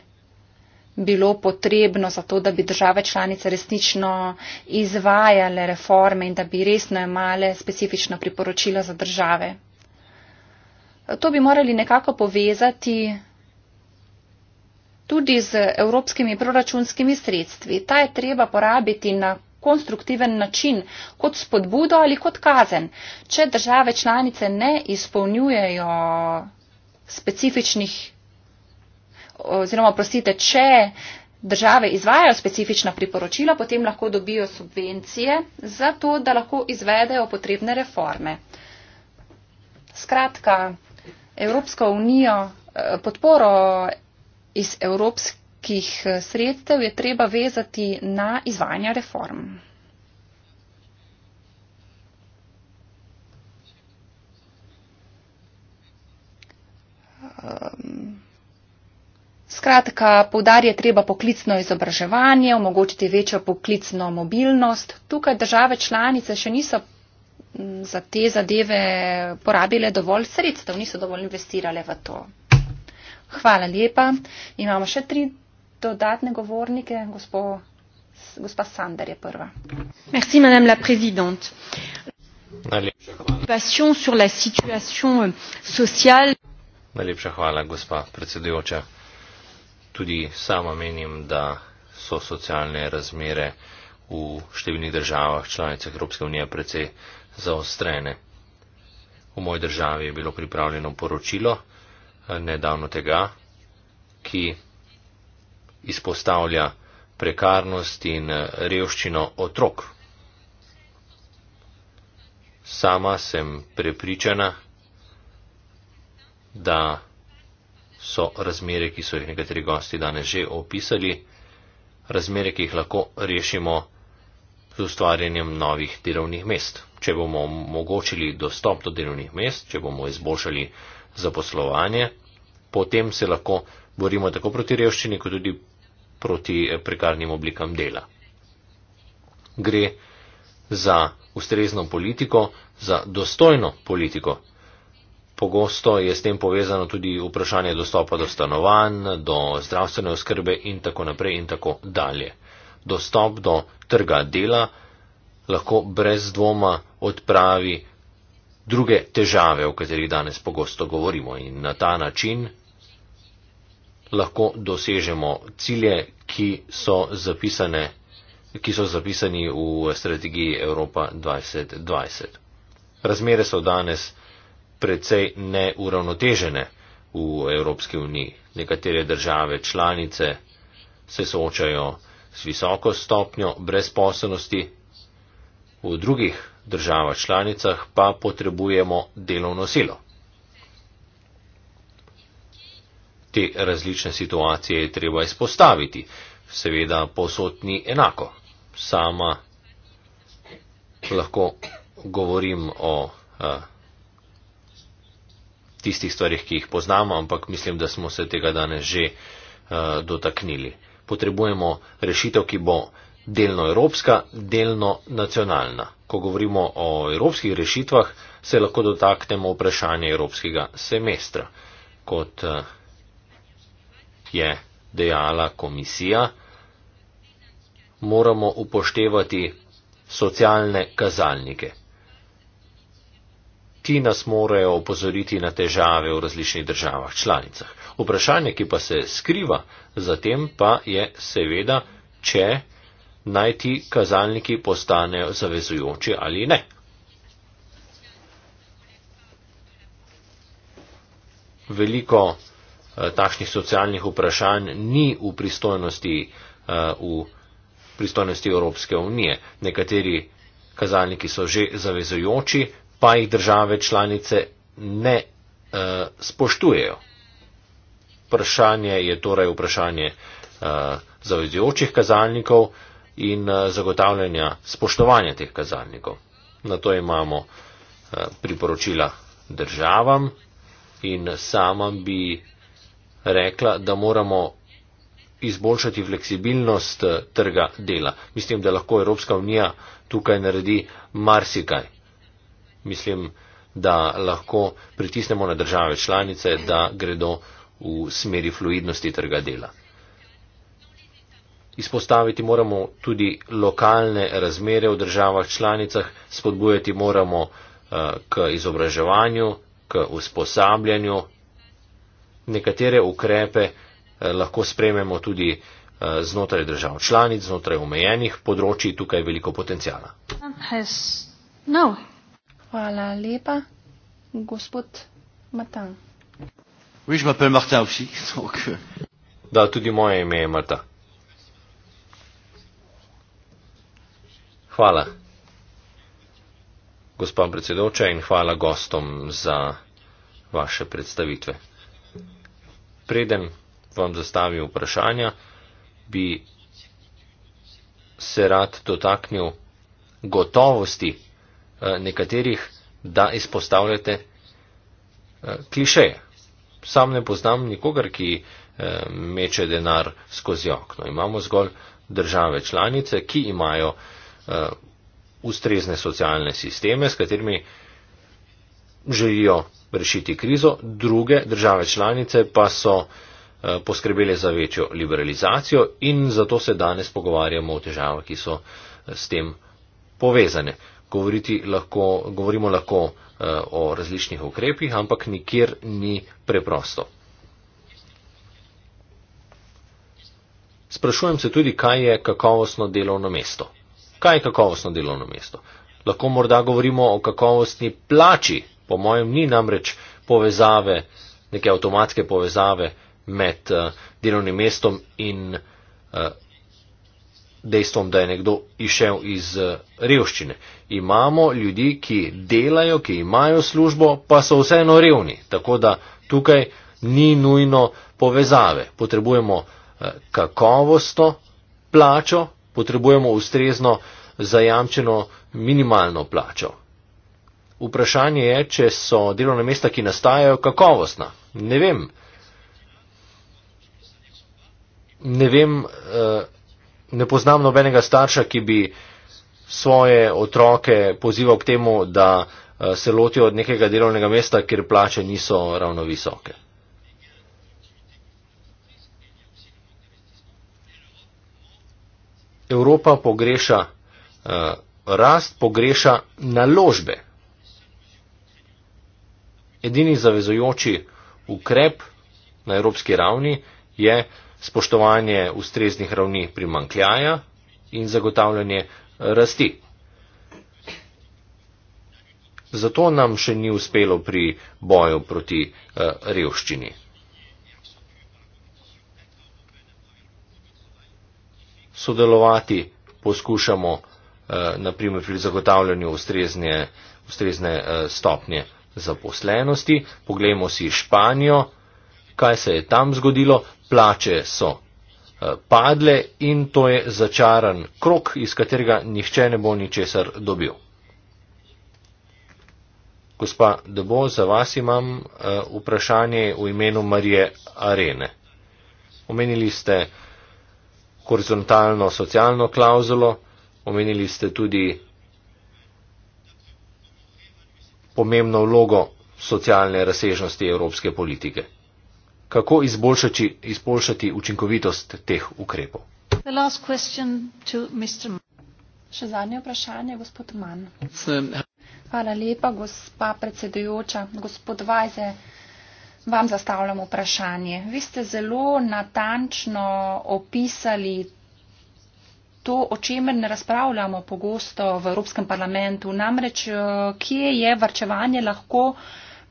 bilo potrebno za to, da bi države članice resnično izvajale reforme in da bi resno imale specifično priporočila za države. To bi morali nekako povezati tudi z evropskimi proračunskimi sredstvi. Ta je treba porabiti na konstruktiven način, kot spodbudo ali kot kazen. Če države članice ne izpolnjujejo specifičnih, oziroma prosite, če države izvajajo specifična priporočila, potem lahko dobijo subvencije za to, da lahko izvedejo potrebne reforme. Skratka, Evropsko unijo, eh, podporo iz Evropske evropskih eh, sredstev je treba vezati na izvajanje reform. Ehm, skratka, povdar je treba poklicno izobraževanje, omogočiti večjo poklicno mobilnost. Tukaj države članice še niso za te zadeve porabile dovolj sredstev, niso dovolj investirale v to. Hvala lepa. Imamo še tri dodatne govornike. Gospo, gospa Sander je prva. Merci, madame la présidente. Euh, Najlepša hvala, gospa predsedujoča. Tudi sama menim, da so socialne razmere v številnih državah članicah Evropske unije precej zaostrene. V moji državi je bilo pripravljeno poročilo eh, nedavno tega, ki izpostavlja prekarnost in eh, revščino otrok. Sama sem prepričana, da so razmere, ki so jih nekateri gosti danes že opisali, razmere, ki jih lahko rešimo z ustvarjanjem novih delovnih mest. Če bomo omogočili dostop do delovnih mest, če bomo izboljšali zaposlovanje, potem se lahko borimo tako proti revščini, kot tudi proti eh, prekarnim oblikam dela. Gre za ustrezno politiko, za dostojno politiko. Pogosto je s tem povezano tudi vprašanje dostopa do stanovanj, do zdravstvene oskrbe in tako naprej in tako dalje. Dostop do trga dela lahko brez dvoma odpravi druge težave, o katerih danes pogosto govorimo in na ta način lahko dosežemo cilje, ki so, zapisane, ki so zapisani v strategiji Evropa 2020. Razmere so danes precej neuravnotežene v Evropski uniji. Nekatere države članice se soočajo s visoko stopnjo brezposobnosti, v drugih državah članicah pa potrebujemo delovno silo. Te različne situacije je treba izpostaviti. Seveda posod ni enako. Sama lahko govorim o a, eh, tistih stvarih, ki jih poznamo, ampak mislim, da smo se tega danes že a, eh, dotaknili. Potrebujemo rešitev, ki bo delno evropska, delno nacionalna. Ko govorimo o evropskih rešitvah, se lahko dotaknemo vprašanja evropskega semestra. Kot, a, eh, je dejala komisija, moramo upoštevati socialne kazalnike. Ti nas morajo opozoriti na težave v različnih državah članicah. Vprašanje, ki pa se skriva za tem, pa je seveda, če naj ti kazalniki postanejo zavezujoči ali ne. Veliko Eh, takšnih socialnih vprašanj ni v pristojnosti, eh, v pristojnosti Evropske unije. Nekateri kazalniki so že zavezujoči, pa jih države članice ne eh, spoštujejo. Vprašanje je torej vprašanje zavezujočih kazalnikov in zagotavljanja spoštovanja teh kazalnikov. Na to imamo priporočila državam in sama bi rekla, da moramo izboljšati fleksibilnost eh, trga dela. Mislim, da lahko Evropska unija tukaj naredi marsikaj. Mislim, da lahko pritisnemo na države članice, da gredo v smeri fluidnosti trga dela. Izpostaviti moramo tudi lokalne razmere v državah članicah, spodbujati moramo eh, k izobraževanju, k usposabljanju nekatere ukrepe eh, lahko sprememo tudi eh, znotraj držav članic, znotraj omejenih področji, tukaj je veliko potencijala. No. Hvala lepa, gospod Matan. Euh. Da, tudi moje ime je Marta. Hvala, gospod predsedoča, in hvala gostom za vaše predstavitve preden vam zastavim vprašanja, bi se rad dotaknil gotovosti eh, nekaterih, da izpostavljate eh, klišeje. Sam ne poznam nikogar, ki eh, meče denar skozi okno. Imamo zgolj države članice, ki imajo ustrezne socialne sisteme, s katerimi želijo rešiti krizo, druge države članice pa so eh, poskrbeli za večjo liberalizacijo in zato se danes pogovarjamo o težavah, ki so eh, s tem povezane. Lahko, govorimo lahko eh, o različnih ukrepih, ampak nikjer ni preprosto. Sprašujem se tudi, kaj je kakovostno delovno mesto. Kaj je kakovostno delovno mesto? Lahko morda govorimo o kakovostni plači Po mojem, ni namreč povezave, neke avtomatske povezave med uh, delovnim mestom in uh, dejstvom, da je nekdo išel iz uh, revščine. Imamo ljudi, ki delajo, ki imajo službo, pa so vseeno revni. Tako da tukaj ni nujno povezave. Potrebujemo uh, kakovostno plačo, potrebujemo ustrezno zajamčeno minimalno plačo. Vprašanje je, če so delovna mesta, ki nastajajo, kakovostna. Ne vem. Ne vem, eh, ne poznam nobenega starša, ki bi svoje otroke pozival k temu, da eh, se lotijo od nekega delovnega mesta, kjer plače niso ravno visoke. Evropa pogreša eh, rast, pogreša naložbe. Edini zavezojoči ukrep na evropski ravni je spoštovanje ustreznih ravni primankljaja in zagotavljanje rasti. Zato nam še ni uspelo pri boju proti eh, revščini. Sodelovati poskušamo, eh, naprimer, pri zagotavljanju ustrezne, ustrezne eh, stopnje zaposlenosti, poglejmo si Španijo, kaj se je tam zgodilo, plače so eh, padle in to je začaran krok, iz katerega nihče ne bo ničesar dobil. Gospa Debo, za vas imam eh, vprašanje v imenu Marije Arene. Omenili ste horizontalno socialno klauzulo, omenili ste tudi pomembno vlogo socialne razsežnosti evropske politike. Kako izboljšati, izboljšati učinkovitost teh ukrepov? Še zadnje vprašanje, gospod Mann. Hvala lepa, gospa predsedujoča. Gospod Vajze, vam zastavljam vprašanje. Vi ste zelo natančno opisali to, o čemer ne razpravljamo pogosto v Evropskem parlamentu. Namreč, eh, kje je varčevanje lahko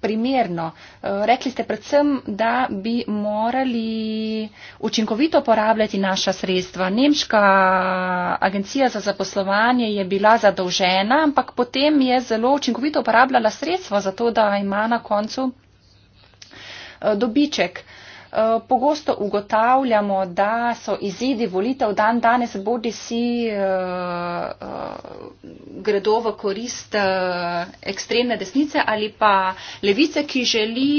primerno? Eh, rekli ste predvsem, da bi morali učinkovito porabljati naša sredstva. Nemška agencija za zaposlovanje je bila zadolžena, ampak potem je zelo učinkovito uporabljala sredstva za to, da ima na koncu eh, dobiček. Eh, pogosto ugotavljamo, da so izidi volitev dan danes bodi si eh, eh, gredo v korist ekstremne desnice ali pa levice, ki želi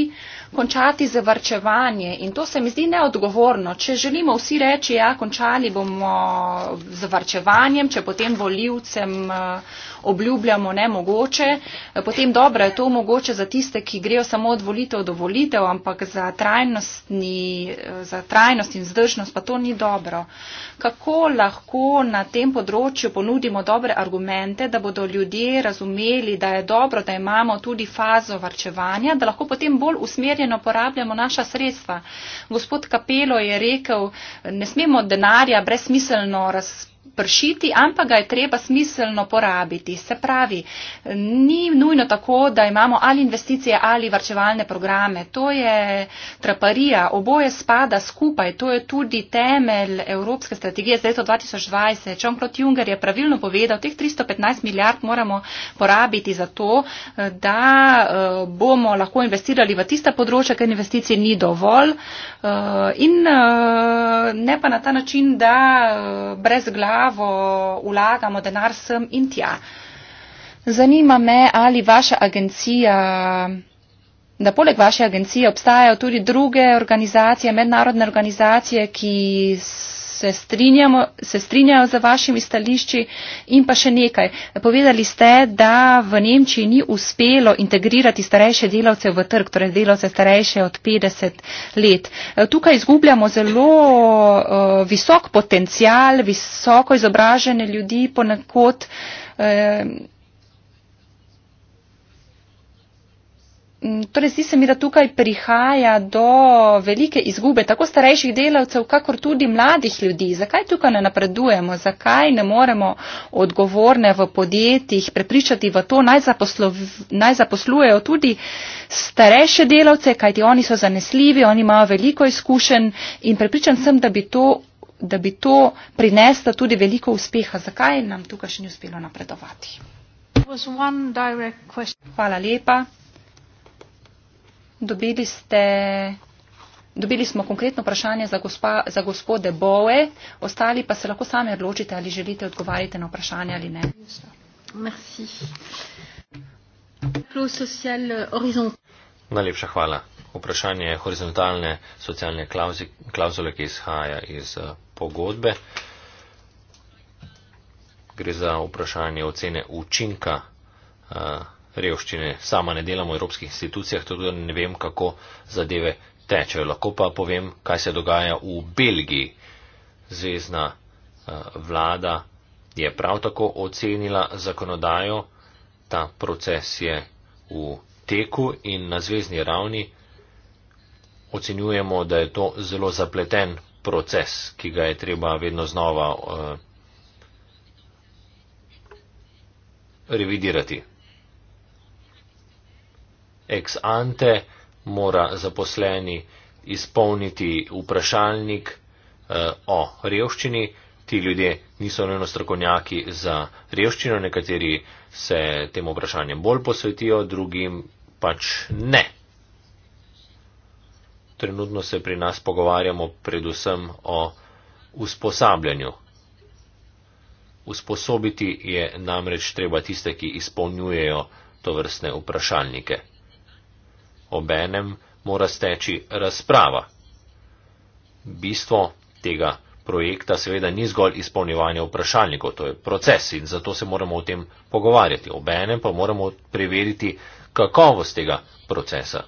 končati zavrčevanje in to se mi zdi neodgovorno. Če želimo vsi reči, ja, končali bomo zavrčevanjem, če potem voljivcem eh, obljubljamo nemogoče, eh, potem dobro je to mogoče za tiste, ki grejo samo od volitev do volitev, ampak za, eh, za trajnost in zdržnost pa to ni dobro. Kako lahko na tem področju ponudimo dobre argumente, da bodo ljudje razumeli, da je dobro, da imamo tudi fazo varčevanja, da lahko potem bolj usmerimo preverjeno porabljamo naša sredstva. Gospod Kapelo je rekel, ne smemo denarja brezmiselno razpolagati pršiti, ampak ga je treba smiselno porabiti. Se pravi, ni nujno tako, da imamo ali investicije ali varčevalne programe. To je traparija, oboje spada skupaj, to je tudi temelj Evropske strategije za leto 2020. Jean-Claude Juncker je pravilno povedal, teh 315 milijard moramo porabiti za to, da eh, bomo lahko investirali v tista področja, ker investicij ni dovolj. Eh, in eh, ne pa na ta način, da brez glav pravo vlagamo denar sem in tja. Zanima me, ali vaša agencija, da poleg vaše agencije obstajajo tudi druge organizacije, mednarodne organizacije, ki se, se strinjajo z vašimi stališči. In pa še nekaj. Povedali ste, da v Nemčiji ni uspelo integrirati starejše delavce v trg, torej delavce starejše od 50 let. Tukaj izgubljamo zelo uh, visok potencial, visoko izobražene ljudi ponekod. Uh, Mm, torej, zdi se mi, da tukaj prihaja do velike izgube tako starejših delavcev, kakor tudi mladih ljudi. Zakaj tukaj ne napredujemo? Zakaj ne moremo odgovorne v podjetjih prepričati v to, naj, zaposlo, naj zaposlujejo tudi starejše delavce, kajti oni so zanesljivi, oni imajo veliko izkušenj in prepričan sem, da bi to, da bi to prineslo tudi veliko uspeha. Zakaj nam tukaj še ni uspelo napredovati? Hvala lepa. Dobili, ste, dobili smo konkretno vprašanje za, gospa, za gospode Bove, ostali pa se lahko sami odločite, ali želite odgovarjati na vprašanje ali ne. Merci. Euh, Najlepša hvala. Vprašanje horizontalne socialne klauzi, klauzule, ki izhaja iz eh, pogodbe. Gre za vprašanje ocene učinka uh, revščine. Sama ne delam v evropskih institucijah, tudi ne vem, kako zadeve tečejo. Lahko pa povem, kaj se dogaja v Belgiji. Zvezdna eh, vlada je prav tako ocenila zakonodajo, ta proces je v teku in na zvezdni ravni ocenjujemo, da je to zelo zapleten proces, ki ga je treba vedno znova eh, revidirati ex ante mora zaposleni izpolniti vprašalnik eh, o revščini. Ti ljudje niso nujno strokovnjaki za revščino, nekateri se tem vprašanjem bolj posvetijo, drugim pač ne. Trenutno se pri nas pogovarjamo predvsem o usposabljanju. Usposobiti je namreč treba tiste, ki izpolnjujejo to vrstne vprašalnike obenem mora steči razprava. Bistvo tega projekta seveda ni zgolj izpolnjevanje vprašalnikov, to je proces in zato se moramo o tem pogovarjati. Obenem pa moramo preveriti kakovost tega procesa.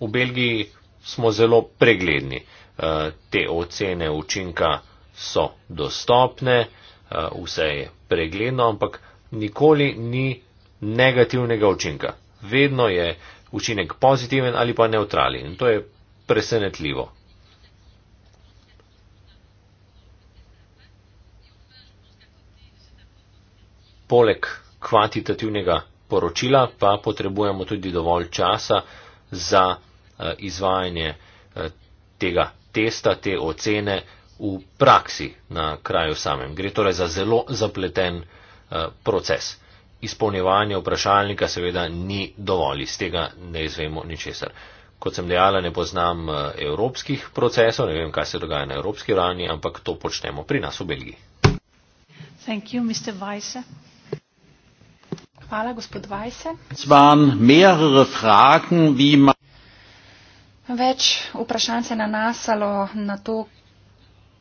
V Belgiji smo zelo pregledni. Eh, te ocene učinka so dostopne, eh, vse je pregledno, ampak nikoli ni negativnega učinka. Vedno je učinek pozitiven ali pa neutralen in to je presenetljivo. Poleg kvantitativnega poročila pa potrebujemo tudi dovolj časa za eh, izvajanje eh, tega testa, te ocene v praksi na kraju samem. Gre torej za zelo zapleten eh, proces izpolnjevanje vprašalnika seveda ni dovolj, iz tega ne izvemo ničesar. Kot sem dejala, ne poznam eh, evropskih procesov, ne vem, kaj se dogaja na evropski ravni, ampak to počnemo pri nas v Belgiji. You, Hvala, gospod Vajse. Več vprašanj se je nanasalo na to,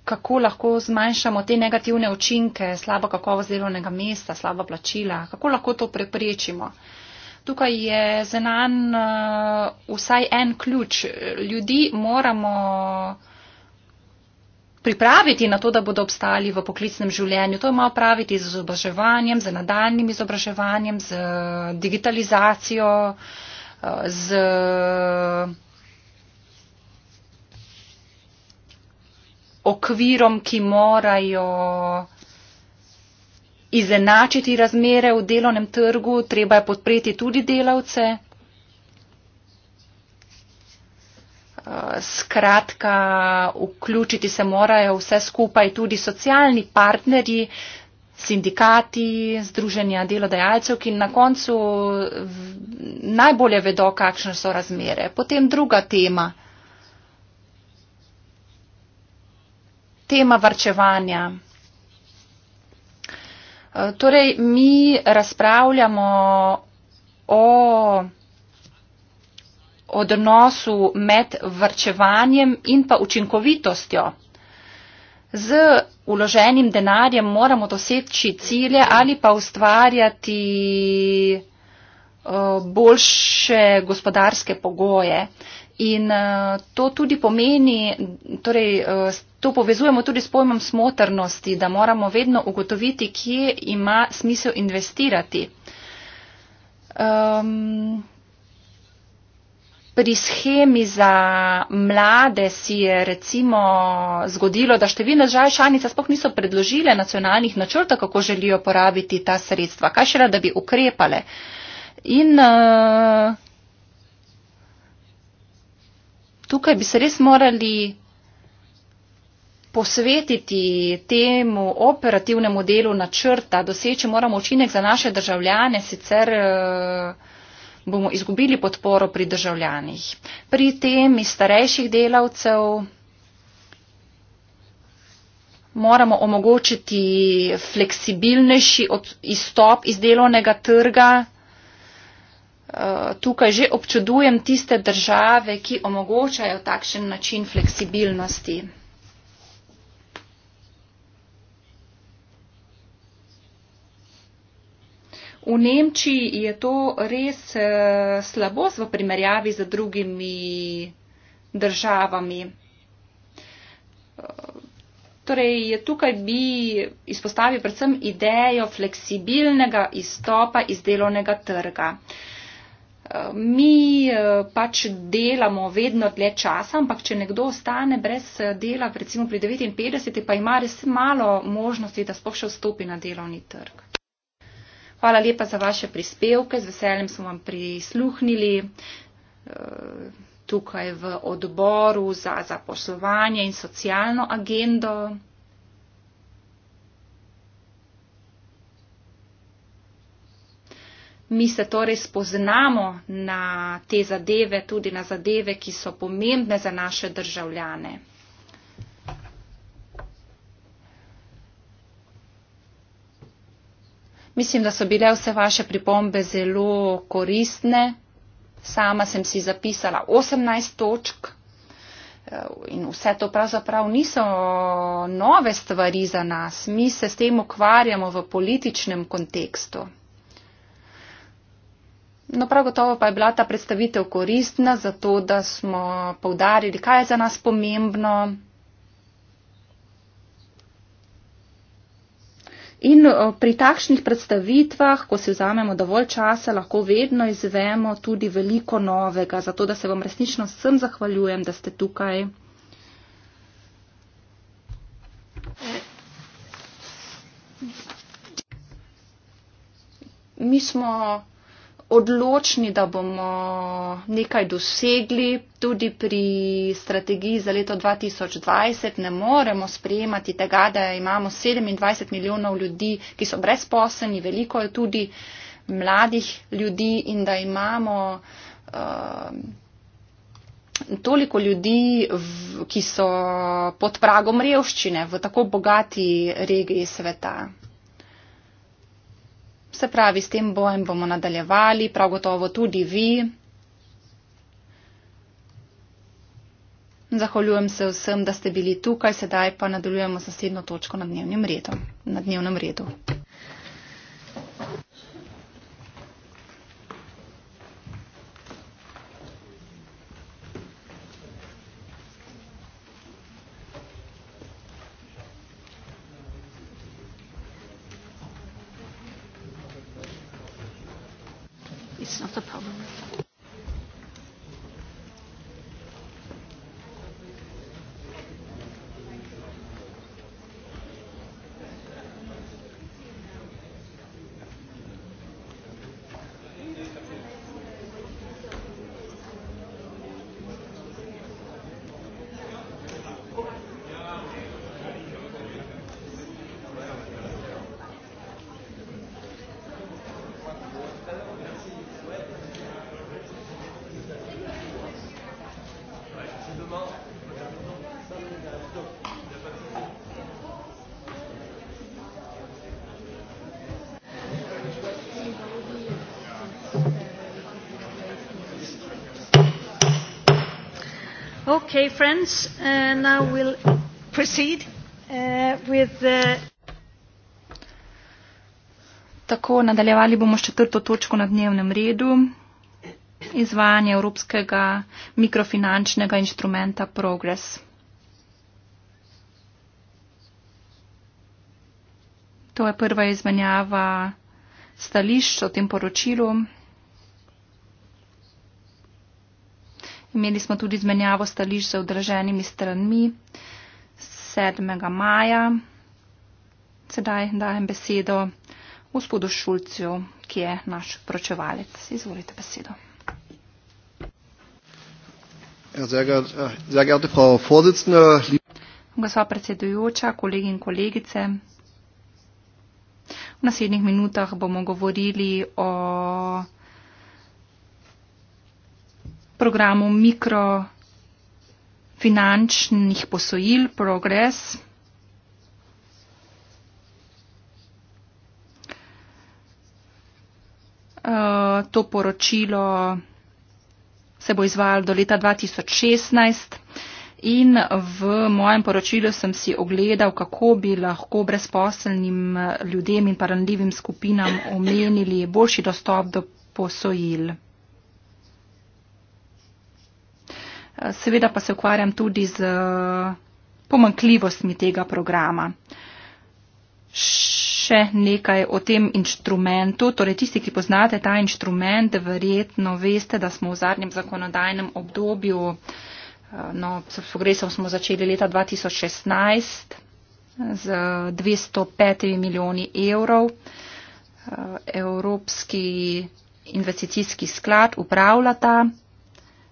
kako lahko zmanjšamo te negativne učinke, slabo kakovost delovnega mesta, slaba plačila, kako lahko to preprečimo. Tukaj je za nan eh, vsaj en ključ. Ljudi moramo pripraviti na to, da bodo obstali v poklicnem življenju. To imamo praviti z izobraževanjem, z nadaljnim izobraževanjem, z digitalizacijo, eh, z okvirom, ki morajo izenačiti razmere v delovnem trgu, treba je podpreti tudi delavce. Skratka, vključiti se morajo vse skupaj tudi socialni partnerji, sindikati, združenja delodajalcev, ki na koncu najbolje vedo, kakšne so razmere. Potem druga tema. tema varčevanja. Eh, torej, mi razpravljamo o odnosu med varčevanjem in pa učinkovitostjo. Z uloženim denarjem moramo doseči cilje ali pa ustvarjati eh, boljše gospodarske pogoje. In eh, to tudi pomeni, torej, To povezujemo tudi s pojmom smotrnosti, da moramo vedno ugotoviti, kje ima smisel investirati. Um, pri schemi za mlade si je recimo zgodilo, da številne države članice sploh niso predložile nacionalnih načrta, kako želijo porabiti ta sredstva, kaj šele, da bi ukrepale. In uh, tukaj bi se res morali posvetiti temu operativnemu delu načrta, doseči moramo učinek za naše državljane, sicer eh, bomo izgubili podporo pri državljanih. Pri temi starejših delavcev moramo omogočiti fleksibilnejši izstop iz delovnega trga. Eh, tukaj že občudujem tiste države, ki omogočajo takšen način fleksibilnosti. V Nemčiji je to res eh, slabost v primerjavi z drugimi državami. Eh, torej, tukaj bi izpostavil predvsem idejo fleksibilnega izstopa iz delovnega trga. Eh, mi pač delamo vedno dlje časa, ampak če nekdo ostane brez dela, recimo pri 59, pa ima res malo možnosti, da sploh še vstopi na delovni trg. Hvala lepa za vaše prispevke, z veseljem smo vam prisluhnili eh, tukaj v odboru za zaposlovanje in socialno agendo. Mi se torej spoznamo na te zadeve, tudi na zadeve, ki so pomembne za naše državljane. Mislim, da so bile vse vaše pripombe zelo koristne. Sama sem si zapisala 18 točk eh, in vse to pravzaprav niso nove stvari za nas. Mi se s tem ukvarjamo v političnem kontekstu. No, prav gotovo pa je bila ta predstavitev koristna, zato da smo povdarili, kaj je za nas pomembno, In eh, pri takšnih predstavitvah, ko si vzamemo dovolj časa, lahko vedno izvemo tudi veliko novega. Zato, da se vam resnično vsem zahvaljujem, da ste tukaj. Mi smo odločni, da bomo nekaj dosegli. Tudi pri strategiji za leto 2020 ne moremo sprejemati tega, da imamo 27 milijonov ljudi, ki so brezposelni, veliko je tudi mladih ljudi in da imamo. Uh, Toliko ljudi, ki so pod pragom revščine v tako bogati regiji sveta se pravi, s tem bojem bomo nadaljevali, prav gotovo tudi vi. Zahvaljujem se vsem, da ste bili tukaj, sedaj pa nadaljujemo z naslednjo točko na dnevnem redu. Na dnevnem redu. a problem. Okay, friends, uh, now we'll proceed uh, with the. Tako nadaljevali bomo četrto točko na dnevnem redu, izvajanje Evropskega mikrofinančnega inštrumenta Progress. To je prva izmenjava stališč o tem poročilu. Imeli smo tudi izmenjavo stališč z odraženimi stranmi 7. maja. Sedaj dajem besedo gospodu Šulcu, ki je naš pročevalec. Izvolite besedo. Ja, Gospa predsedujoča, kolegi in kolegice. V naslednjih minutah bomo govorili o programu mikrofinančnih posojil Progres. Eh, to poročilo se bo izvajalo do leta 2016 in v mojem poročilu sem si ogledal, kako bi lahko brezposelnim ljudem in paranljivim skupinam omenili boljši dostop do posojil. seveda pa se ukvarjam tudi z eh, pomankljivostmi tega programa. Še nekaj o tem inštrumentu. Torej, tisti, ki poznate ta inštrument, verjetno veste, da smo v zadnjem zakonodajnem obdobju, eh, no, s progresom smo začeli leta 2016 z 205 milijoni evrov. Eh, Evropski investicijski sklad upravlja ta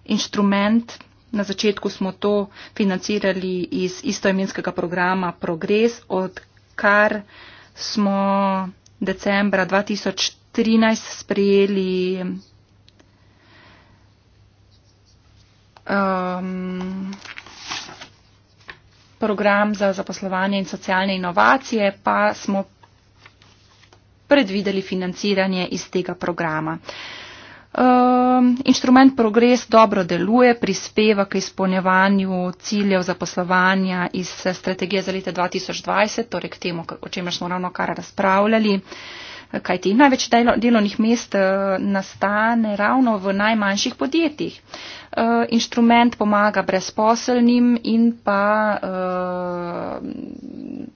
inštrument. Na začetku smo to financirali iz istoimenskega programa Progres, odkar smo decembra 2013 sprejeli um, program za zaposlovanje in socialne inovacije, pa smo predvideli financiranje iz tega programa. Uh, Um, inštrument progres dobro deluje, prispeva k izpolnjevanju ciljev zaposlovanja iz eh, strategije za leta 2020, torej k temu, o čemer smo ravno kar razpravljali, eh, kajti največ delo, delovnih mest eh, nastane ravno v najmanjših podjetjih. Uh, inštrument pomaga brezposelnim in pa uh,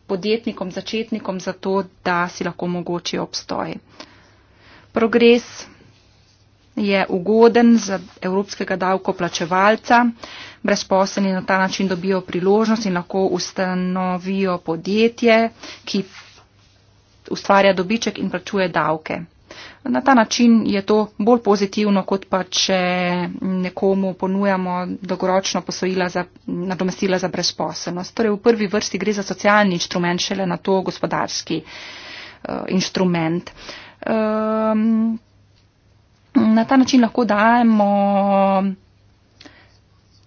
podjetnikom, začetnikom, zato da si lahko omogočijo obstoj. Progres je ugoden za evropskega davkoplačevalca. Brezposelni na ta način dobijo priložnost in lahko ustanovijo podjetje, ki ustvarja dobiček in plačuje davke. Na ta način je to bolj pozitivno, kot pa če nekomu ponujamo dolgoročno posojila za nadomestila za brezposelnost. Torej v prvi vrsti gre za socialni inštrument, šele na to gospodarski uh, inštrument. Um, na ta način lahko dajemo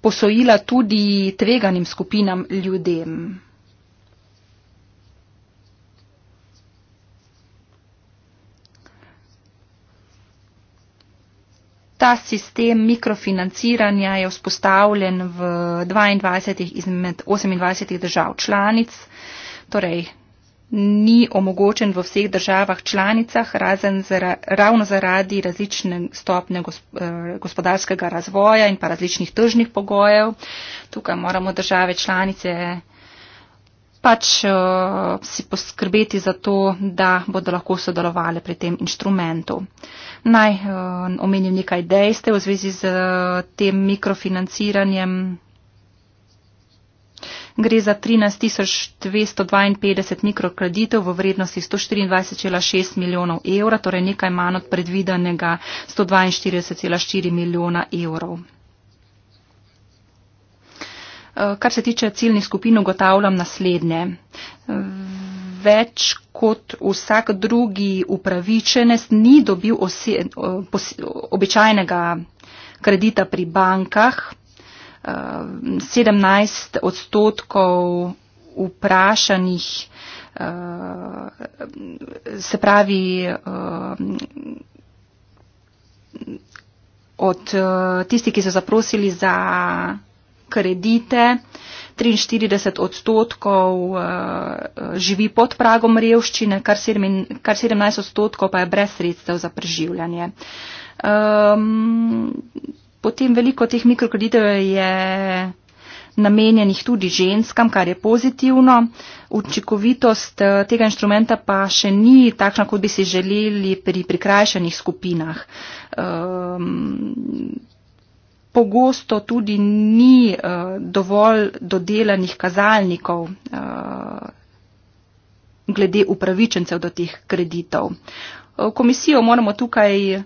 posojila tudi tveganim skupinam ljudem. Ta sistem mikrofinanciranja je vzpostavljen v 22 izmed 28 držav članic, torej ni omogočen v vseh državah članicah, razen zara, ravno zaradi različne stopne eh, gospodarskega razvoja in pa različnih tržnih pogojev. Tukaj moramo države članice pač uh, si poskrbeti za to, da bodo lahko sodelovali pri tem inštrumentu. Naj uh, omenim nekaj dejstev v zvezi z uh, tem mikrofinanciranjem. Gre za 13.252 mikrokreditev v vrednosti 124,6 milijonov evra, torej nekaj manj od predvidenega 142,4 milijona evrov. Eh, kar se tiče ciljnih skupin, ugotavljam naslednje. Več kot vsak drugi upravičenec ni dobil ose, eh, običajnega kredita pri bankah, 17 odstotkov vprašanih, eh, se pravi, eh, od eh, tistih, ki so zaprosili za kredite, 43 odstotkov živi pod pragom revščine, kar 17 odstotkov pa je brez sredstev za preživljanje. Ehm, Potem veliko teh mikrokreditev je namenjenih tudi ženskam, kar je pozitivno. Učinkovitost eh, tega inštrumenta pa še ni takšna, kot bi si želeli pri prikrajšanih skupinah. Um, pogosto tudi ni uh, dovolj dodelanih kazalnikov uh, glede upravičencev do teh kreditov. Komisijo moramo tukaj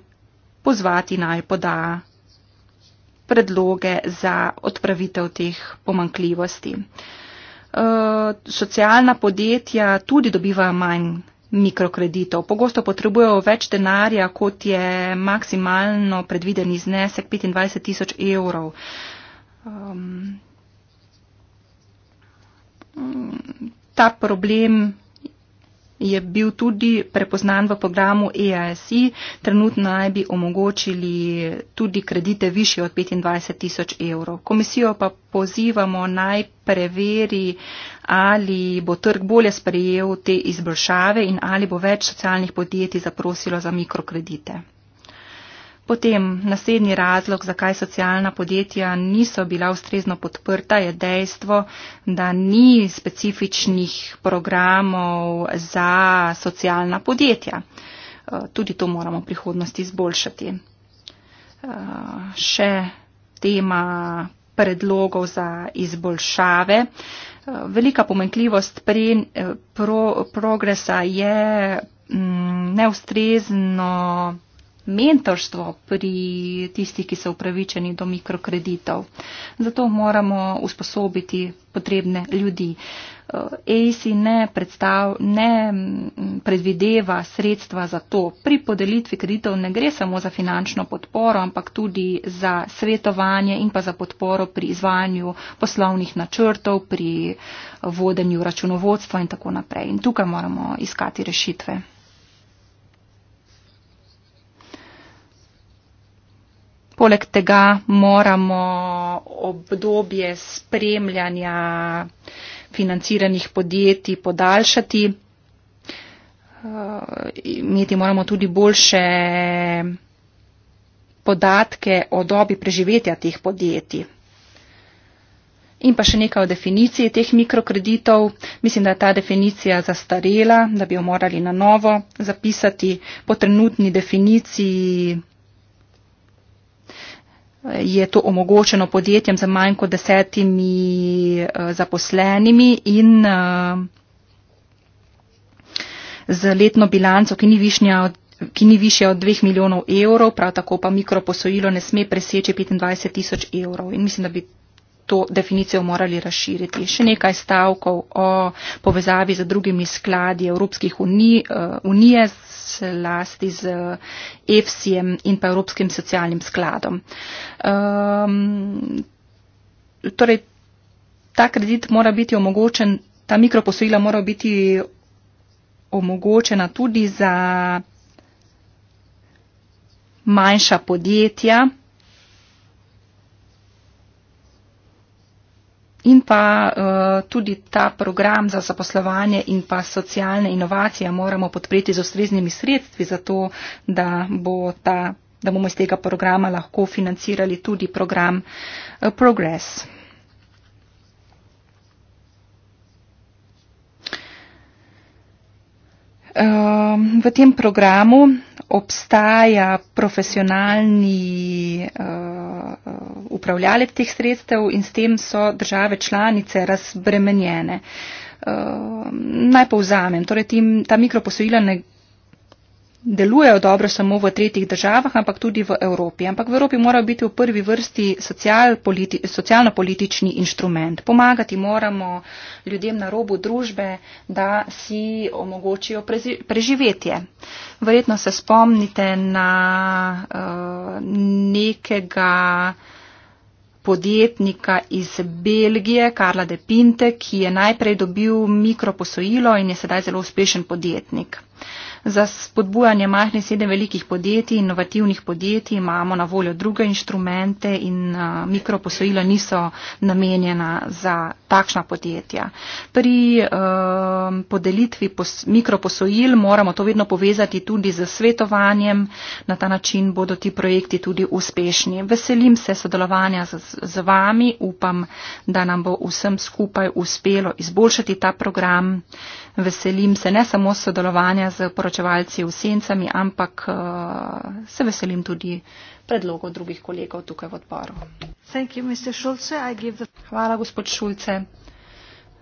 pozvati naj poda predloge za odpravitev teh pomankljivosti. Eh, socialna podjetja tudi dobivajo manj mikrokreditov. Pogosto potrebujejo več denarja, kot je maksimalno predvideni znesek 25 tisoč evrov. Ehm, ta problem je bil tudi prepoznan v programu EASI. Trenutno naj bi omogočili tudi kredite više od 25 tisoč evrov. Komisijo pa pozivamo naj preveri, ali bo trg bolje sprejel te izboljšave in ali bo več socialnih podjetij zaprosilo za mikrokredite. Potem naslednji razlog, zakaj socialna podjetja niso bila ustrezno podprta, je dejstvo, da ni specifičnih programov za socialna podjetja. Eh, tudi to moramo v prihodnosti izboljšati. Eh, še tema predlogov za izboljšave. Eh, velika pomenkljivost pre, pro, progresa je mm, neustrezno mentorstvo pri tistih, ki so upravičeni do mikrokreditov. Zato moramo usposobiti potrebne ljudi. Eh, ACI ne, predstav, ne mm, predvideva sredstva za to. Pri podelitvi kreditov ne gre samo za finančno podporo, ampak tudi za svetovanje in pa za podporo pri izvajanju poslovnih načrtov, pri vodenju računovodstva in tako naprej. In tukaj moramo iskati rešitve. Poleg tega moramo obdobje spremljanja financiranih podjetij podaljšati. Eh, imeti moramo tudi boljše podatke o dobi preživetja teh podjetij. In pa še nekaj o definiciji teh mikrokreditov. Mislim, da je ta definicija zastarela, da bi jo morali na novo zapisati. Po trenutni definiciji je to omogočeno podjetjem za manj kot desetimi eh, zaposlenimi in eh, z letno bilanco, ki ni višnja od ki ni više od 2 milijonov evrov, prav tako pa mikroposojilo ne sme preseči 25 tisoč evrov. In mislim, da bi to definicijo morali razširiti. Še nekaj stavkov o povezavi z drugimi skladi Evropskih uni, uh, unije, s, lasti z EFSI-jem eh, in pa Evropskim socialnim skladom. Um, torej, ta kredit mora biti omogočen, ta mikroposojila mora biti omogočena tudi za manjša podjetja, In pa eh, tudi ta program za zaposlovanje in pa socialne inovacije moramo podpreti z ustreznimi sredstvi, zato da, bo ta, da bomo iz tega programa lahko financirali tudi program eh, Progress. Ehm, v tem programu obstaja profesionalni eh, upravljalec teh sredstev in s tem so države članice razbremenjene. Ehm, naj povzamem, torej tim, ta mikroposojila ne delujejo dobro samo v tretjih državah, ampak tudi v Evropi. Ampak v Evropi mora biti v prvi vrsti social, politi, socialno-politični inštrument. Pomagati moramo ljudem na robu družbe, da si omogočijo preživetje. Verjetno se spomnite na uh, nekega podjetnika iz Belgije, Karla de Pinte, ki je najprej dobil mikroposojilo in je sedaj zelo uspešen podjetnik. Uh, Za spodbujanje majhne sede velikih podjetij, inovativnih podjetij imamo na voljo druge inštrumente in mikroposojila niso namenjena za takšna podjetja. Pri um, podelitvi pos, mikroposojil moramo to vedno povezati tudi z svetovanjem, na ta način bodo ti projekti tudi uspešni. Veselim se sodelovanja z, z vami, upam, da nam bo vsem skupaj uspelo izboljšati ta program veselim se ne samo sodelovanja z poročevalci v sencami, ampak eh, se veselim tudi predlogov drugih kolegov tukaj v odboru. You, the... Hvala, gospod Šulce.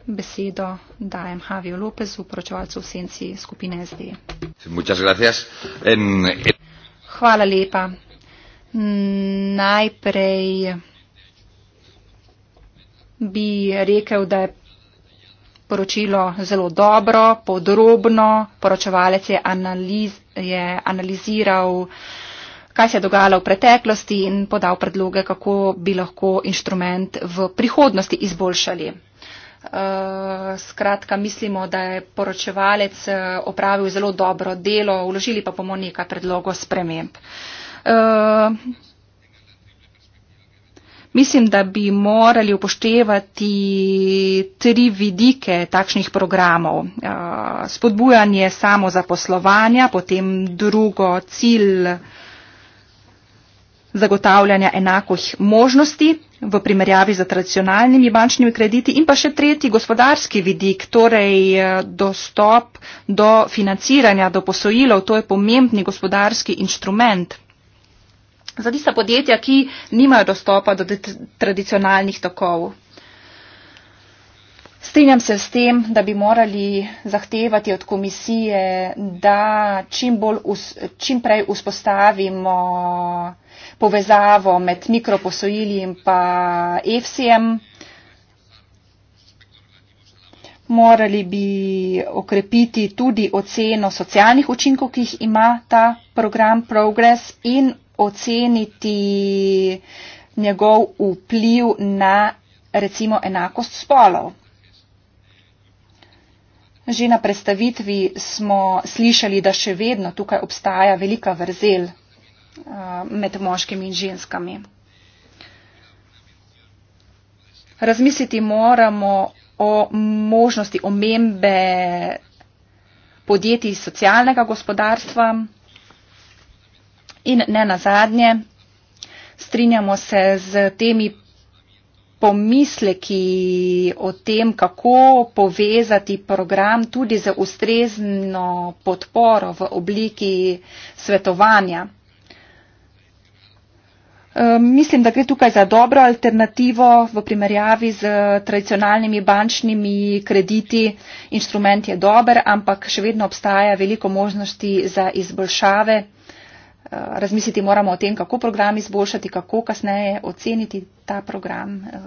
Besedo dajem Javiju Lopezu, poročevalcu v senci skupine SD. Hvala lepa. Najprej bi rekel, da je poročilo zelo dobro, podrobno. Poročevalec je, analiz, je analiziral, kaj se je dogajalo v preteklosti in podal predloge, kako bi lahko inštrument v prihodnosti izboljšali. Uh, skratka, mislimo, da je poročevalec eh, opravil zelo dobro delo, vložili pa bomo nekaj predlogov sprememb. Uh, Mislim, da bi morali upoštevati tri vidike takšnih programov. Uh, spodbujanje samozaposlovanja, potem drugo cilj zagotavljanja enakih možnosti v primerjavi z tradicionalnimi bančnimi krediti in pa še tretji gospodarski vidik, torej eh, dostop do financiranja, do posojilov, to je pomembni gospodarski inštrument za tista podjetja, ki nimajo dostopa do tradicionalnih tokov. Strinjam se s tem, da bi morali zahtevati od komisije, da čim, bolj, čim prej vzpostavimo povezavo med mikroposojili in pa EFSI-em. Morali bi okrepiti tudi oceno socialnih učinkov, ki jih ima ta program Progress in oceniti njegov vpliv na recimo enakost spolov. Že na predstavitvi smo slišali, da še vedno tukaj obstaja velika vrzel eh, med moškimi in ženskami. Razmisliti moramo o možnosti omembe podjetij socialnega gospodarstva. In ne nazadnje, strinjamo se z temi pomisleki o tem, kako povezati program tudi z ustrezno podporo v obliki svetovanja. Mislim, da gre tukaj za dobro alternativo v primerjavi z tradicionalnimi bančnimi krediti. Inštrument je dober, ampak še vedno obstaja veliko možnosti za izboljšave. Eh, razmisliti moramo o tem, kako program izboljšati, kako kasneje oceniti ta program. Eh,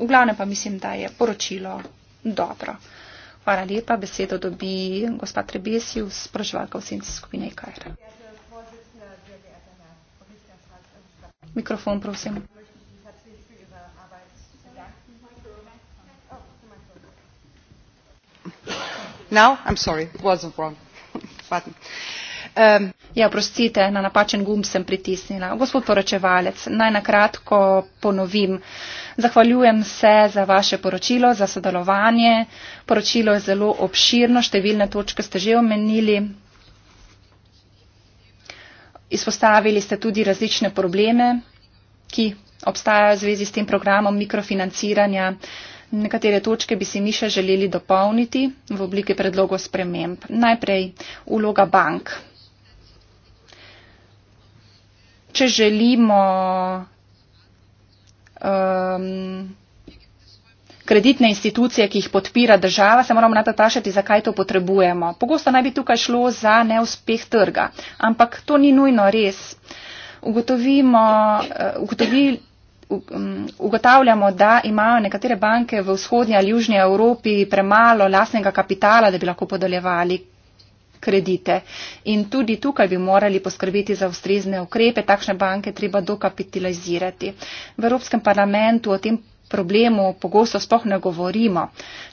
v glavnem pa mislim, da je poročilo dobro. Hvala lepa, besedo dobi gospa Trebesiv, sprašvalka v senci skupine IKR. E Mikrofon, prosim. Now, I'm sorry, wasn't wrong. Ja, prostite, na napačen gum sem pritisnila. Gospod poročevalec, naj nakratko ponovim. Zahvaljujem se za vaše poročilo, za sodelovanje. Poročilo je zelo obširno, številne točke ste že omenili. Izpostavili ste tudi različne probleme, ki obstajajo v zvezi s tem programom mikrofinanciranja. Nekatere točke bi si mi še želeli dopolniti v obliki predlogov sprememb. Najprej vloga bank če želimo um, kreditne institucije, ki jih podpira država, se moramo najprej vprašati, zakaj to potrebujemo. Pogosto naj bi tukaj šlo za neuspeh trga, ampak to ni nujno res. Ugotovimo, eh, ugotovi, um, ugotavljamo, da imajo nekatere banke v vzhodnji ali južnji Evropi premalo lasnega kapitala, da bi lahko podolevali kredite. In tudi tukaj bi morali poskrbeti za ustrezne ukrepe, takšne banke treba dokapitalizirati. V Evropskem parlamentu o tem problemu pogosto sploh ne govorimo.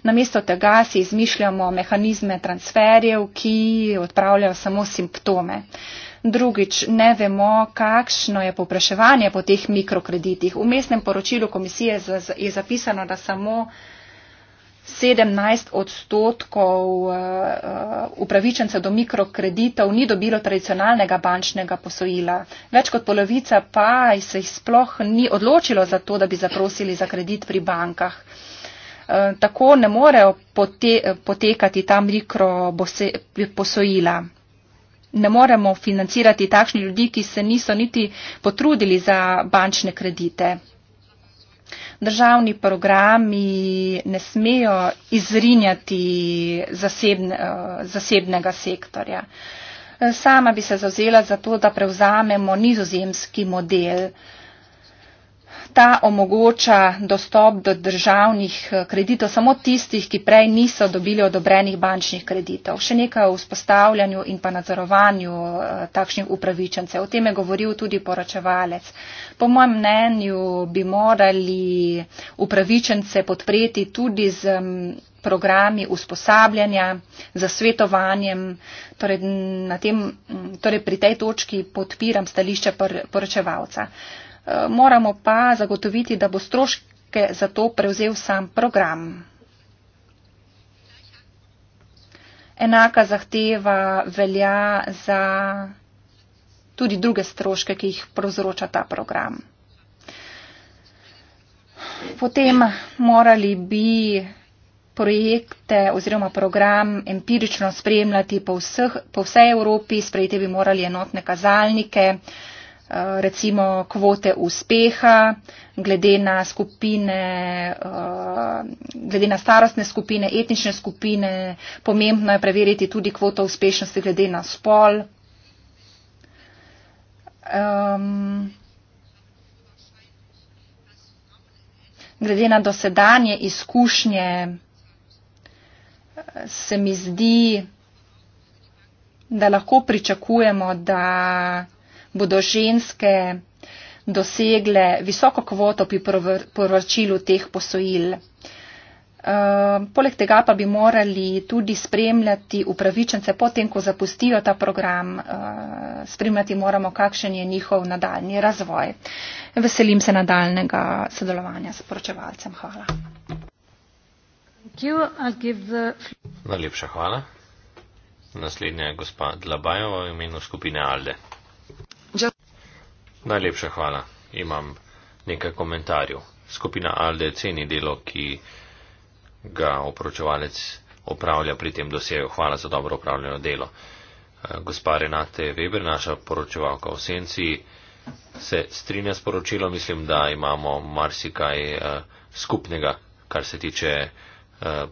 Namesto tega si izmišljamo mehanizme transferjev, ki odpravljajo samo simptome. Drugič, ne vemo, kakšno je popraševanje po teh mikrokreditih. V mestnem poročilu komisije je zapisano, da samo 17 odstotkov eh, eh, upravičencev do mikrokreditov ni dobilo tradicionalnega bančnega posojila. Več kot polovica pa se jih sploh ni odločilo za to, da bi zaprosili za kredit pri bankah. Eh, tako ne morejo potekati ta mikroposojila. Ne moremo financirati takšni ljudi, ki se niso niti potrudili za bančne kredite državni programi ne smejo izrinjati zasebne, eh, zasebnega sektorja. Eh, sama bi se zauzela za to, da prevzamemo nizozemski model, Ta omogoča dostop do državnih eh, kreditov samo tistih, ki prej niso dobili odobrenih bančnih kreditov. Še nekaj o vzpostavljanju in pa nadzorovanju eh, takšnih upravičencev. O tem je govoril tudi poročevalec. Po mojem mnenju bi morali upravičence podpreti tudi z mm, programi usposabljanja, za svetovanjem, torej, tem, mm, torej pri tej točki podpiram stališče poročevalca. Pr Eh, moramo pa zagotoviti, da bo stroške za to prevzel sam program. Enaka zahteva velja za tudi druge stroške, ki jih prozroča ta program. Potem morali bi projekte oziroma program empirično spremljati po, vseh, po vsej Evropi, sprejeti bi morali enotne kazalnike, uh, recimo kvote uspeha, glede na skupine, eh, glede na starostne skupine, etnične skupine, pomembno je preveriti tudi kvoto uspešnosti glede na spol. Um, glede na dosedanje izkušnje se mi zdi, da lahko pričakujemo, da bodo ženske dosegle visoko kvoto pri povračilu teh posojil. Ehm, poleg tega pa bi morali tudi spremljati upravičence potem, ko zapustijo ta program, ehm, spremljati moramo, kakšen je njihov nadaljni razvoj. Veselim se nadaljnega sodelovanja s poročevalcem. Hvala. Najlepša hvala. Naslednja je gospa Dlabajeva v imenu skupine Alde. Najlepša hvala. Imam nekaj komentarjev. Skupina Alde ceni delo, ki ga opročevalec opravlja pri tem dosegu. Hvala za dobro opravljeno delo. Eh, gospa Renate Weber, naša poročevalka v Senci, se strinja s poročilom. Mislim, da imamo marsikaj eh, skupnega, kar se tiče eh,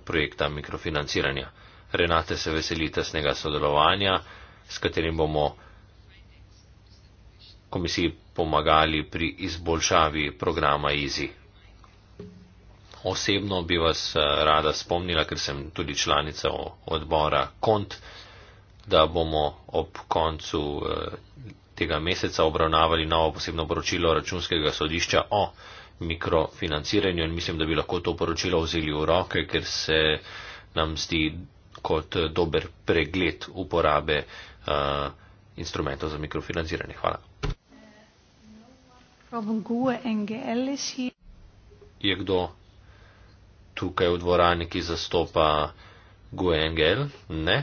projekta mikrofinanciranja. Renate se veseli tesnega sodelovanja, s katerim bomo komisiji pomagali pri izboljšavi programa Easy. Osebno bi vas eh, rada spomnila, ker sem tudi članica odbora KONT, da bomo ob koncu eh, tega meseca obravnavali novo posebno poročilo računskega sodišča o mikrofinanciranju in mislim, da bi lahko to poročilo vzeli v roke, ker se nam zdi kot eh, dober pregled uporabe uh, instrumentov za mikrofinanciranje. Hvala. Je kdo tukaj v dvorani, ki zastopa Guengel? Ne.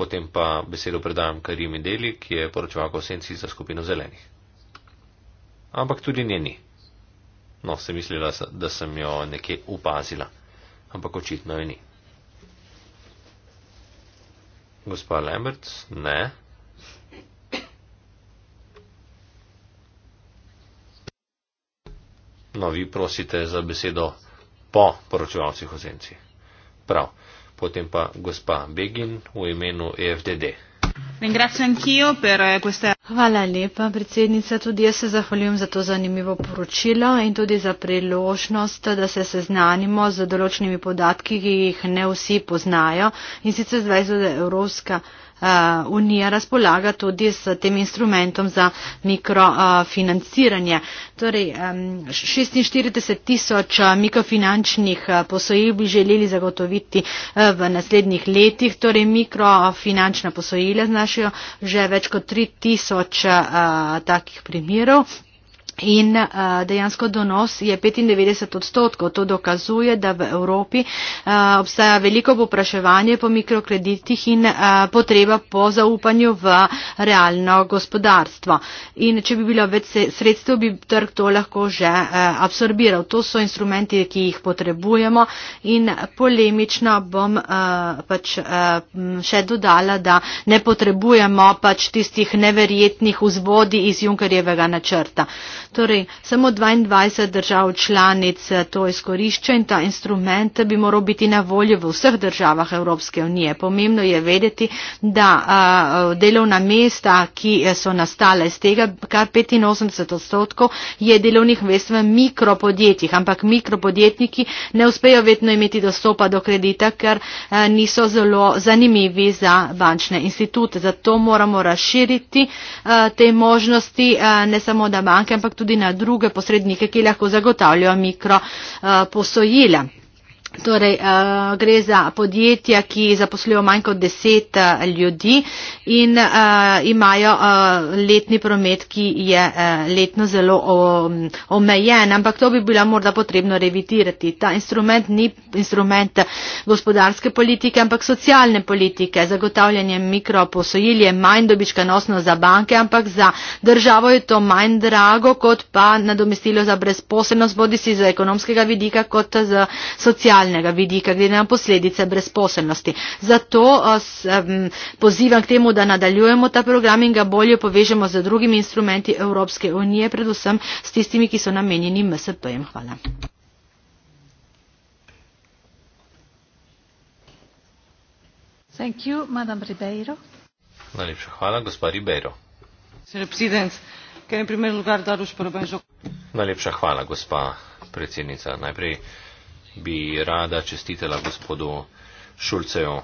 Potem pa besedo predajam Karimi Deli, ki je poročevalka v senci za skupino zelenih. Ampak tudi njeni. No, sem mislila, da sem jo nekje upazila. Ampak očitno je ni. Gospa Lemberts? Ne. No, vi prosite za besedo po poročevalcih ozenci. Prav. Potem pa gospa Begin v imenu EFDD. Eh, Hvala lepa, predsednica. Tudi jaz se zahvaljujem za to zanimivo poročilo in tudi za priložnost, da se seznanimo z določenimi podatki, ki jih ne vsi poznajo. In sicer zdaj za Evropska unija. Eh, unija razpolaga tudi s tem instrumentom za mikrofinanciranje. Torej, 46 tisoč eh, mikrofinančnih eh, posojil bi želeli zagotoviti v naslednjih letih, torej mikrofinančna posojila znašajo že več kot 3 tisoč takih primerov in eh, dejansko donos je 95 odstotkov. To dokazuje, da v Evropi eh, obstaja veliko popraševanje po mikrokreditih in eh, potreba po zaupanju v realno gospodarstvo. In če bi bilo več sredstev, bi trg to lahko že absorbiral. To so instrumenti, ki jih potrebujemo in polemično bom pač še dodala, da ne potrebujemo pač tistih neverjetnih vzvodi iz Junkerjevega načrta. Torej, samo 22 držav članic eh, to izkorišča in ta instrument bi moral biti na voljo v vseh državah Evropske unije. Pomembno je vedeti, da uh, delovna mesta, ki eh, so nastale iz tega, kar 85 odstotkov je delovnih mest v mikropodjetjih, ampak mikropodjetniki ne uspejo vedno imeti dostopa do kredita, ker uh, niso zelo zanimivi za bančne institute. Zato moramo razširiti uh, te možnosti, uh, ne samo da banke, ampak tudi na druge posrednike ki lahko zagotavljajo mikroposojila. Uh, Torej, uh, gre za podjetja, ki zaposlujejo manj kot deset uh, ljudi in uh, imajo uh, letni promet, ki je uh, letno zelo omejen, ampak to bi bilo morda potrebno revitirati. Ta instrument ni instrument gospodarske politike, ampak socialne politike. Zagotavljanje mikroposojil je manj dobičkanosno za banke, ampak za državo je to manj drago kot pa nadomestilo za brezposelnost, bodi si z ekonomskega vidika kot z socialnega socialnega vidika, glede na posledice brezposelnosti. Zato os, um, pozivam k temu, da nadaljujemo ta program in ga bolje povežemo z drugimi instrumenti Evropske unije, predvsem s tistimi, ki so namenjeni MSP-jem. Hvala. Thank you, Madame Ribeiro. Najlepša hvala, gospa Ribeiro. Najlepša hvala, gospa predsednica. Najprej bi rada čestitela gospodu Šulcejo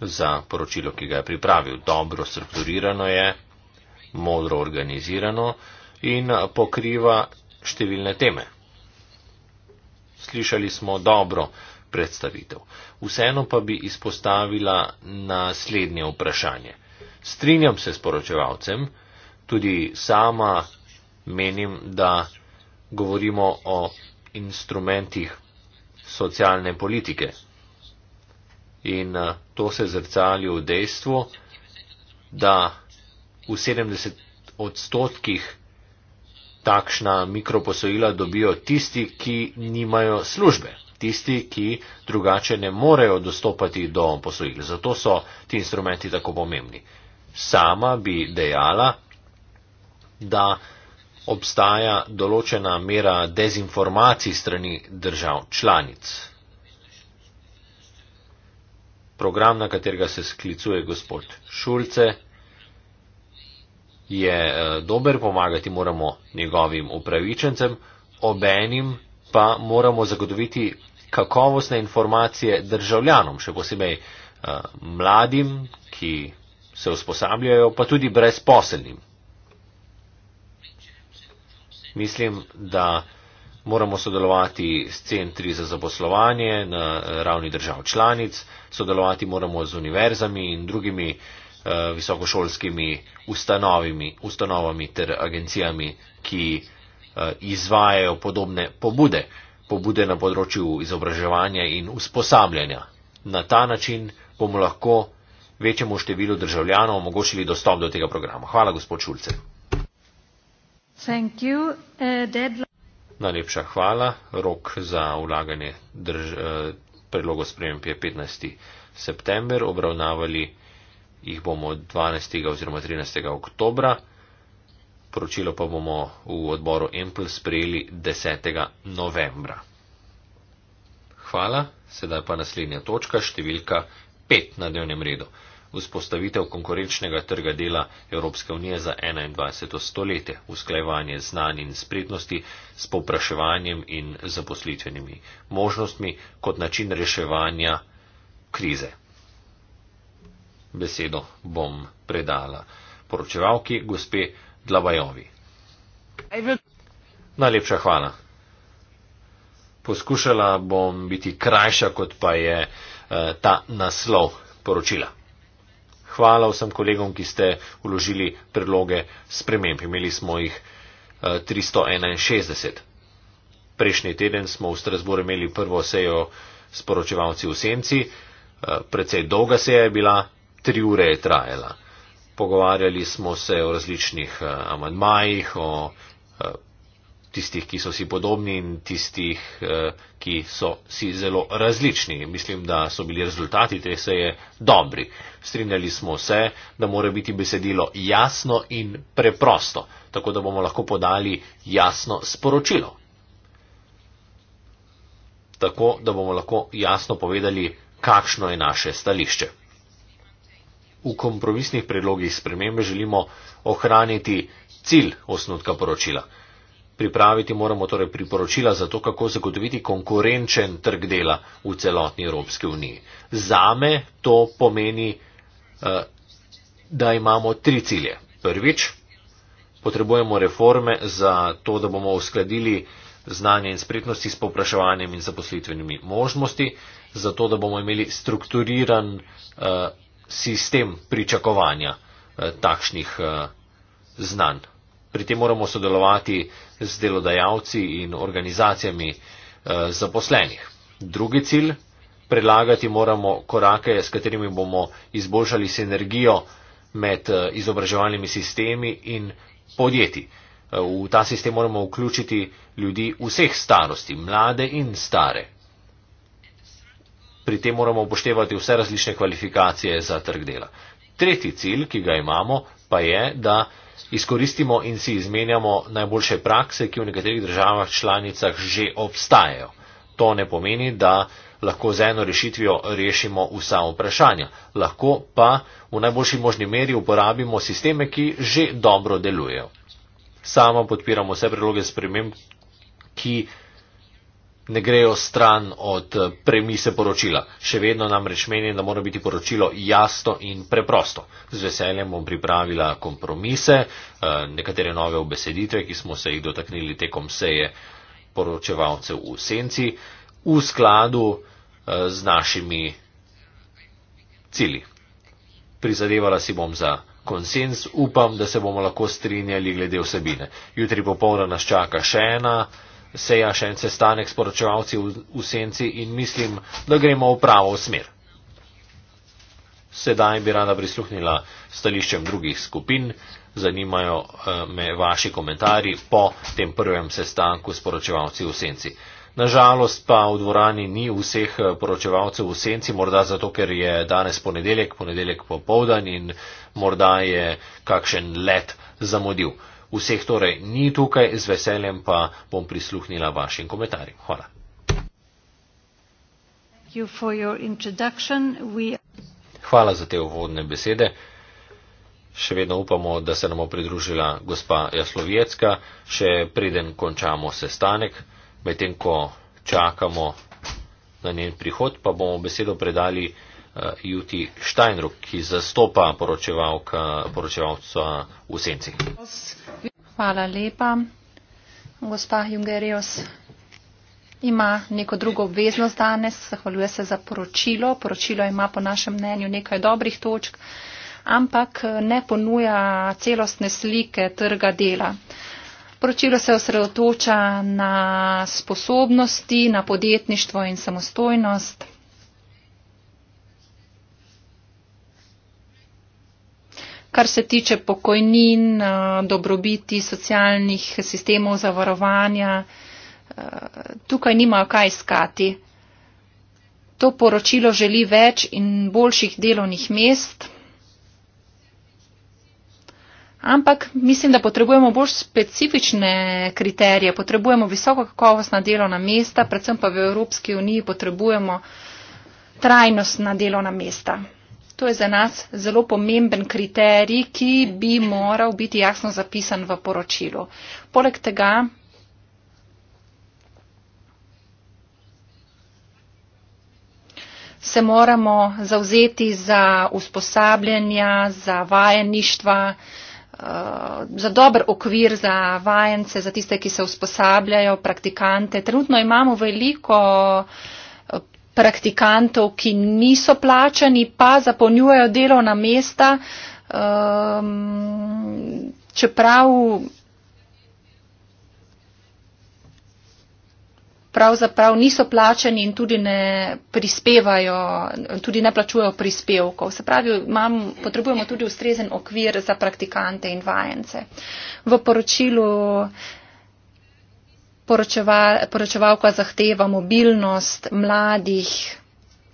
za poročilo, ki ga je pripravil. Dobro strukturirano je, modro organizirano in pokriva številne teme. Slišali smo dobro predstavitev. Vseeno pa bi izpostavila naslednje vprašanje. Strinjam se s poročevalcem, tudi sama menim, da govorimo o instrumentih socialne politike. In eh, to se zrcali v dejstvu, da v 70 odstotkih takšna mikroposojila dobijo tisti, ki nimajo službe, tisti, ki drugače ne morejo dostopati do posojil. Zato so ti instrumenti tako pomembni. Sama bi dejala, da obstaja določena mera dezinformacij strani držav članic. Program, na katerega se sklicuje gospod Šulce, je eh, dober, pomagati moramo njegovim upravičencem, obenim pa moramo zagotoviti kakovostne informacije državljanom, še posebej eh, mladim, ki se usposabljajo, pa tudi brezposelnim. Mislim, da moramo sodelovati s centri za zaposlovanje na eh, ravni držav članic, sodelovati moramo z univerzami in drugimi eh, visokošolskimi ustanovami, ustanovami ter agencijami, ki eh, izvajajo podobne pobude, pobude na področju izobraževanja in usposabljanja. Na ta način bomo lahko večjemu številu državljanov omogočili dostop do tega programa. Hvala, gospod Šulce. Uh, Najlepša hvala. Rok za vlaganje drž, eh, predlogo sprememb je 15. september. Obravnavali jih bomo 12. oziroma 13. oktobra. Poročilo pa bomo v odboru EMPL sprejeli 10. novembra. Hvala. Sedaj pa naslednja točka, številka 5 na dnevnem redu vzpostavitev konkurenčnega trga dela Evropske unije za 21. stoletje, usklajevanje znanj in spretnosti s povpraševanjem in zaposlitvenimi možnostmi kot način reševanja krize. Besedo bom predala poročevalki gospe Dlabajovi. Najlepša hvala. Poskušala bom biti krajša, kot pa je eh, ta naslov poročila hvala vsem kolegom, ki ste uložili predloge sprememb. Imeli smo jih 361. Eh, Prejšnji teden smo v Strasburu imeli prvo sejo s poročevalci v Senci. Eh, Predvsej dolga seja je bila, tri ure je trajala. Pogovarjali smo se o različnih eh, amadmajih, o tistih, ki so si podobni in tistih, eh, ki so si zelo različni. Mislim, da so bili rezultati te seje dobri. Strinjali smo se, da mora biti besedilo jasno in preprosto, tako da bomo lahko podali jasno sporočilo. Tako da bomo lahko jasno povedali, kakšno je naše stališče. V kompromisnih predlogih spremembe želimo ohraniti cilj osnutka poročila. Pripraviti moramo torej priporočila za to, kako zagotoviti konkurenčen trg dela v celotni Evropski uniji. Zame to pomeni, eh, da imamo tri cilje. Prvič, potrebujemo reforme za to, da bomo uskladili znanje in spretnosti s popraševanjem in zaposlitvenimi možnosti, zato da bomo imeli strukturiran eh, sistem pričakovanja eh, takšnih znanj. Pri tem moramo sodelovati z delodajalci in organizacijami eh, zaposlenih. Drugi cilj, predlagati moramo korake, s katerimi bomo izboljšali sinergijo med eh, izobraževalnimi sistemi in podjetji. Eh, v ta sistem moramo vključiti ljudi vseh starosti, mlade in stare. Pri tem moramo upoštevati vse različne kvalifikacije za trg dela. Tretji cilj, ki ga imamo, pa je, da izkoristimo in si izmenjamo najboljše prakse, ki v nekaterih državah članicah že obstajajo. To ne pomeni, da lahko z eno rešitvijo rešimo vsa vprašanja. Lahko pa v najboljši možni meri uporabimo sisteme, ki že dobro delujejo. Sama podpiramo vse predloge sprememb, ki ne grejo stran od premise poročila. Še vedno namreč menim, da mora biti poročilo jasno in preprosto. Z veseljem bom pripravila kompromise, eh, nekatere nove obeseditve, ki smo se jih dotaknili tekom seje poročevalcev v senci, v skladu eh, z našimi cili. Prizadevala si bom za konsens, upam, da se bomo lahko strinjali glede vsebine. Jutri popovdne nas čaka še ena seja, še en sestanek s poročevalci v, v senci in mislim, da gremo v pravo smer. Sedaj bi rada prisluhnila stališčem drugih skupin. Zanimajo eh, me vaši komentarji po tem prvem sestanku s poročevalci v senci. Nažalost pa v dvorani ni vseh eh, poročevalcev v senci, morda zato, ker je danes ponedeljek, ponedeljek popovdan in morda je kakšen let zamudil vseh torej ni tukaj, z veseljem pa bom prisluhnila vašim komentarjem. Hvala. Hvala za te uvodne besede. Še vedno upamo, da se nam bo pridružila gospa Jaslovjecka, še preden končamo sestanek, medtem ko čakamo na njen prihod, pa bomo besedo predali. Eh, Juti Štajnruk, ki zastopa poročevalca v senci. Hvala lepa. Gospa Jungerijos ima neko drugo obveznost danes, zahvaljuje se za poročilo. Poročilo ima po našem mnenju nekaj dobrih točk, ampak eh, ne ponuja celostne slike trga dela. Poročilo se osredotoča na sposobnosti, na podjetništvo in samostojnost. kar se tiče pokojnin, eh, dobrobiti, socialnih sistemov zavarovanja, eh, tukaj nimajo kaj iskati. To poročilo želi več in boljših delovnih mest, ampak mislim, da potrebujemo bolj specifične kriterije, potrebujemo visoko kakovostna delovna mesta, predvsem pa v Evropski uniji potrebujemo trajnostna delovna mesta. To je za nas zelo pomemben kriterij, ki bi moral biti jasno zapisan v poročilu. Poleg tega se moramo zauzeti za usposabljanja, za vajeništva, eh, za dober okvir za vajence, za tiste, ki se usposabljajo, praktikante. Trenutno imamo veliko eh, praktikantov, ki niso plačani, pa zapolnjujejo delovna mesta, um, čeprav pravzaprav niso plačani in tudi ne prispevajo, tudi ne plačujejo prispevkov. Se pravi, imam, potrebujemo tudi ustrezen okvir za praktikante in vajence. V poročilu poročeval, poročevalka zahteva mobilnost mladih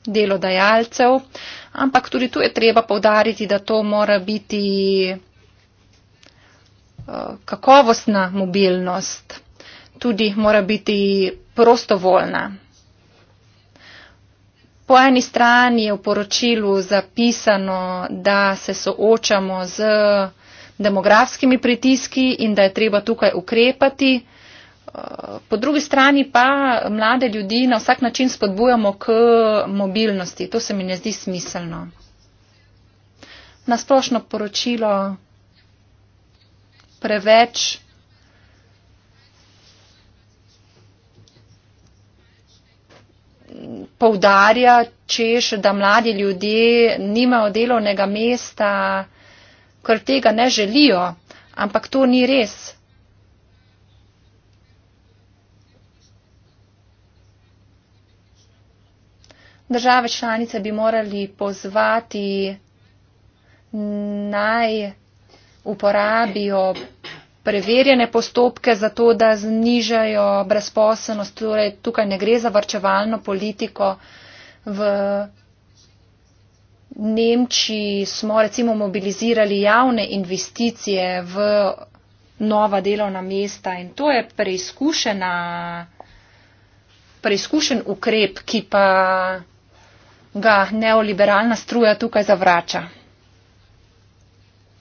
delodajalcev, ampak tudi tu je treba povdariti, da to mora biti eh, kakovostna mobilnost, tudi mora biti prostovoljna. Po eni strani je v poročilu zapisano, da se soočamo z demografskimi pritiski in da je treba tukaj ukrepati po drugi strani pa mlade ljudi na vsak način spodbujamo k mobilnosti. To se mi ne zdi smiselno. Na splošno poročilo preveč poudarja, češ, da mladi ljudje nimajo delovnega mesta, ker tega ne želijo, ampak to ni res. Države članice bi morali pozvati naj uporabijo preverjene postopke za to, da znižajo brezposobnost. Torej, tukaj ne gre za vrčevalno politiko. V Nemčiji smo recimo mobilizirali javne investicije v nova delovna mesta in to je preizkušena, preizkušen ukrep, ki pa ga neoliberalna struja tukaj zavrača.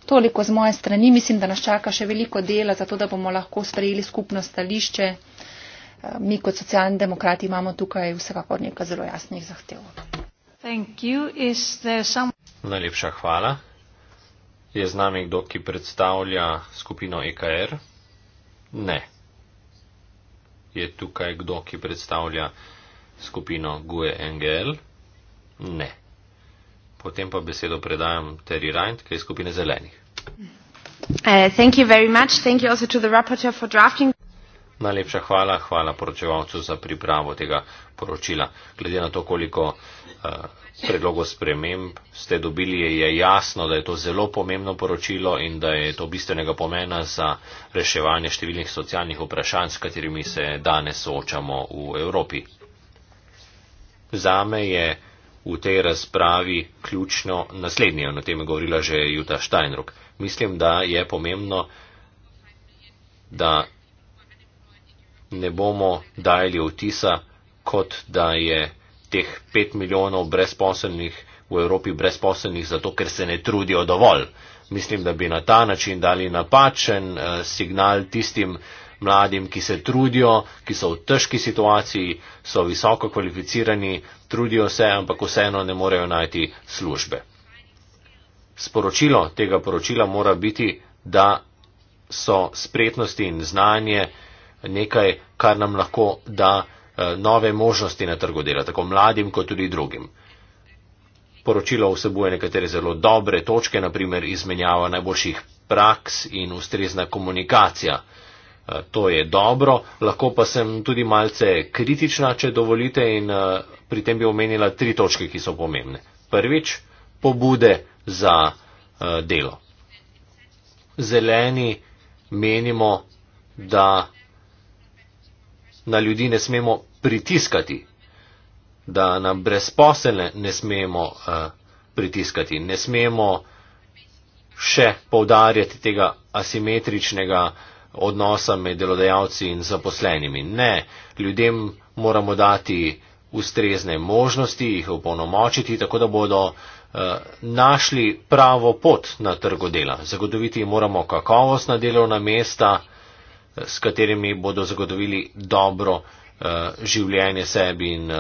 Toliko z moje strani. Mislim, da nas čaka še veliko dela, zato da bomo lahko sprejeli skupno stališče. Eh, Mi kot socialni demokrati imamo tukaj vsekakor nekaj zelo jasnih zahtev. Najlepša hvala. Je z nami kdo, ki predstavlja skupino EKR? Ne. Je tukaj kdo, ki predstavlja skupino GUE-NGL? Ne. Potem pa besedo predajam Terry Reint, ki je skupine zelenih. Uh, drafting... Najlepša hvala, hvala poročevalcu za pripravo tega poročila. Glede na to, koliko uh, predlogov sprememb ste dobili, je jasno, da je to zelo pomembno poročilo in da je to bistvenega pomena za reševanje številnih socialnih vprašanj, s katerimi se danes soočamo v Evropi. Zame je v tej razpravi ključno naslednje, na tem je govorila že Juta Steinrock. Mislim, da je pomembno, da ne bomo dajali vtisa, kot da je teh pet milijonov brezposelnih v Evropi brezposelnih zato, ker se ne trudijo dovolj. Mislim, da bi na ta način dali napačen eh, signal tistim mladim, ki se trudijo, ki so v težki situaciji, so visoko kvalificirani, trudijo se, ampak vseeno ne morejo najti službe. Sporočilo tega poročila mora biti, da so spretnosti in znanje nekaj, kar nam lahko da eh, nove možnosti na trgu dela, tako mladim kot tudi drugim. Poročilo vsebuje nekatere zelo dobre točke, naprimer izmenjava najboljših praks in ustrezna komunikacija. Eh, to je dobro, lahko pa sem tudi malce kritična, če dovolite, in eh, pri tem bi omenila tri točke, ki so pomembne. Prvič, pobude za eh, delo. Zeleni menimo, da na ljudi ne smemo pritiskati, da na brezposelne ne smemo pritiskati, ne smemo še povdarjati tega asimetričnega odnosa med delodajalci in zaposlenimi. Ne, ljudem moramo dati ustrezne možnosti, jih opolnomočiti, tako da bodo eh, našli pravo pot na trgu dela. Zagotoviti moramo kakovostna delovna mesta, eh, s katerimi bodo zagotovili dobro eh, življenje sebi in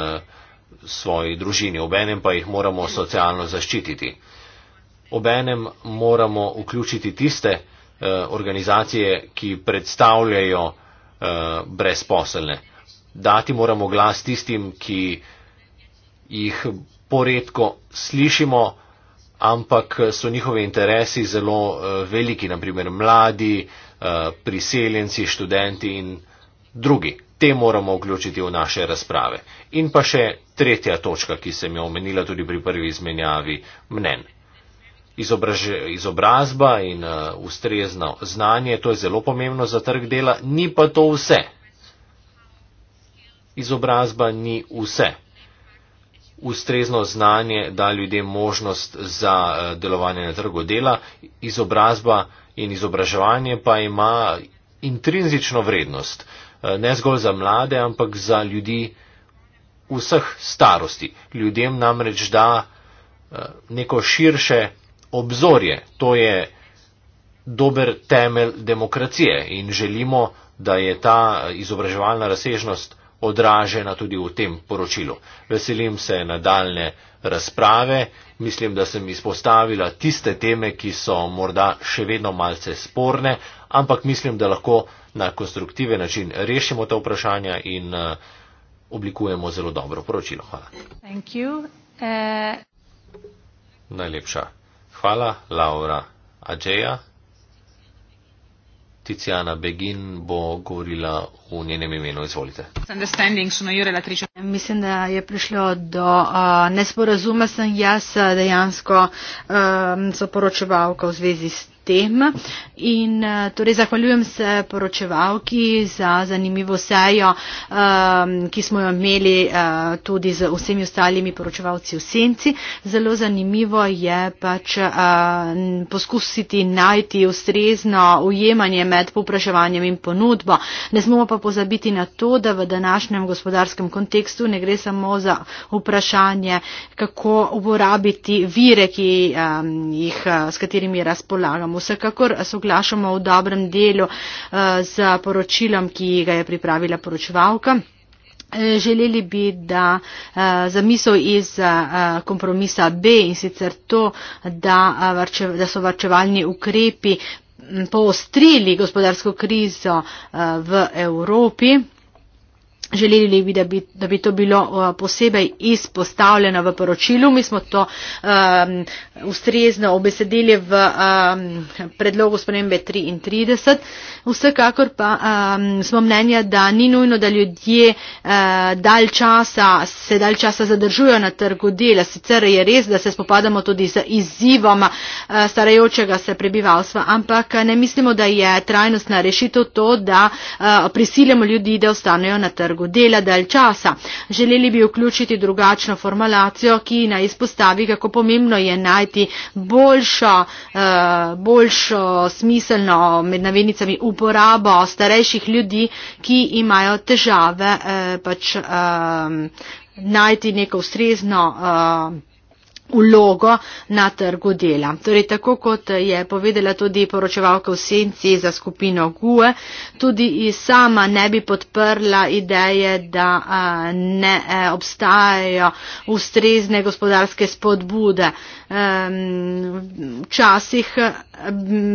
svoji družini. Obenem pa jih moramo socialno zaščititi. Obenem moramo vključiti tiste, Eh, organizacije, ki predstavljajo eh, brezposelne. Dati moramo glas tistim, ki jih poredko slišimo, ampak so njihovi interesi zelo eh, veliki, naprimer mladi, priseljenci, študenti in drugi. Te moramo vključiti v naše razprave. In pa še tretja točka, ki sem jo omenila tudi pri prvi izmenjavi mnen. Izobraž, izobrazba in uh, ustrezno znanje, to je zelo pomembno za trg dela, ni pa to vse. Izobrazba ni vse. Ustrezno znanje da ljudem možnost za uh, delovanje na trgu dela, izobrazba in izobraževanje pa ima intrinzično vrednost, uh, ne zgolj za mlade, ampak za ljudi vseh starosti. Ljudem namreč da uh, neko širše obzorje. To je dober temelj demokracije in želimo, da je ta izobraževalna razsežnost odražena tudi v tem poročilu. Veselim se nadaljne razprave. Mislim, da sem izpostavila tiste teme, ki so morda še vedno malce sporne, ampak mislim, da lahko na konstruktive način rešimo ta vprašanja in eh, oblikujemo zelo dobro poročilo. Hvala. Uh... Najlepša. Hvala, Laura. Adžeja? Tiziana Begin bo govorila v njenem imenu. Izvolite. Mislim, da je prišlo do uh, nesporazuma. Sem jaz dejansko um, soporočevalka v zvezi s tem. In eh, torej zahvaljujem se poročevalki za zanimivo sejo, ehm, ki smo jo imeli eh, tudi z vsemi ostalimi poročevalci v senci. Zelo zanimivo je pač ehm, poskusiti najti ustrezno ujemanje med popraševanjem in ponudbo. Ne smemo pa pozabiti na to, da v današnjem gospodarskem kontekstu ne gre samo za vprašanje, kako uporabiti vire, ehm, jih, s katerimi razpolagamo Vsekakor soglašamo v dobrem delu eh, z poročilom, ki ga je pripravila poročevalka. Eh, želeli bi, da eh, za misel iz kompromisa B in sicer to, da, da so varčevalni ukrepi poostrili gospodarsko krizo v Evropi, Želeli bi, da bi, da bi to bilo uh, posebej izpostavljeno v poročilu. Mi smo to um, ustrezno obesedili v um, predlogu spremembe 33. Vsekakor pa um, smo mnenja, da ni nujno, da ljudje uh, dalj časa, se dalj časa zadržujo na trgu dela. Sicer je res, da se spopadamo tudi z izzivoma uh, starajočega se prebivalstva, ampak uh, ne mislimo, da je trajnostna rešitev to, da uh, prisiljamo ljudi, da ostanejo na trgu obsegu dela, dalj časa. Želeli bi vključiti drugačno formulacijo, ki naj izpostavi, kako pomembno je najti boljšo, eh, boljšo smiselno med navednicami uporabo starejših ljudi, ki imajo težave eh, pač, eh, najti neko ustrezno vlogo na trgu dela. Torej, tako kot je povedala tudi poročevalka v senci za skupino GUE, tudi sama ne bi podprla ideje, da eh, ne eh, obstajajo ustrezne gospodarske spodbude včasih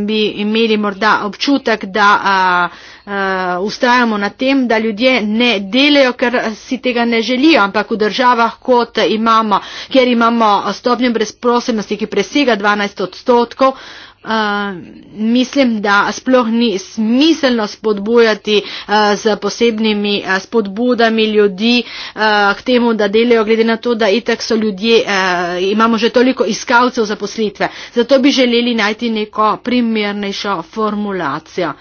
bi imeli morda občutek, da ustrajamo na tem, da ljudje ne delajo, ker si tega ne želijo, ampak v državah, kot imamo, kjer imamo stopnjo brezprosebnosti, ki presega 12 odstotkov, Uh, mislim, da sploh ni smiselno spodbujati uh, z posebnimi uh, spodbudami ljudi uh, k temu, da delajo, glede na to, da itak so ljudje, uh, imamo že toliko iskalcev za poslitve. Zato bi želeli najti neko primernejšo formulacijo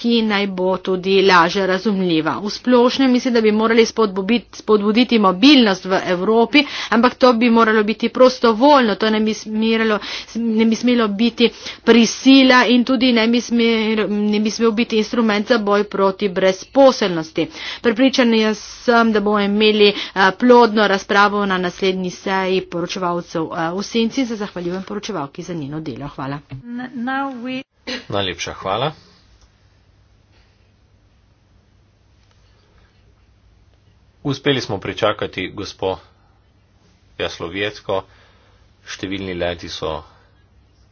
ki naj bo tudi laže razumljiva. V splošnem mislim, da bi morali spodbobiti, spodbuditi mobilnost v Evropi, ampak to bi moralo biti prostovoljno, to ne bi, smiralo, ne bi smelo biti prisila in tudi ne bi, smir, ne bi smel biti instrument za boj proti brezposelnosti. Pripričan sem, da bomo imeli eh, plodno razpravo na naslednji seji poročevalcev eh, v Senci in se zahvaljujem poročevalki za njeno delo. Hvala. Najlepša hvala. Uspeli smo pričakati gospo Jaslovjetsko, številni leti so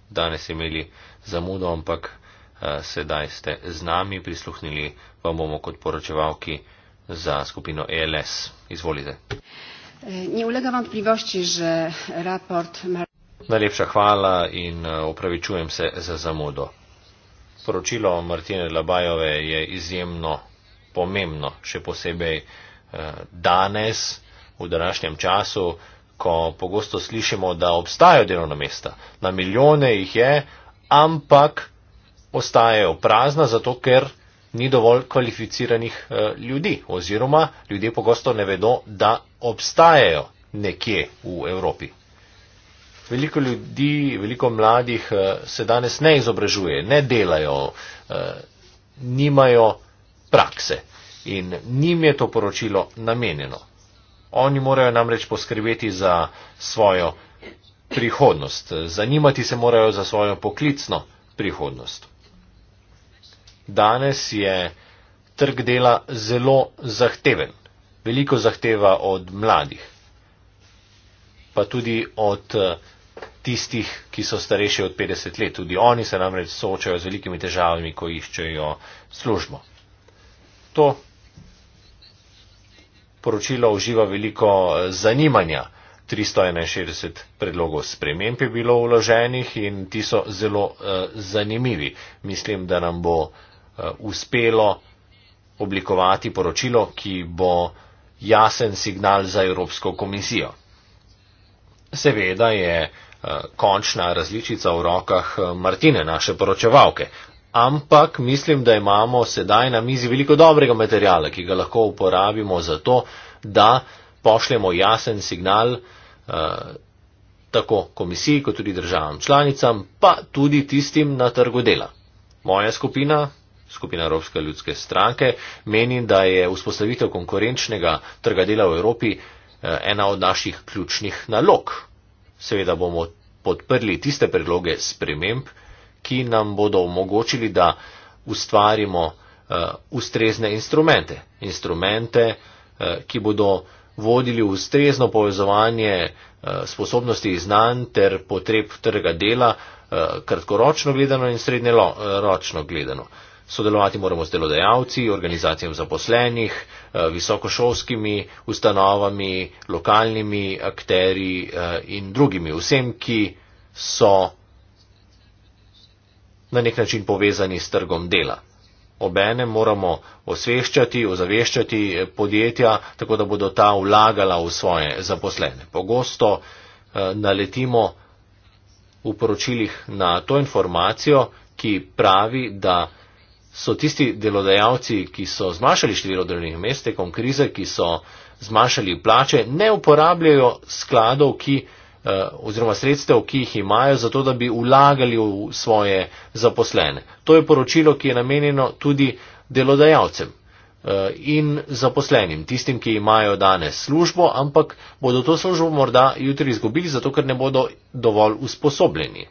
danes imeli zamudo, ampak eh, sedaj ste z nami prisluhnili, vam bomo kot poročevalki za skupino ELS. Izvolite. E, Najlepša hvala in eh, opravičujem se za zamudo. Poročilo Martine Labajove je izjemno pomembno, še posebej Eh, danes, v današnjem času, ko pogosto slišimo, da obstajajo delovna mesta. Na milijone jih je, ampak ostajajo prazna, zato ker ni dovolj kvalificiranih eh, ljudi oziroma ljudje pogosto ne vedo, da obstajajo nekje v Evropi. Veliko ljudi, veliko mladih eh, se danes ne izobražuje, ne delajo, nimajo prakse in njim je to poročilo namenjeno. Oni morajo namreč poskrbeti za svojo prihodnost, zanimati se morajo za svojo poklicno prihodnost. Danes je trg dela zelo zahteven, veliko zahteva od mladih, pa tudi od eh, tistih, ki so starejši od 50 let. Tudi oni se namreč soočajo z velikimi težavami, ko iščejo službo. To poročilo uživa veliko eh, zanimanja. 361 predlogov sprememb je bilo vloženih in ti so zelo uh, zanimivi. Mislim, da nam bo uh, uspelo oblikovati poročilo, ki bo jasen signal za Evropsko komisijo. Seveda je uh, končna različica v rokah Martine, naše poročevalke ampak mislim, da imamo sedaj na mizi veliko dobrega materijala, ki ga lahko uporabimo za to, da pošljemo jasen signal uh, tako komisiji, kot tudi državam članicam, pa tudi tistim na trgu dela. Moja skupina. Skupina Evropske ljudske stranke meni, da je vzpostavitev konkurenčnega trga dela v Evropi eh, ena od naših ključnih nalog. Seveda bomo podprli tiste predloge sprememb, ki nam bodo omogočili, da ustvarimo uh, ustrezne instrumente. Instrumente, uh, ki bodo vodili ustrezno povezovanje uh, sposobnosti znanj ter potreb trga dela, uh, kratkoročno gledano in srednjeročno gledano. Sodelovati moramo z delodajalci, organizacijami zaposlenih, visokošolskimi ustanovami, lokalnimi akteri in drugimi, vsem, ki so na nek način povezani s trgom dela. Obene moramo osveščati, ozaveščati eh, podjetja, tako da bodo ta vlagala v svoje zaposlene. Pogosto eh, naletimo v poročilih na to informacijo, ki pravi, da so tisti delodajalci, ki so zmanjšali število delovnih mest tekom krize, ki so zmanjšali plače, ne uporabljajo skladov, ki Eh, oziroma sredstev, ki jih imajo, zato da bi vlagali v svoje zaposlene. To je poročilo, ki je namenjeno tudi delodajalcem eh, in zaposlenim, tistim, ki imajo danes službo, ampak bodo to službo morda jutri izgubili, zato ker ne bodo dovolj usposobljeni.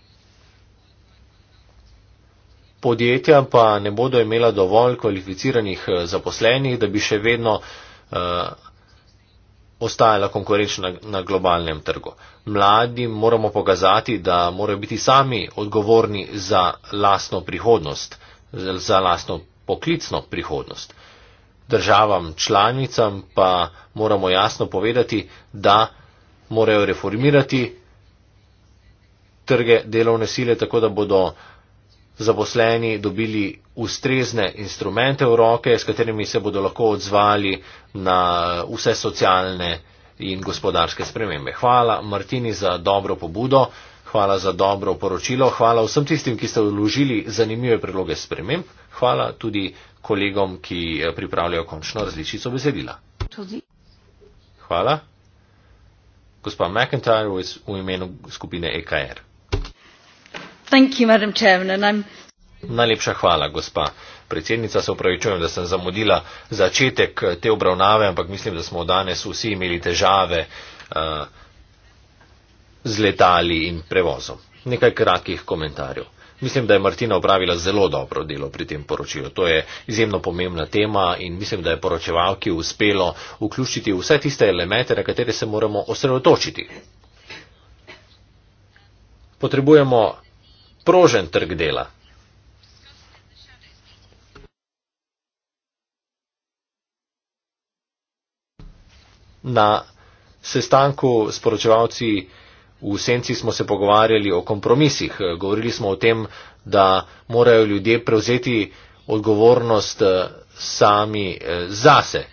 Podjetja pa ne bodo imela dovolj kvalificiranih eh, zaposlenih, da bi še vedno ostajala konkurenčna na, na globalnem trgu. Mladi moramo pokazati, da morajo biti sami odgovorni za lastno prihodnost, za lastno poklicno prihodnost. Državam članicam pa moramo jasno povedati, da morajo reformirati trge delovne sile tako, da bodo uh, zaposleni dobili ustrezne instrumente v roke, s katerimi se bodo lahko odzvali na vse socialne in gospodarske spremembe. Hvala Martini za dobro pobudo, hvala za dobro poročilo, hvala vsem tistim, ki ste vložili zanimive predloge sprememb, hvala tudi kolegom, ki eh, pripravljajo končno različico besedila. Hvala. Gospa McIntyre v imenu skupine EKR. Najlepša hvala, gospa predsednica. Se upravičujem, da sem zamudila začetek eh, te obravnave, ampak mislim, da smo danes vsi imeli težave uh, z letali in prevozom. Nekaj kratkih komentarjev. Mislim, da je Martina opravila zelo dobro delo pri tem poročilu. To je izjemno pomembna tema in mislim, da je poročevalki uspelo vključiti vse tiste elemente, na katere se moramo osredotočiti. Potrebujemo sprožen trg dela. Na sestanku s poročevalci v Senci smo se pogovarjali o kompromisih. Govorili smo o tem, da morajo ljudje prevzeti odgovornost eh, sami eh, zase.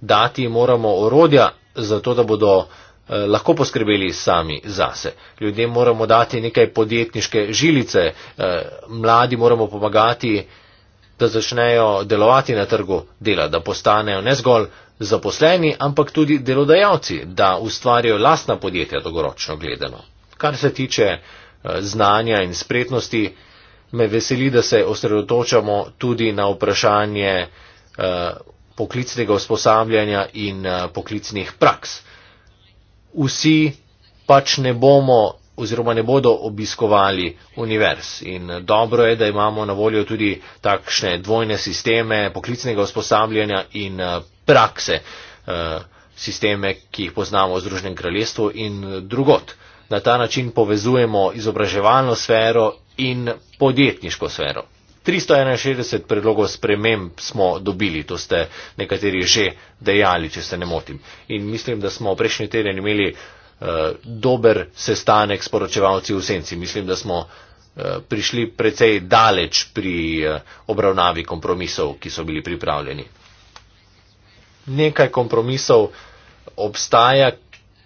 Dati moramo orodja za to, da bodo Eh, lahko poskrbeli sami zase. Ljudem moramo dati nekaj podjetniške žilice, eh, mladi moramo pomagati, da začnejo delovati na trgu dela, da postanejo ne zgolj zaposleni, ampak tudi delodajalci, da ustvarjajo lastna podjetja dolgoročno gledano. Kar se tiče eh, znanja in spretnosti, me veseli, da se osredotočamo tudi na vprašanje poklicnega usposabljanja in poklicnih praks vsi pač ne bomo oziroma ne bodo obiskovali univerz. In eh, dobro je, da imamo na voljo tudi takšne dvojne sisteme poklicnega usposabljanja in eh, prakse, eh, sisteme, ki jih poznamo v Združenem kraljestvu in drugot. Na ta način povezujemo izobraževalno sfero in podjetniško sfero. 361 predlogov sprememb smo dobili, to ste nekateri že dejali, če se ne motim. In mislim, da smo prejšnji teden imeli uh, dober sestanek s poročevalci v senci. Mislim, da smo eh, prišli precej daleč pri eh, obravnavi kompromisov, ki so bili pripravljeni. Nekaj kompromisov obstaja,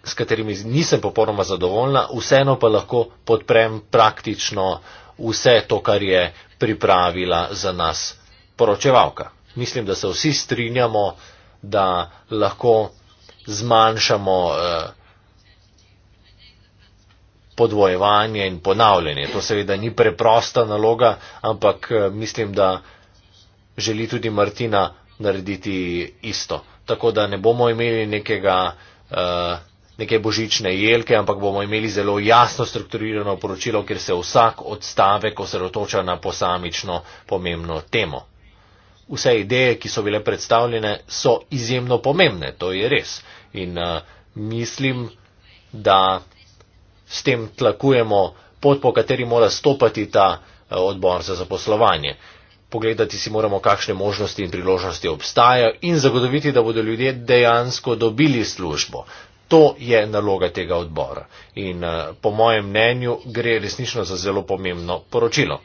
s katerimi nisem popolnoma zadovoljna, vseeno pa lahko podprem praktično vse to, kar je pripravila za nas poročevalka. Mislim, da se vsi strinjamo, da lahko zmanjšamo eh, podvojevanje in ponavljanje. To seveda ni preprosta naloga, ampak eh, mislim, da želi tudi Martina narediti isto. Tako da ne bomo imeli nekega. Uh, neke božične jelke, ampak bomo imeli zelo jasno strukturirano poročilo, kjer se vsak odstavek osredotoča na posamično pomembno temo. Vse ideje, ki so bile predstavljene, so izjemno pomembne, to je res. In uh, mislim, da s tem tlakujemo pot, po kateri mora stopati ta uh, odbor za zaposlovanje. Pogledati si moramo, kakšne možnosti in priložnosti obstajajo in zagotoviti, da bodo ljudje dejansko dobili službo. To je naloga tega odbora in eh, po mojem mnenju gre resnično za zelo pomembno poročilo.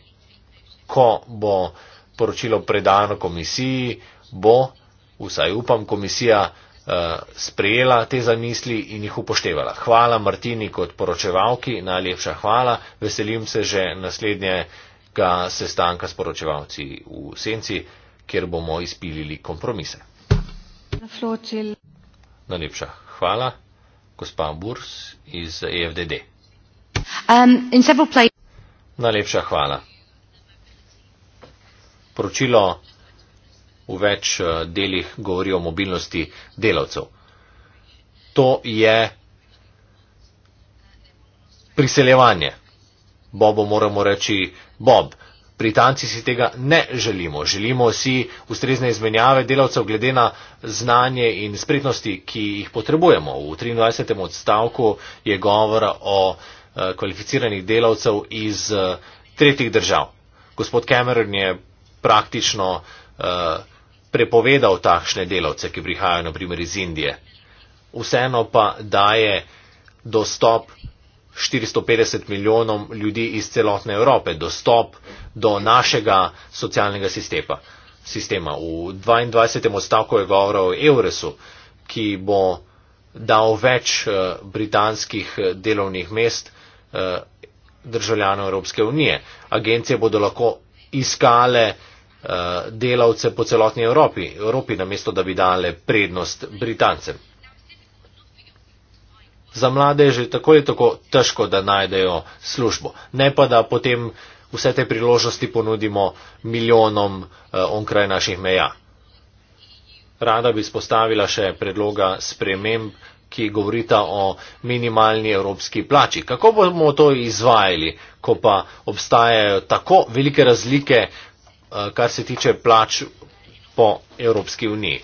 Ko bo poročilo predano komisiji, bo, vsaj upam, komisija eh, sprejela te zamisli in jih upoštevala. Hvala Martini kot poročevalki, najlepša hvala, veselim se že naslednjega sestanka s poročevalci v Senci, kjer bomo izpilili kompromise. Najlepša hvala gospa Burs iz EFDD. Um, Najlepša hvala. Poročilo v več eh, delih govori o mobilnosti delavcev. To je priseljevanje. Bobo moramo reči Bob. Uh, Britanci si tega ne želimo. Želimo si ustrezne izmenjave delavcev glede na znanje in spretnosti, ki jih potrebujemo. V 23. odstavku je govora o eh, kvalificiranih delavcev iz eh, tretjih držav. Gospod Cameron je praktično eh, prepovedal takšne delavce, ki prihajajo naprimer iz Indije. Vseeno pa daje dostop 450 milijonom ljudi iz celotne Evrope dostop do našega socialnega sistema. sistema. V 22. odstavku je govoril o Euresu, ki bo dal več eh, britanskih eh, delovnih mest eh, državljanov Evropske unije. Agencije bodo lahko iskale delavce po celotni Evropi, Evropi namesto da bi dale prednost Britancem za mlade je že tako ali tako težko, da najdejo službo. Ne pa, da potem vse te priložnosti ponudimo milijonom eh, onkraj naših meja. Rada bi spostavila še predloga sprememb, ki govorita o minimalni evropski plači. Kako bomo to izvajali, ko pa obstajajo tako velike razlike, eh, kar se tiče plač po Evropski uniji?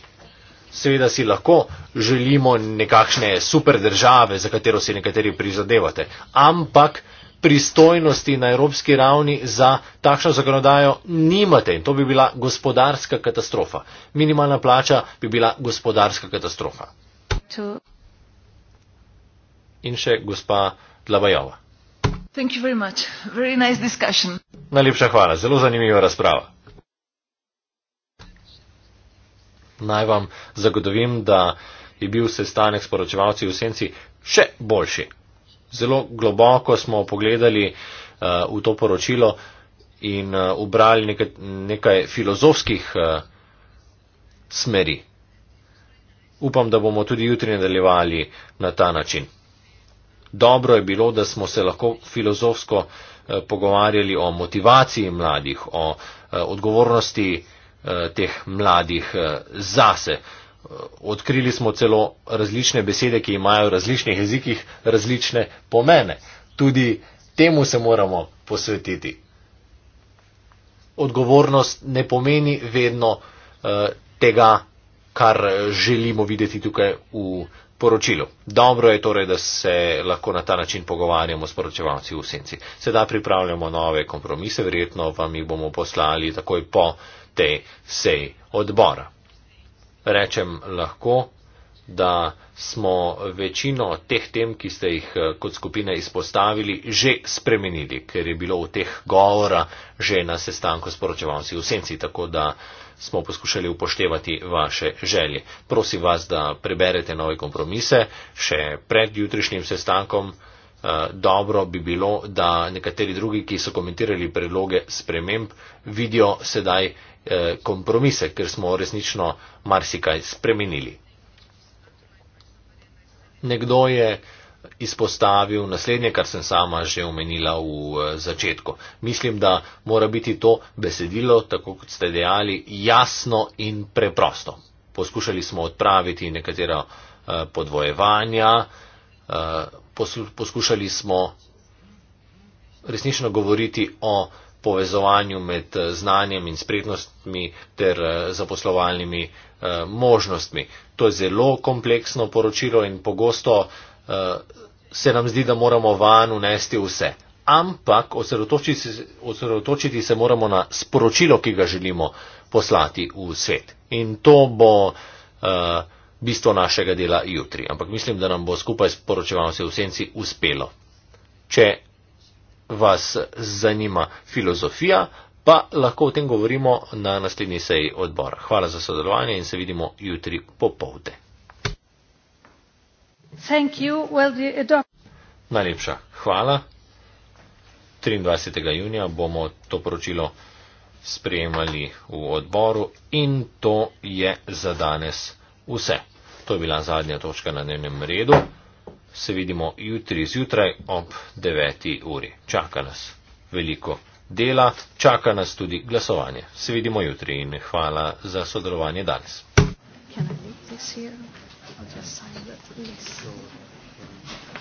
seveda si lahko želimo nekakšne super države, za katero si nekateri prizadevate, ampak pristojnosti na evropski ravni za takšno zakonodajo nimate in to bi bila gospodarska katastrofa. Minimalna plača bi bila gospodarska katastrofa. To. In še gospa Dlabajova. Very very nice Najlepša hvala, zelo zanimiva razprava. naj vam zagotovim, da je bil sestanek s poročevalci v senci še boljši. Zelo globoko smo pogledali uh, v to poročilo in uh, ubrali nekaj, nekaj filozofskih uh, smeri. Upam, da bomo tudi jutri nadaljevali na ta način. Dobro je bilo, da smo se lahko filozofsko uh, pogovarjali o motivaciji mladih, o uh, odgovornosti. Eh, teh mladih eh, zase. Eh, odkrili smo celo različne besede, ki imajo v različnih jezikih različne pomene. Tudi temu se moramo posvetiti. Odgovornost ne pomeni vedno tega, kar želimo videti tukaj v poročilu. Dobro je torej, da se lahko na ta način pogovarjamo s poročevalci v senci. Sedaj pripravljamo nove kompromise, verjetno vam jih bomo poslali takoj po tej seji odbora. Rečem lahko, da smo večino teh tem, ki ste jih eh, kot skupina izpostavili, že spremenili, ker je bilo v teh govora že na sestanku s poročevalci v senci, tako da smo poskušali upoštevati vaše želje. Prosim vas, da preberete nove kompromise še pred jutrišnjim sestankom. Eh, dobro bi bilo, da nekateri drugi, ki so komentirali predloge sprememb, vidijo sedaj Eh, kompromise, ker smo resnično marsikaj spremenili. Nekdo je izpostavil naslednje, kar sem sama že omenila v eh, začetku. Mislim, da mora biti to besedilo, tako kot ste dejali, jasno in preprosto. Poskušali smo odpraviti nekatera eh, podvojevanja, poskušali smo resnično govoriti o povezovanju med eh, znanjem in spretnostmi ter eh, zaposlovalnimi eh, možnostmi. To je zelo kompleksno poročilo in pogosto se nam zdi, da moramo van unesti vse. Ampak osredotočiti se moramo na sporočilo, ki ga želimo poslati v svet. In to bo bistvo našega dela jutri. Ampak mislim, da nam bo skupaj s poročevalci v senci uspelo. Če vas zanima filozofija, pa lahko o tem govorimo na naslednji seji odbora. Hvala za sodelovanje in se vidimo jutri popovde. Well, Najlepša hvala. 23. junija bomo to poročilo sprejemali v odboru in to je za danes vse. To je bila zadnja točka na dnevnem redu se vidimo jutri zjutraj ob 9. uri. Čaka nas veliko dela, čaka nas tudi glasovanje. Se vidimo jutri in hvala za sodelovanje danes. Can I leave this here? I'll just sign that list.